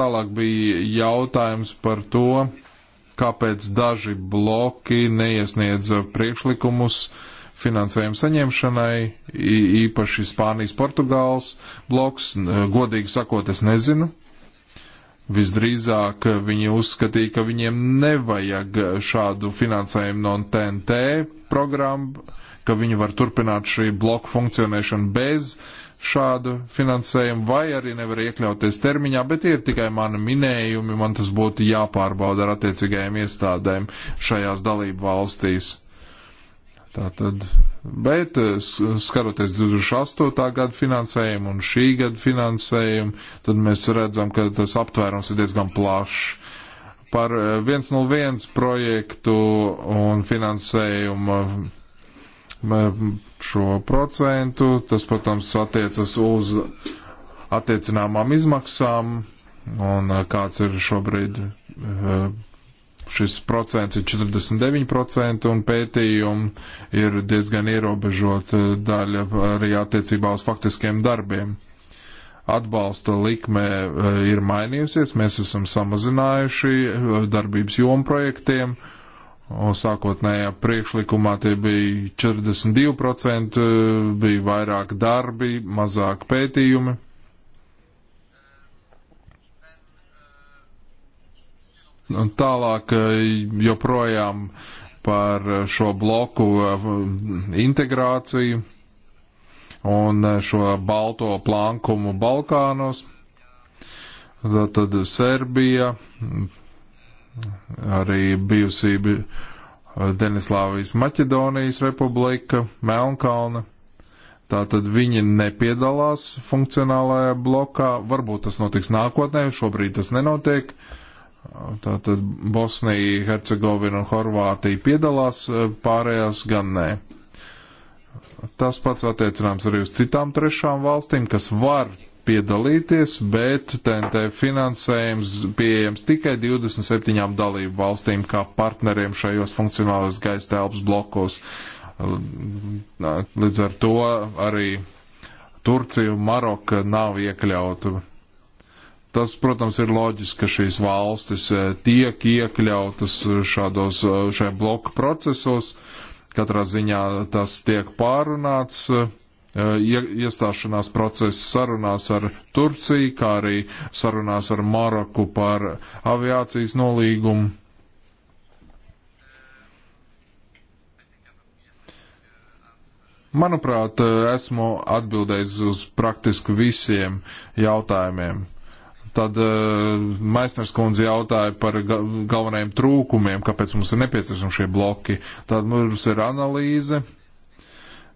Tālāk bija jautājums par to, kāpēc daži bloki neiesniedza priekšlikumus finansējumu saņemšanai, īpaši Spānijas, Portugāls bloks. Godīgi sakot, es nezinu. Visdrīzāk viņi uzskatīja, ka viņiem nevajag šādu finansējumu no TNT programmu, ka viņi var turpināt šī bloku funkcionēšanu bez šādu finansējumu, vai arī nevar iekļauties termiņā, bet ir tikai mani minējumi, man tas būtu jāpārbauda ar attiecīgajiem iestādēm šajās dalību valstīs. Tātad, bet eh, skaroties 2008. gada finansējumu un šī gada finansējumu, tad mēs redzam, ka tas aptvērums ir diezgan plašs. Par 101 eh, projektu un finansējumu šo procentu, tas, protams, attiecas uz attiecināmām izmaksām un eh, kāds ir šobrīd šis procents ir 49% un pētījumi ir diezgan ierobežota eh, daļa arī attiecībā uz faktiskiem darbiem. Atbalsta likme eh, ir mainījusies, mēs esam samazinājuši eh, darbības jomu projektiem. Sākotnējā priekšlikumā tie bija 42%, bija vairāk darbi, mazāk pētījumi Un tālāk eh, joprojām par šo bloku eh, integrāciju un eh, šo balto plankumu Balkānos. Tad Serbija, arī bijusī Denislāvijas Maķedonijas republika, Melnkalna. Tātad viņi nepiedalās funkcionālajā blokā. Varbūt tas notiks nākotnē, šobrīd tas nenotiek. Uh, Tātad Bosnija, Hercegovina un Horvātija piedalās, e, pārējās gan nē. Tas pats attiecināms arī uz citām trešām valstīm, kas var piedalīties, bet TNT finansējums pieejams tikai 27 dalību valstīm kā partneriem šajos funkcionālajos gaisa telpas blokos. Līdz ar to arī Turcija un Maroka nav iekļauta Tas, protams, ir loģiski, ka šīs valstis eh, tiek iekļautas eh, šādos eh, šajā bloku procesos. Katrā ziņā tas tiek pārunāts iestāšanās procesa sarunās ar Turciju, kā arī sarunās ar Maroku par aviācijas nolīgumu. Manuprāt, esmu atbildējis uz praktiski visiem jautājumiem. Tad uh, eh, Maisners kundze jautāja par ga galvenajiem trūkumiem, kāpēc mums ir nepieciešami šie bloki. Tad mums ir analīze.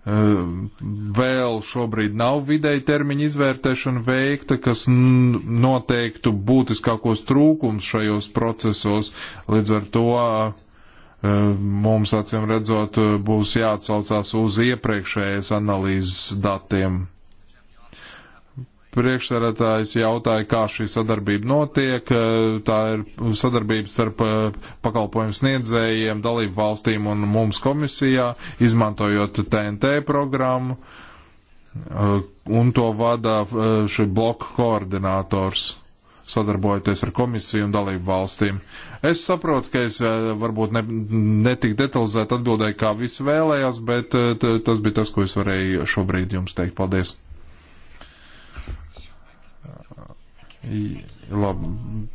Uh, vēl šobrīd nav vidēji termiņa izvērtēšana veikta, kas noteiktu būtiskākos trūkums šajos procesos. Līdz ar to uh, mums acīm redzot būs jāatsaucās uz iepriekšējais analīzes datiem priekšsēdētājs jautāja, kā šī sadarbība notiek. Eh, Tā ir sadarbība starp eh, pakalpojumu sniedzējiem, dalību valstīm un mums komisijā, izmantojot TNT programmu. Eh, un to vada šī bloka koordinators sadarbojoties ar komisiju un dalību valstīm. Es saprotu, ka es varbūt ne, netik detalizēti atbildēju, kā visi vēlējās, bet tas bija tas, ko es varēju šobrīd jums teikt. Paldies! Labi,